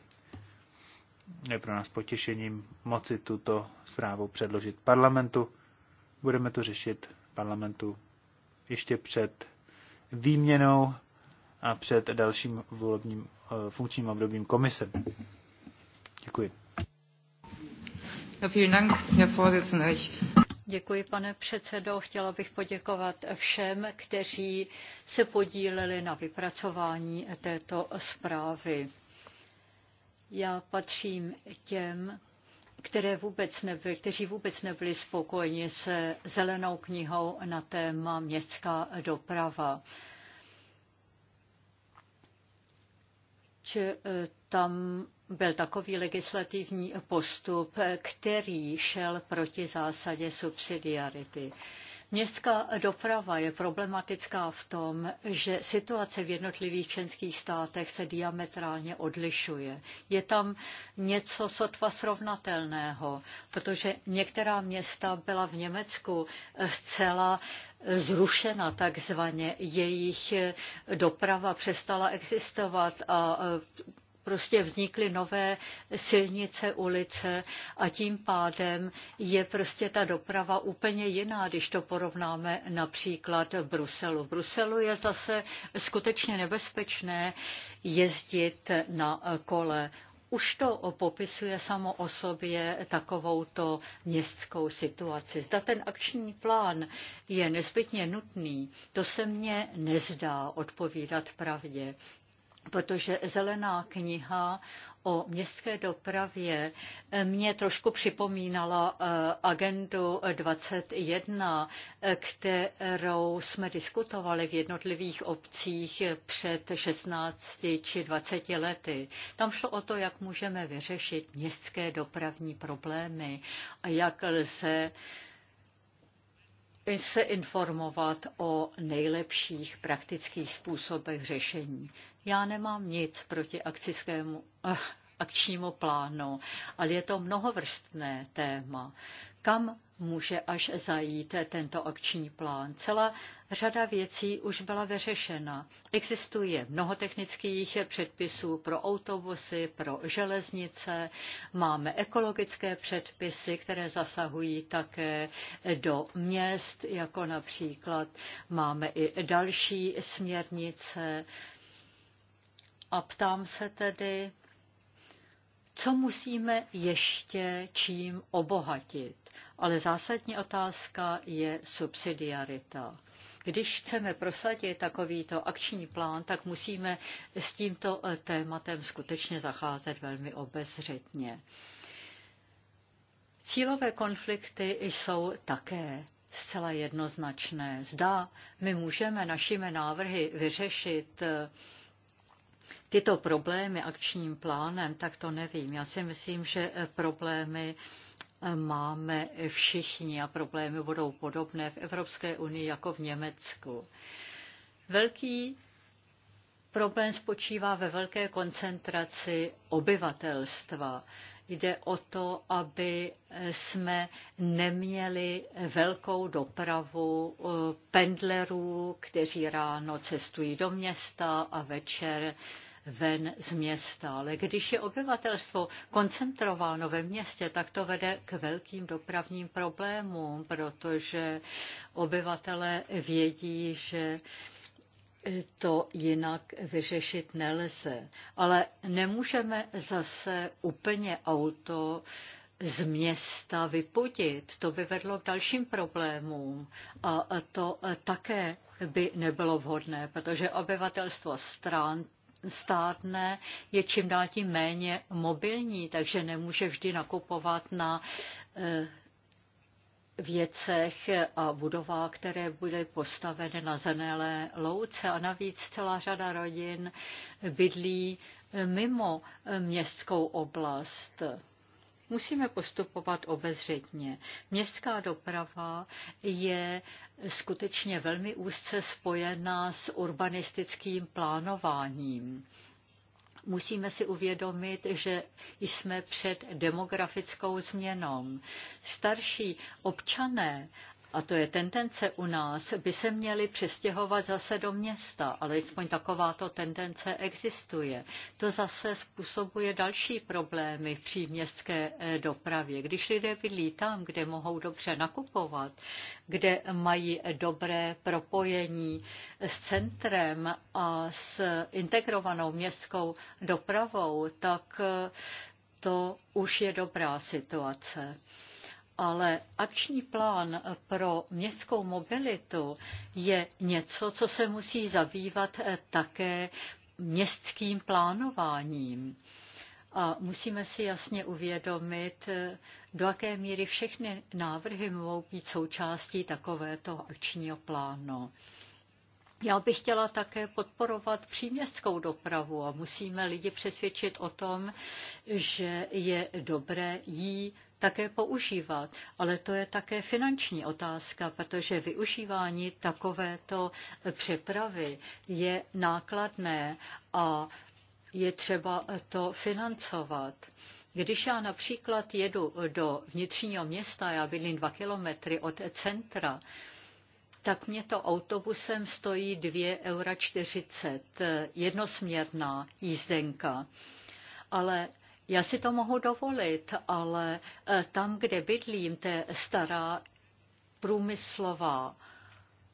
Je pro nás potěšením moci tuto zprávu předložit parlamentu. Budeme to řešit parlamentu ještě před výměnou a před dalším volebním Eh, funkčním obdobím komise. Děkuji. Děkuji, pane předsedo. Chtěla bych poděkovat všem, kteří se podíleli na vypracování této zprávy. Já patřím těm, které vůbec nebyli, kteří vůbec nebyli spokojeni se zelenou knihou na téma městská doprava. E, tam byl takový legislativní postup, který šel proti zásadě subsidiarity. Městská doprava je problematická v tom, že situace v jednotlivých členských státech se diametrálně odlišuje. Je tam něco sotva srovnatelného, protože některá města byla v Německu zcela zrušena takzvaně, jejich doprava přestala existovat a prostě vznikly nové silnice, ulice a tím pádem je prostě ta doprava úplně jiná, když to porovnáme například v Bruselu. V Bruselu je zase skutečně nebezpečné jezdit na kole už to popisuje samo o sobě takovouto městskou situaci. Zda ten akční plán je nezbytně nutný, to se mně nezdá odpovídat pravdě protože zelená kniha o městské dopravě eh, mě trošku připomínala eh, agendu 21, eh, kterou jsme diskutovali v jednotlivých obcích před 16 či 20 lety. Tam šlo o to, jak můžeme vyřešit městské dopravní problémy a jak lze se informovat o nejlepších praktických způsobech řešení. Já nemám nic proti akcijskému, eh, akčnímu plánu, ale je to mnohovrstné téma. Kam může až zajít tento akční plán? Celá řada věcí už byla vyřešena. Existuje mnoho technických předpisů pro autobusy, pro železnice, máme ekologické předpisy, které zasahují také do měst, jako například máme i další směrnice, a ptám se tedy, co musíme ještě čím obohatit. Ale zásadní otázka je subsidiarita. Když chceme prosadit takovýto akční plán, tak musíme s tímto eh, tématem skutečně zacházet velmi obezřetně. Cílové konflikty jsou také zcela jednoznačné. Zda my můžeme našimi návrhy vyřešit eh, tyto problémy akčním plánem, tak to nevím. Já si myslím, že problémy eh, máme všichni a problémy budou podobné v Evropské unii jako v Německu. Velký problém spočívá ve velké koncentraci obyvatelstva. Jde o to, aby eh, jsme neměli velkou dopravu eh, pendlerů, kteří ráno cestují do města a večer ven z města. Ale když je obyvatelstvo koncentrováno ve městě, tak to vede k velkým dopravním problémům, protože obyvatelé vědí, že to jinak vyřešit nelze. Ale nemůžeme zase úplně auto z města vypudit. To by vedlo k dalším problémům. A to také by nebylo vhodné, protože obyvatelstvo strán stárne, je čím dál tím méně mobilní, takže nemůže vždy nakupovat na eh, věcech a budovách, které byly postaveny na zanelé louce. A navíc celá řada rodin bydlí mimo městskou oblast. Musíme postupovat obezřetně. Městská doprava je skutečně velmi úzce spojená s urbanistickým plánováním musíme si uvědomit, že jsme před demografickou změnou. Starší občané a to je tendence u nás, by se měli přestěhovat zase do města, ale alespoň takováto tendence existuje. To zase způsobuje další problémy v příměstské eh, dopravě. Když lidé bydlí tam, kde mohou dobře nakupovat, kde mají dobré propojení s centrem a s integrovanou městskou dopravou, tak eh, to už je dobrá situace ale akční plán pro městskou mobilitu je něco, co se musí zabývat eh, také městským plánováním. A musíme si jasně uvědomit, eh, do jaké míry všechny návrhy mohou být součástí takovéto akčního plánu. Já bych chtěla také podporovat příměstskou dopravu a musíme lidi přesvědčit o tom, že je dobré jí také používat. Ale to je také finanční otázka, protože využívání takovéto přepravy je nákladné a je třeba to financovat. Když já například jedu do vnitřního města, já bydlím dva kilometry od centra, tak mě to autobusem stojí 2,40 eura, jednosměrná jízdenka. Ale já si to mohu dovolit, ale eh, tam, kde bydlím, to je stará průmyslová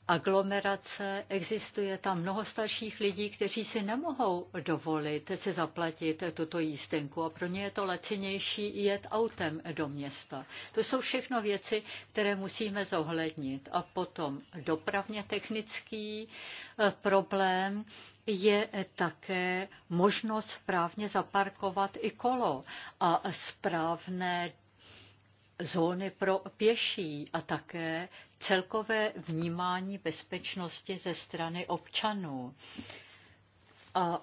aglomerace, existuje tam mnoho starších lidí, kteří si nemohou dovolit si zaplatit tuto jízdenku a pro ně je to lacinější jet autem do města. To jsou všechno věci, které musíme zohlednit. A potom dopravně technický eh, problém je také možnost správně zaparkovat i kolo a správné zóny pro pěší a také celkové vnímání bezpečnosti ze strany občanů. A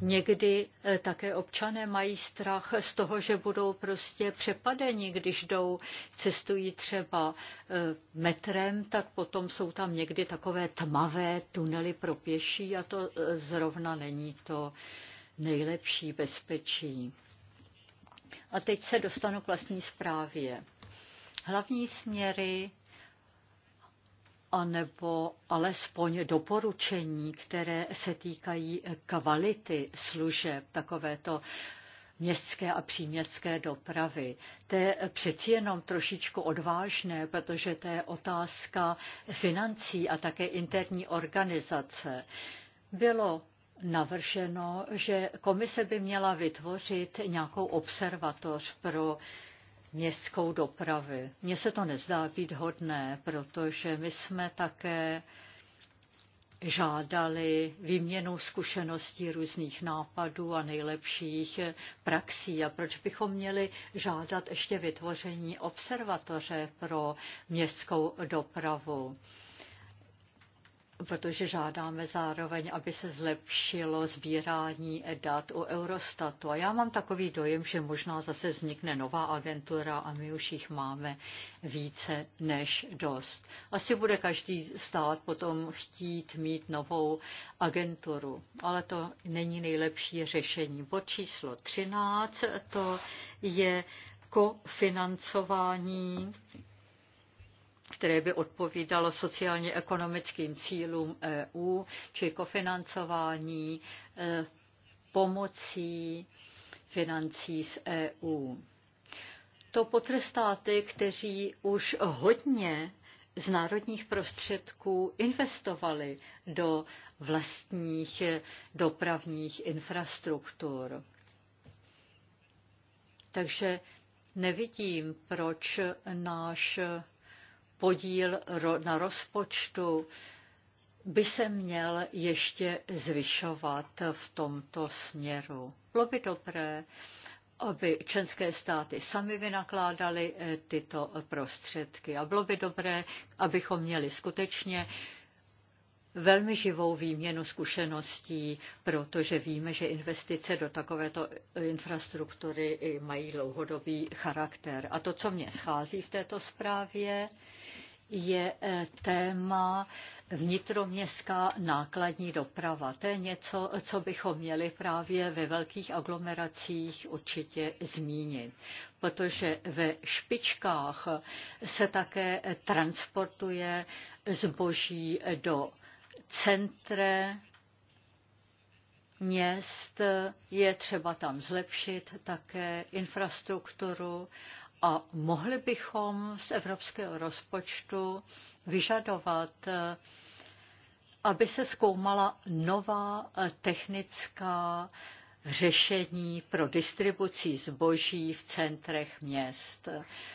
někdy e, také občané mají strach z toho, že budou prostě přepadeni, když jdou, cestují třeba e, metrem, tak potom jsou tam někdy takové tmavé tunely pro pěší a to e, zrovna není to nejlepší bezpečí. A teď se dostanu k vlastní zprávě. Hlavní směry anebo alespoň doporučení, které se týkají kvality služeb takovéto městské a příměstské dopravy. To je přeci jenom trošičku odvážné, protože to je otázka financí a také interní organizace. Bylo navrženo, že komise by měla vytvořit nějakou observatoř pro městskou dopravy. Mně se to nezdá být hodné, protože my jsme také žádali výměnu zkušeností různých nápadů a nejlepších praxí. A proč bychom měli žádat ještě vytvoření observatoře pro městskou dopravu? protože žádáme zároveň, aby se zlepšilo sbírání dat u Eurostatu. A já mám takový dojem, že možná zase vznikne nová agentura a my už jich máme více než dost. Asi bude každý stát potom chtít mít novou agenturu, ale to není nejlepší řešení. Bod číslo 13 to je kofinancování které by odpovídalo sociálně-ekonomickým cílům EU, či kofinancování e, pomocí financí z EU. To potrestá ty, kteří už hodně z národních prostředků investovali do vlastních dopravních infrastruktur. Takže nevidím, proč náš podíl na rozpočtu by se měl ještě zvyšovat v tomto směru. Bylo by dobré, aby členské státy sami vynakládaly eh, tyto prostředky. A bylo by dobré, abychom měli skutečně velmi živou výměnu zkušeností, protože víme, že investice do takovéto infrastruktury mají dlouhodobý charakter. A to, co mě schází v této zprávě, je eh, téma vnitroměstská nákladní doprava. To je něco, co bychom měli právě ve velkých aglomeracích určitě zmínit, protože ve špičkách se také transportuje zboží do centre měst je třeba tam zlepšit také infrastrukturu a mohli bychom z evropského rozpočtu vyžadovat, aby se zkoumala nová technická řešení pro distribuci zboží v centrech měst.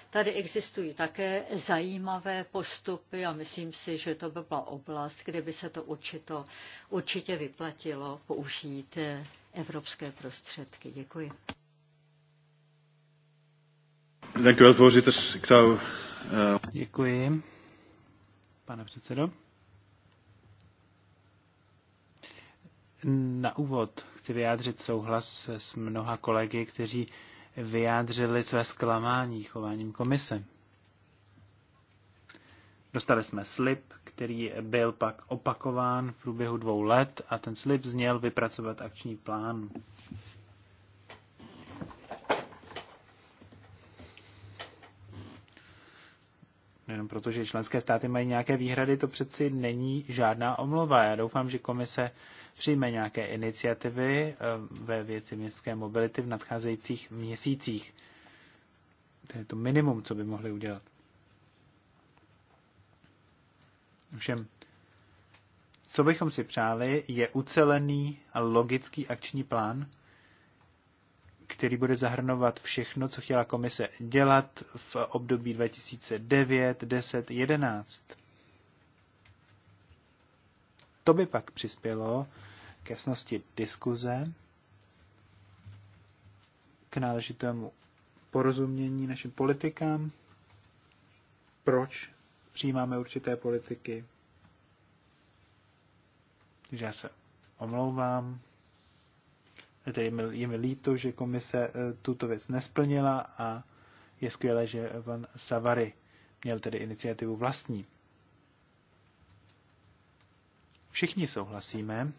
Tady existují také zajímavé postupy a myslím si, že to by byla oblast, kde by se to určito, určitě vyplatilo použít evropské prostředky. Děkuji. Děkuji, pane předsedo. Na úvod chci vyjádřit souhlas s mnoha kolegy, kteří vyjádřili své zklamání chováním komise. Dostali jsme slib, který byl pak opakován v průběhu dvou let a ten slib zněl vypracovat akční plán. Jenom protože členské státy mají nějaké výhrady, to přeci není žádná omluva. Já doufám, že komise přijme nějaké iniciativy eh, ve věci městské mobility v nadcházejících měsících. To je to minimum, co by mohli udělat. Všem, co bychom si přáli, je ucelený a logický akční plán, který bude zahrnovat všechno, co chtěla komise dělat v období 2009, 10, 11. To by pak přispělo k jasnosti diskuze, k náležitému porozumění našim politikám, proč přijímáme určité politiky. Takže já se omlouvám je mi líto, že komise eh, tuto věc nesplnila a je skvělé, že pan Savary měl tedy iniciativu vlastní. Všichni souhlasíme,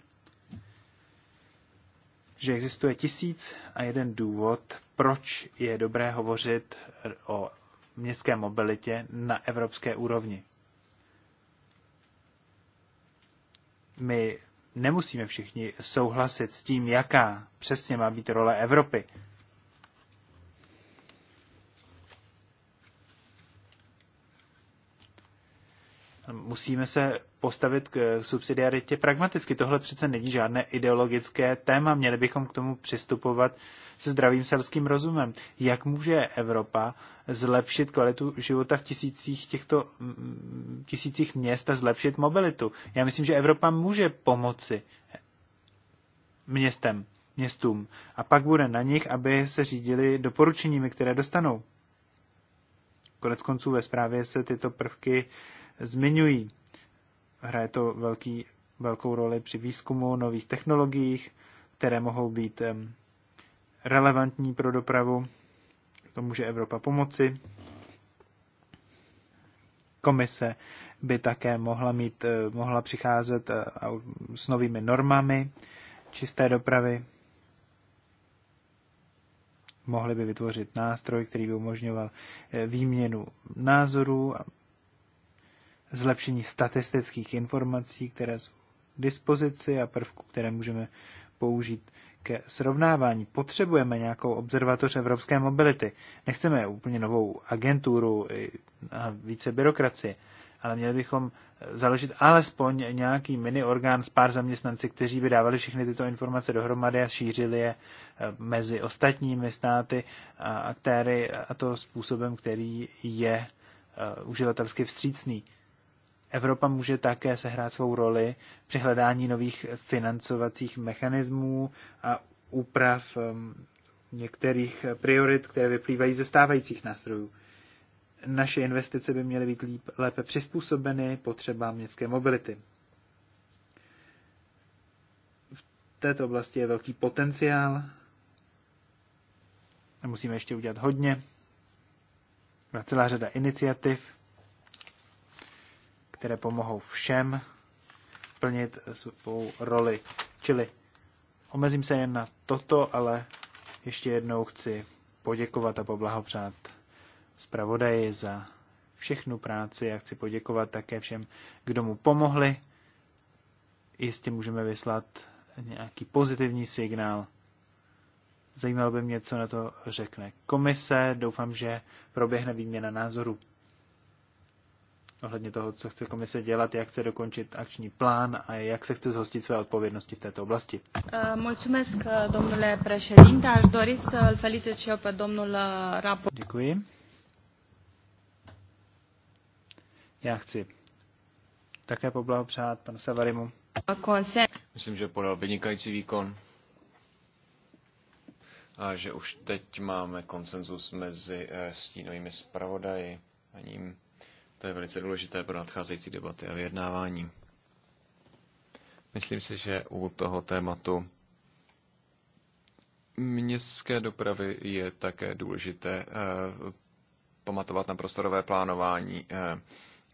že existuje tisíc a jeden důvod, proč je dobré hovořit o městské mobilitě na evropské úrovni. My nemusíme všichni souhlasit s tím, jaká přesně má být role Evropy. Musíme se postavit k subsidiaritě pragmaticky. Tohle přece není žádné ideologické téma. Měli bychom k tomu přistupovat se zdravým selským rozumem. Jak může Evropa zlepšit kvalitu života v tisících těchto tisících měst a zlepšit mobilitu? Já myslím, že Evropa může pomoci městem, městům. A pak bude na nich, aby se řídili doporučeními, které dostanou. Konec konců ve zprávě se tyto prvky zmiňují. Hraje to velký, velkou roli při výzkumu nových technologiích, které mohou být relevantní pro dopravu. To může Evropa pomoci. Komise by také mohla, mít, eh, mohla přicházet eh, s novými normami čisté dopravy. Mohli by vytvořit nástroj, který by umožňoval eh, výměnu názorů a zlepšení statistických informací, které jsou k dispozici a prvků, které můžeme použít ke srovnávání. Potřebujeme nějakou observatoř evropské mobility. Nechceme úplně novou agenturu a více byrokracie, ale měli bychom založit alespoň nějaký mini orgán s pár zaměstnanci, kteří by dávali všechny tyto informace dohromady a šířili je eh, mezi ostatními státy a aktéry a to způsobem, který je eh, uživatelsky vstřícný. Evropa může také sehrát svou roli při hledání nových financovacích mechanismů a úprav některých priorit, které vyplývají ze stávajících nástrojů. Naše investice by měly být líp, lépe přizpůsobeny potřebám městské mobility. V této oblasti je velký potenciál musíme ještě udělat hodně. Byla celá řada iniciativ, které pomohou všem plnit svou roli. Čili omezím se jen na toto, ale ještě jednou chci poděkovat a poblahopřát zpravodaji za všechnu práci a chci poděkovat také všem, kdo mu pomohli. Jistě můžeme vyslat nějaký pozitivní signál. Zajímalo by mě, co na to řekne komise. Doufám, že proběhne výměna názorů ohledně toho, co chce komise dělat, jak chce dokončit akční plán a jak se chce zhostit své odpovědnosti v této oblasti. Eh, eh, eh, Děkuji. Já chci také poblahopřát panu Savarimu. Myslím, že podal vynikající výkon a že už teď máme konsenzus mezi stínovými zpravodaji a ním. To je velice důležité pro nadcházející debaty a vyjednávání. Myslím si, že u toho tématu městské dopravy je také důležité eh, pamatovat na prostorové plánování eh,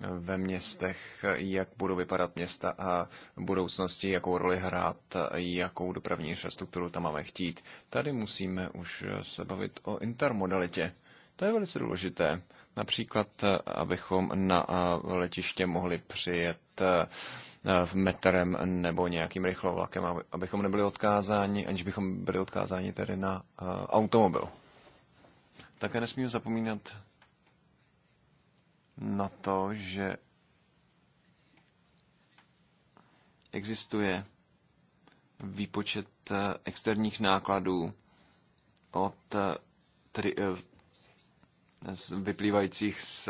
ve městech, jak budou vypadat města a v budoucnosti, jakou roli hrát, jakou dopravní infrastrukturu tam máme chtít. Tady musíme už se bavit o intermodalitě. To je velice důležité. Například, eh, abychom na eh, letiště mohli přijet eh, v metrem nebo nějakým rychlovlakem, abychom nebyli odkázáni, aniž bychom byli odkázáni tedy na automobil. Také nesmím zapomínat na to, že existuje výpočet externích nákladů od tedy vyplývajících z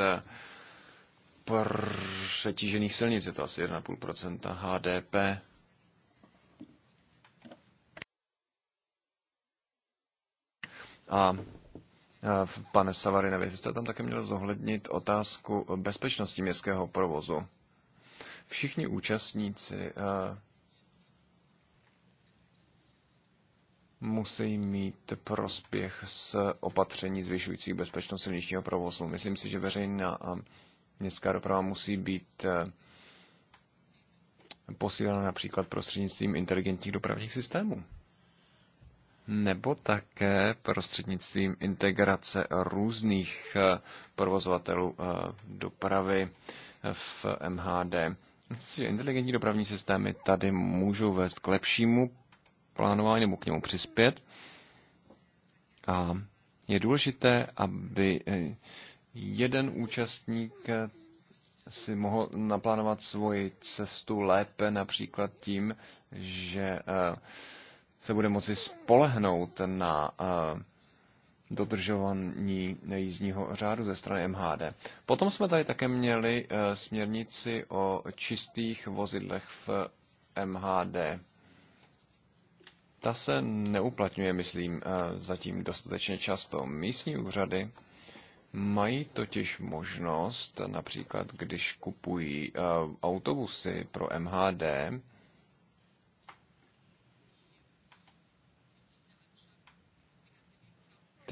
přetížených silnic, je to asi 1,5% HDP. A pane Savarine, vy jste tam také měl zohlednit otázku bezpečnosti městského provozu. Všichni účastníci musí mít prospěch z opatření zvyšující bezpečnost silničního provozu. Myslím si, že veřejná a městská doprava musí být eh, posílena například prostřednictvím inteligentních dopravních systémů. Nebo také prostřednictvím integrace různých eh, provozovatelů eh, dopravy v MHD. Inteligentní dopravní systémy tady můžou vést k lepšímu plánování nebo k němu přispět. A je důležité, aby eh, jeden účastník eh, si mohl naplánovat svoji cestu lépe, například tím, že eh, se bude moci spolehnout na dodržování jízdního řádu ze strany MHD. Potom jsme tady také měli směrnici o čistých vozidlech v MHD ta se neuplatňuje, myslím, eh, zatím dostatečně často. Místní úřady mají totiž možnost, například když kupují eh, autobusy pro MHD,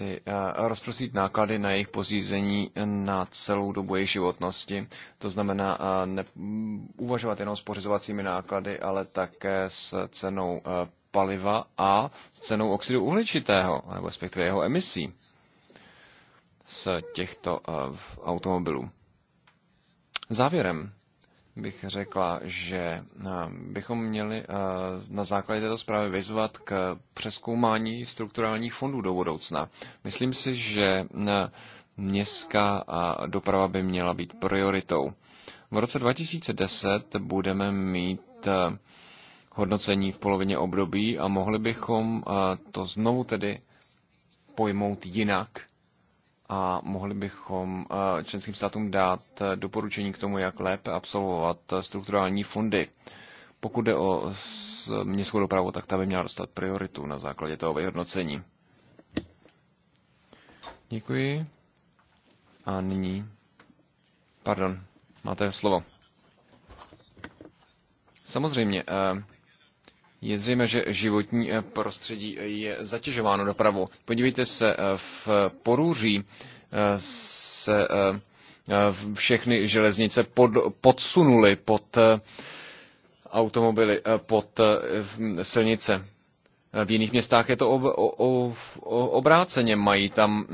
ty eh, rozprostřít náklady na jejich pořízení na celou dobu jejich životnosti. To znamená eh, ne, uvažovat jenom s pořizovacími náklady, ale také s cenou eh, paliva a s cenou oxidu uhličitého, nebo respektive jeho emisí z těchto automobilů. Závěrem bych řekla, že eh, bychom měli eh, na základě této zprávy vyzvat k přeskoumání strukturálních fondů do budoucna. Myslím si, že eh, městská doprava by měla být prioritou. V roce 2010 budeme mít hodnocení v polovině období a mohli bychom to znovu tedy pojmout jinak a mohli bychom eh, členským státům dát eh, doporučení k tomu, jak lépe absolvovat eh, strukturální fondy. Pokud jde o městskou dopravu, tak ta by měla dostat prioritu na základě toho vyhodnocení. Děkuji. A nyní, pardon, máte slovo. Samozřejmě, je zřejmé, že životní eh, prostředí eh, je zatěžováno dopravou. Podívejte se, eh, v Porůří se všechny železnice pod, podsunuly pod automobily, pod silnice. V jiných městách je to ob, o, obráceně, mají tam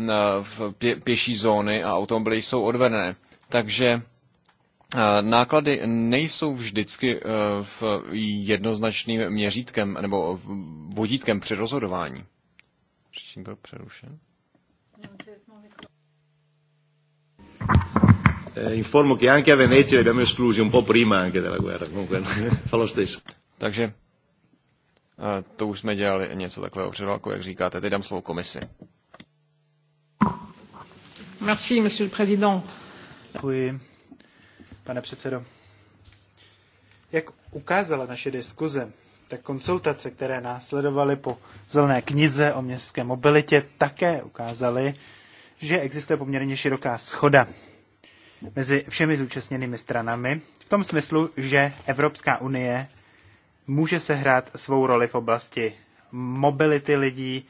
pě, pěší zóny a automobily jsou odvedené. Takže Eh, náklady nejsou vždycky eh, v jednoznačným měřítkem nebo vodítkem při rozhodování. Řečník byl přerušen. Eh, informo che anche a Venezia abbiamo esclusi un po' prima anche della guerra, comunque *laughs* fa lo stesso. Takže to už jsme dělali něco takového před jak říkáte. Teď dám slovo komisi. Merci, monsieur le président. Děkuji pane předsedo. Jak ukázala naše diskuze, tak konsultace, které následovaly po zelené knize o městské mobilitě, také ukázaly, že existuje poměrně široká schoda mezi všemi zúčastněnými stranami, v tom smyslu, že Evropská unie může sehrát svou roli v oblasti mobility lidí,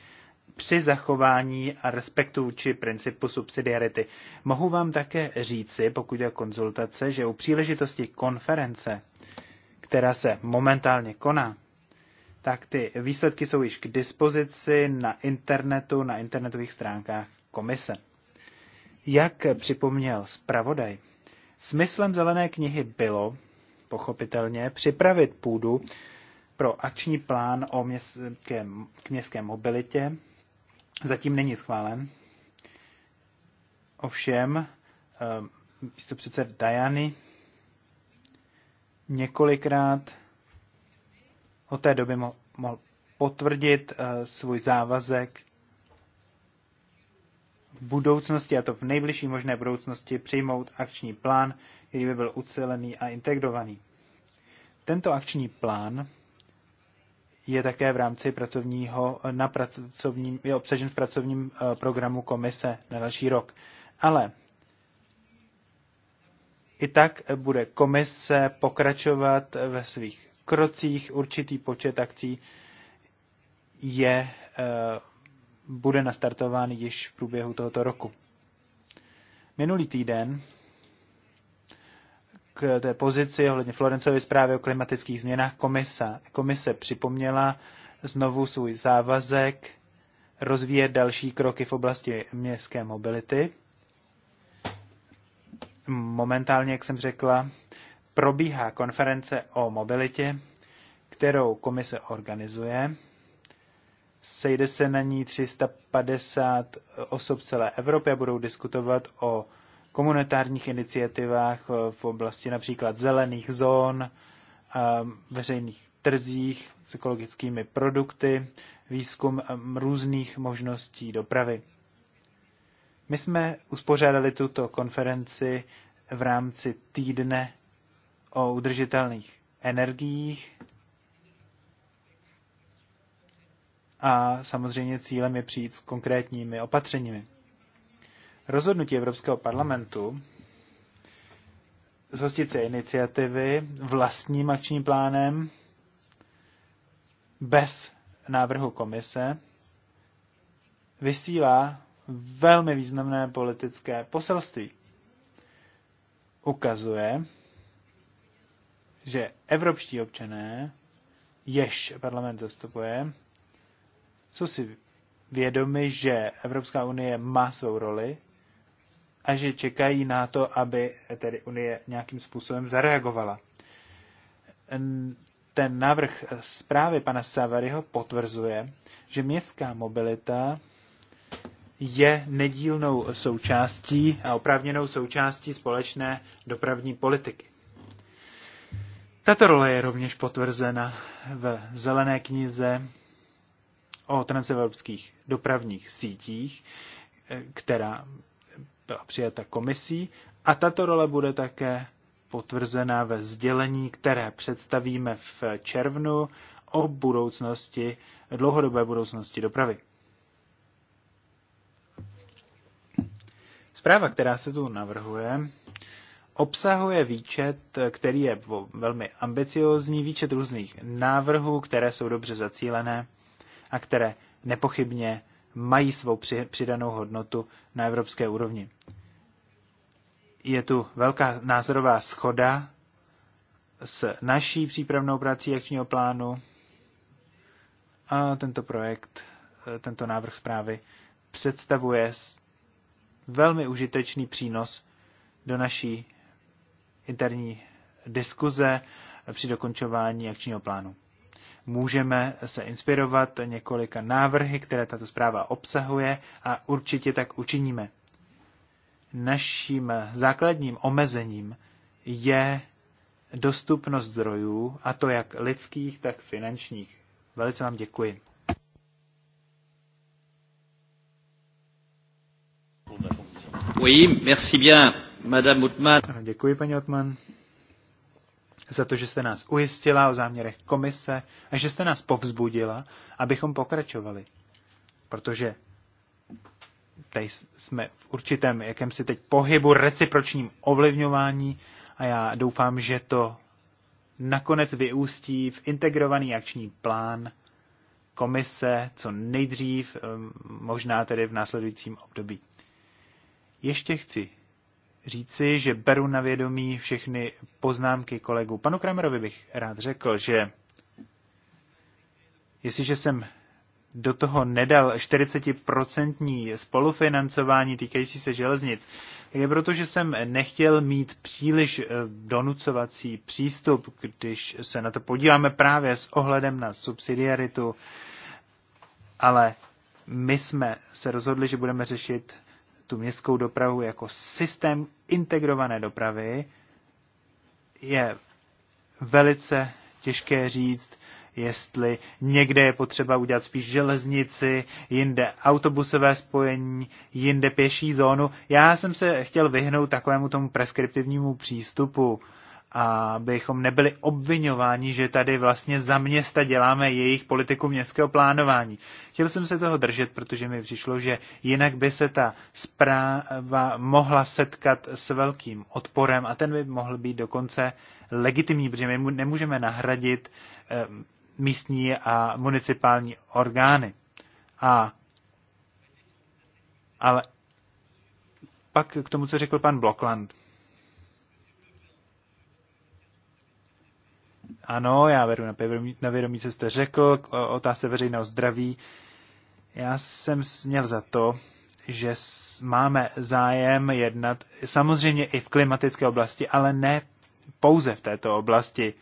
při zachování a respektu či principu subsidiarity. Mohu vám také říci, pokud je konzultace, že u příležitosti konference, která se momentálně koná, tak ty výsledky jsou již k dispozici na internetu, na internetových stránkách komise. Jak připomněl zpravodaj, smyslem zelené knihy bylo, pochopitelně, připravit půdu pro akční plán o městské, k městské mobilitě zatím není schválen. Ovšem, eh, místo přece Diany několikrát od té doby mohl potvrdit eh, svůj závazek v budoucnosti, a to v nejbližší možné budoucnosti, přijmout akční plán, který by byl ucelený a integrovaný. Tento akční plán je také v rámci pracovního, eh, na pracovním, je obsažen v pracovním eh, programu komise na další rok. Ale i tak bude komise pokračovat ve svých krocích, určitý počet akcí je, eh, bude nastartován již v průběhu tohoto roku. Minulý týden k té pozici ohledně Florencové zprávy o klimatických změnách komisa. komise připomněla znovu svůj závazek rozvíjet další kroky v oblasti městské mobility. Momentálně, jak jsem řekla, probíhá konference o mobilitě, kterou komise organizuje. Sejde se na ní 350 osob celé Evropy a budou diskutovat o komunitárních iniciativách eh, v oblasti například zelených zón, eh, veřejných trzích s ekologickými produkty, výzkum eh, různých možností dopravy. My jsme uspořádali tuto konferenci v rámci týdne o udržitelných energiích. A samozřejmě cílem je přijít s konkrétními opatřeními. Rozhodnutí Evropského parlamentu zhostit se iniciativy vlastním akčním plánem bez návrhu komise vysílá velmi významné politické poselství. Ukazuje, že evropští občané, jež parlament zastupuje, jsou si vědomi, že Evropská unie má svou roli a že čekají na to, aby tedy Unie nějakým způsobem zareagovala. Ten návrh zprávy pana Savaryho potvrzuje, že městská mobilita je nedílnou součástí a oprávněnou součástí společné dopravní politiky. Tato role je rovněž potvrzena v zelené knize o transevropských dopravních sítích, e, která byla přijata komisí a tato role bude také potvrzená ve sdělení, které představíme v červnu o budoucnosti, dlouhodobé budoucnosti dopravy. Zpráva, která se tu navrhuje, obsahuje výčet, který je velmi ambiciózní, výčet různých návrhů, které jsou dobře zacílené a které nepochybně mají svou přidanou hodnotu na evropské úrovni. Je tu velká názorová schoda s naší přípravnou prací akčního plánu a tento projekt, tento návrh zprávy představuje velmi užitečný přínos do naší interní diskuze při dokončování akčního plánu můžeme se inspirovat několika návrhy, které tato zpráva obsahuje a určitě tak učiníme. Naším základním omezením je dostupnost zdrojů, a to jak lidských, tak finančních. Velice vám děkuji. Oui, merci bien, Madame Utman. Děkuji, paní Otman za to, že jste nás ujistila o záměrech komise a že jste nás povzbudila, abychom pokračovali. Protože tady jsme v určitém jakémsi teď pohybu, recipročním ovlivňování a já doufám, že to nakonec vyústí v integrovaný akční plán komise co nejdřív, eh, možná tedy v následujícím období. Ještě chci říci, že beru na vědomí všechny poznámky kolegů. Panu Kramerovi bych rád řekl, že jestliže jsem do toho nedal 40% spolufinancování týkající se železnic, tak je proto, že jsem nechtěl mít příliš eh, donucovací přístup, když se na to podíváme právě s ohledem na subsidiaritu, ale my jsme se rozhodli, že budeme řešit tu městskou dopravu jako systém integrované dopravy, je velice těžké říct, jestli někde je potřeba udělat spíš železnici, jinde autobusové spojení, jinde pěší zónu. Já jsem se chtěl vyhnout takovému tomu preskriptivnímu přístupu, abychom nebyli obvinováni, že tady vlastně za města děláme jejich politiku městského plánování. Chtěl jsem se toho držet, protože mi přišlo, že jinak by se ta zpráva mohla setkat s velkým odporem a ten by mohl být dokonce legitimní, protože my nemůžeme nahradit eh, místní a municipální orgány. A, ale pak k tomu, co řekl pan Blokland Ano, já beru na vědomí, na vědomí co jste řekl, otázce veřejného zdraví. Já jsem měl za to, že máme zájem jednat samozřejmě i v klimatické oblasti, ale ne pouze v této oblasti.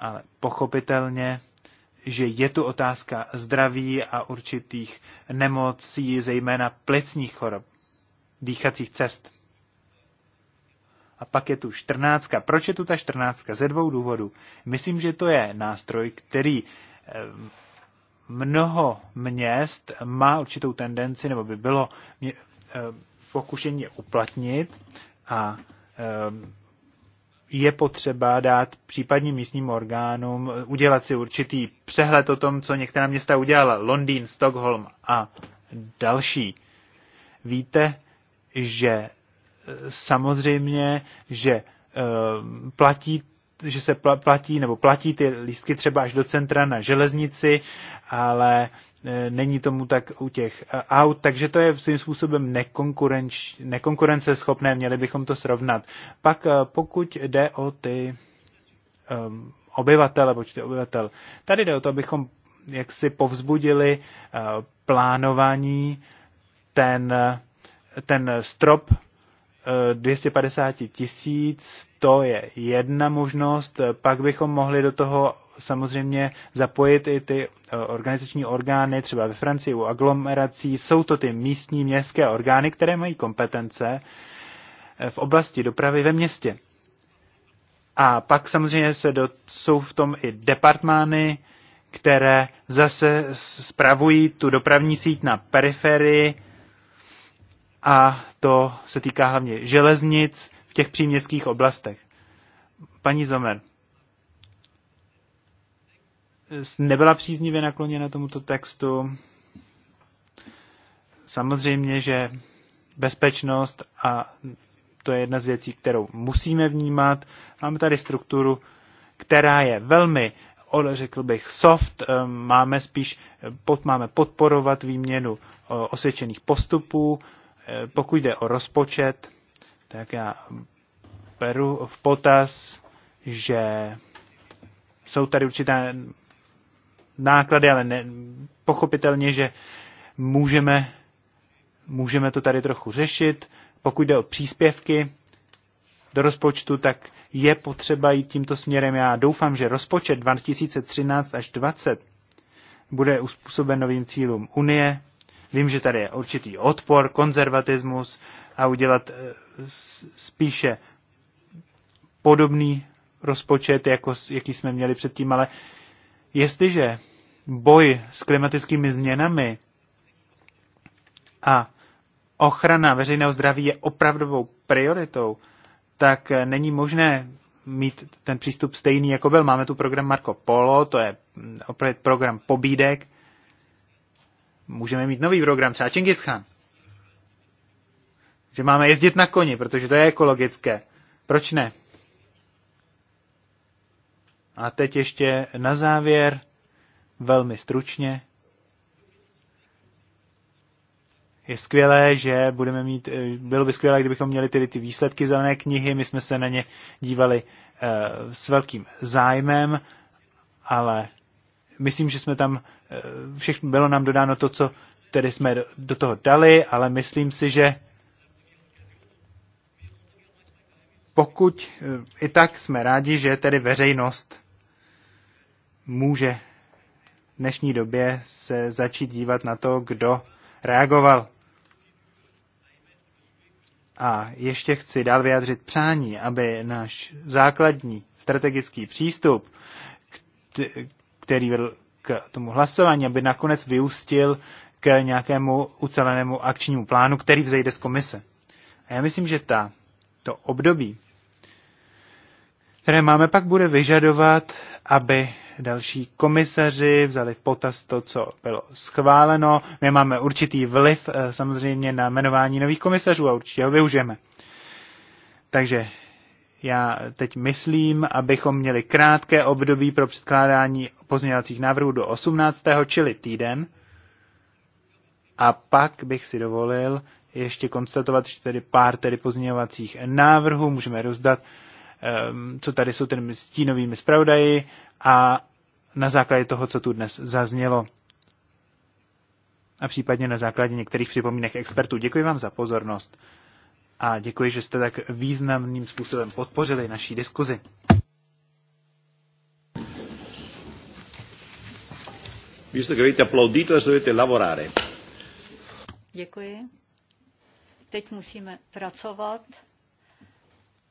Ale pochopitelně, že je tu otázka zdraví a určitých nemocí, zejména plicních chorob, dýchacích cest. A pak je tu čtrnáctka. Proč je tu ta čtrnáctka? Ze dvou důvodů. Myslím, že to je nástroj, který eh, mnoho měst má určitou tendenci, nebo by bylo eh, pokušení uplatnit a eh, je potřeba dát případně místním orgánům, udělat si určitý přehled o tom, co některá města udělala. Londýn, Stockholm a další. Víte, že samozřejmě, že eh, platí že se platí nebo platí ty lístky třeba až do centra na železnici, ale eh, není tomu tak u těch eh, aut, takže to je svým způsobem nekonkurenceschopné, měli bychom to srovnat. Pak pokud jde o ty um, obyvatele, počty obyvatel, tady jde o to, abychom jaksi povzbudili uh, plánování ten, ten strop 250 tisíc, to je jedna možnost. Pak bychom mohli do toho samozřejmě zapojit i ty eh, organizační orgány, třeba ve Francii u aglomerací. Jsou to ty místní městské orgány, které mají kompetence eh, v oblasti dopravy ve městě. A pak samozřejmě se do, jsou v tom i departmány, které zase spravují tu dopravní síť na periferii, a to se týká hlavně železnic v těch příměstských oblastech. Paní Zomer, nebyla příznivě nakloněna tomuto textu. Samozřejmě, že bezpečnost a to je jedna z věcí, kterou musíme vnímat. Máme tady strukturu, která je velmi, řekl bych, soft. Ehm, máme spíš, pod, máme podporovat výměnu osvědčených postupů, Eh, pokud jde o rozpočet, tak já beru v potaz, že jsou tady určité náklady, ale ne, pochopitelně, že můžeme, můžeme to tady trochu řešit. Pokud jde o příspěvky do rozpočtu, tak je potřeba jít tímto směrem. Já doufám, že rozpočet 2013 až 2020 bude uspůsoben novým cílům Unie, Vím, že tady je určitý odpor, konzervatismus a udělat eh, spíše podobný rozpočet, jako, jaký jsme měli předtím, ale jestliže boj s klimatickými změnami a ochrana veřejného zdraví je opravdovou prioritou, tak eh, není možné mít ten přístup stejný, jako byl. Máme tu program Marco Polo, to je hm, program pobídek, můžeme mít nový program, třeba Čingis Khan. Že máme jezdit na koni, protože to je ekologické. Proč ne? A teď ještě na závěr, velmi stručně. Je skvělé, že budeme mít, eh, bylo by skvělé, kdybychom měli tedy ty výsledky zelené knihy, my jsme se na ně dívali e, s velkým zájmem, ale myslím, že jsme tam, eh, všechno bylo nám dodáno to, co tedy jsme do toho dali, ale myslím si, že pokud eh, i tak jsme rádi, že tedy veřejnost může v dnešní době se začít dívat na to, kdo reagoval. A ještě chci dál vyjádřit přání, aby náš základní strategický přístup který vedl k tomu hlasování, aby nakonec vyústil k nějakému ucelenému akčnímu plánu, který vzejde z komise. A já myslím, že ta, to období, které máme, pak bude vyžadovat, aby další komisaři vzali v potaz to, co bylo schváleno. My máme určitý vliv eh, samozřejmě na jmenování nových komisařů a určitě ho využijeme. Takže já teď myslím, abychom měli krátké období pro předkládání pozměňovacích návrhů do 18. čili týden. A pak bych si dovolil ještě konstatovat, že tedy pár tedy pozměňovacích návrhů můžeme rozdat, ehm, co tady jsou tedy stínovými zpravodaji a na základě toho, co tu dnes zaznělo a případně na základě některých připomínek expertů. Děkuji vám za pozornost a děkuji, že jste tak významným způsobem podpořili naší diskuzi. Visto che avete applaudito, adesso dovete lavorare. Děkuji. Teď musíme pracovat.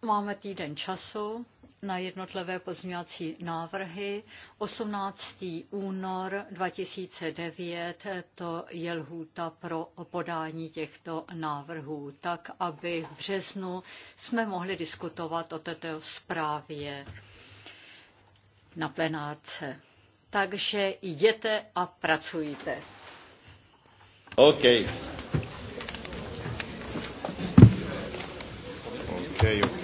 Máme týden času na jednotlivé pozměňovací návrhy. 18. únor 2009 to je lhůta pro podání těchto návrhů, tak aby v březnu jsme mohli diskutovat o této zprávě na plenárce. Takže jděte a pracujte. OK. OK, OK.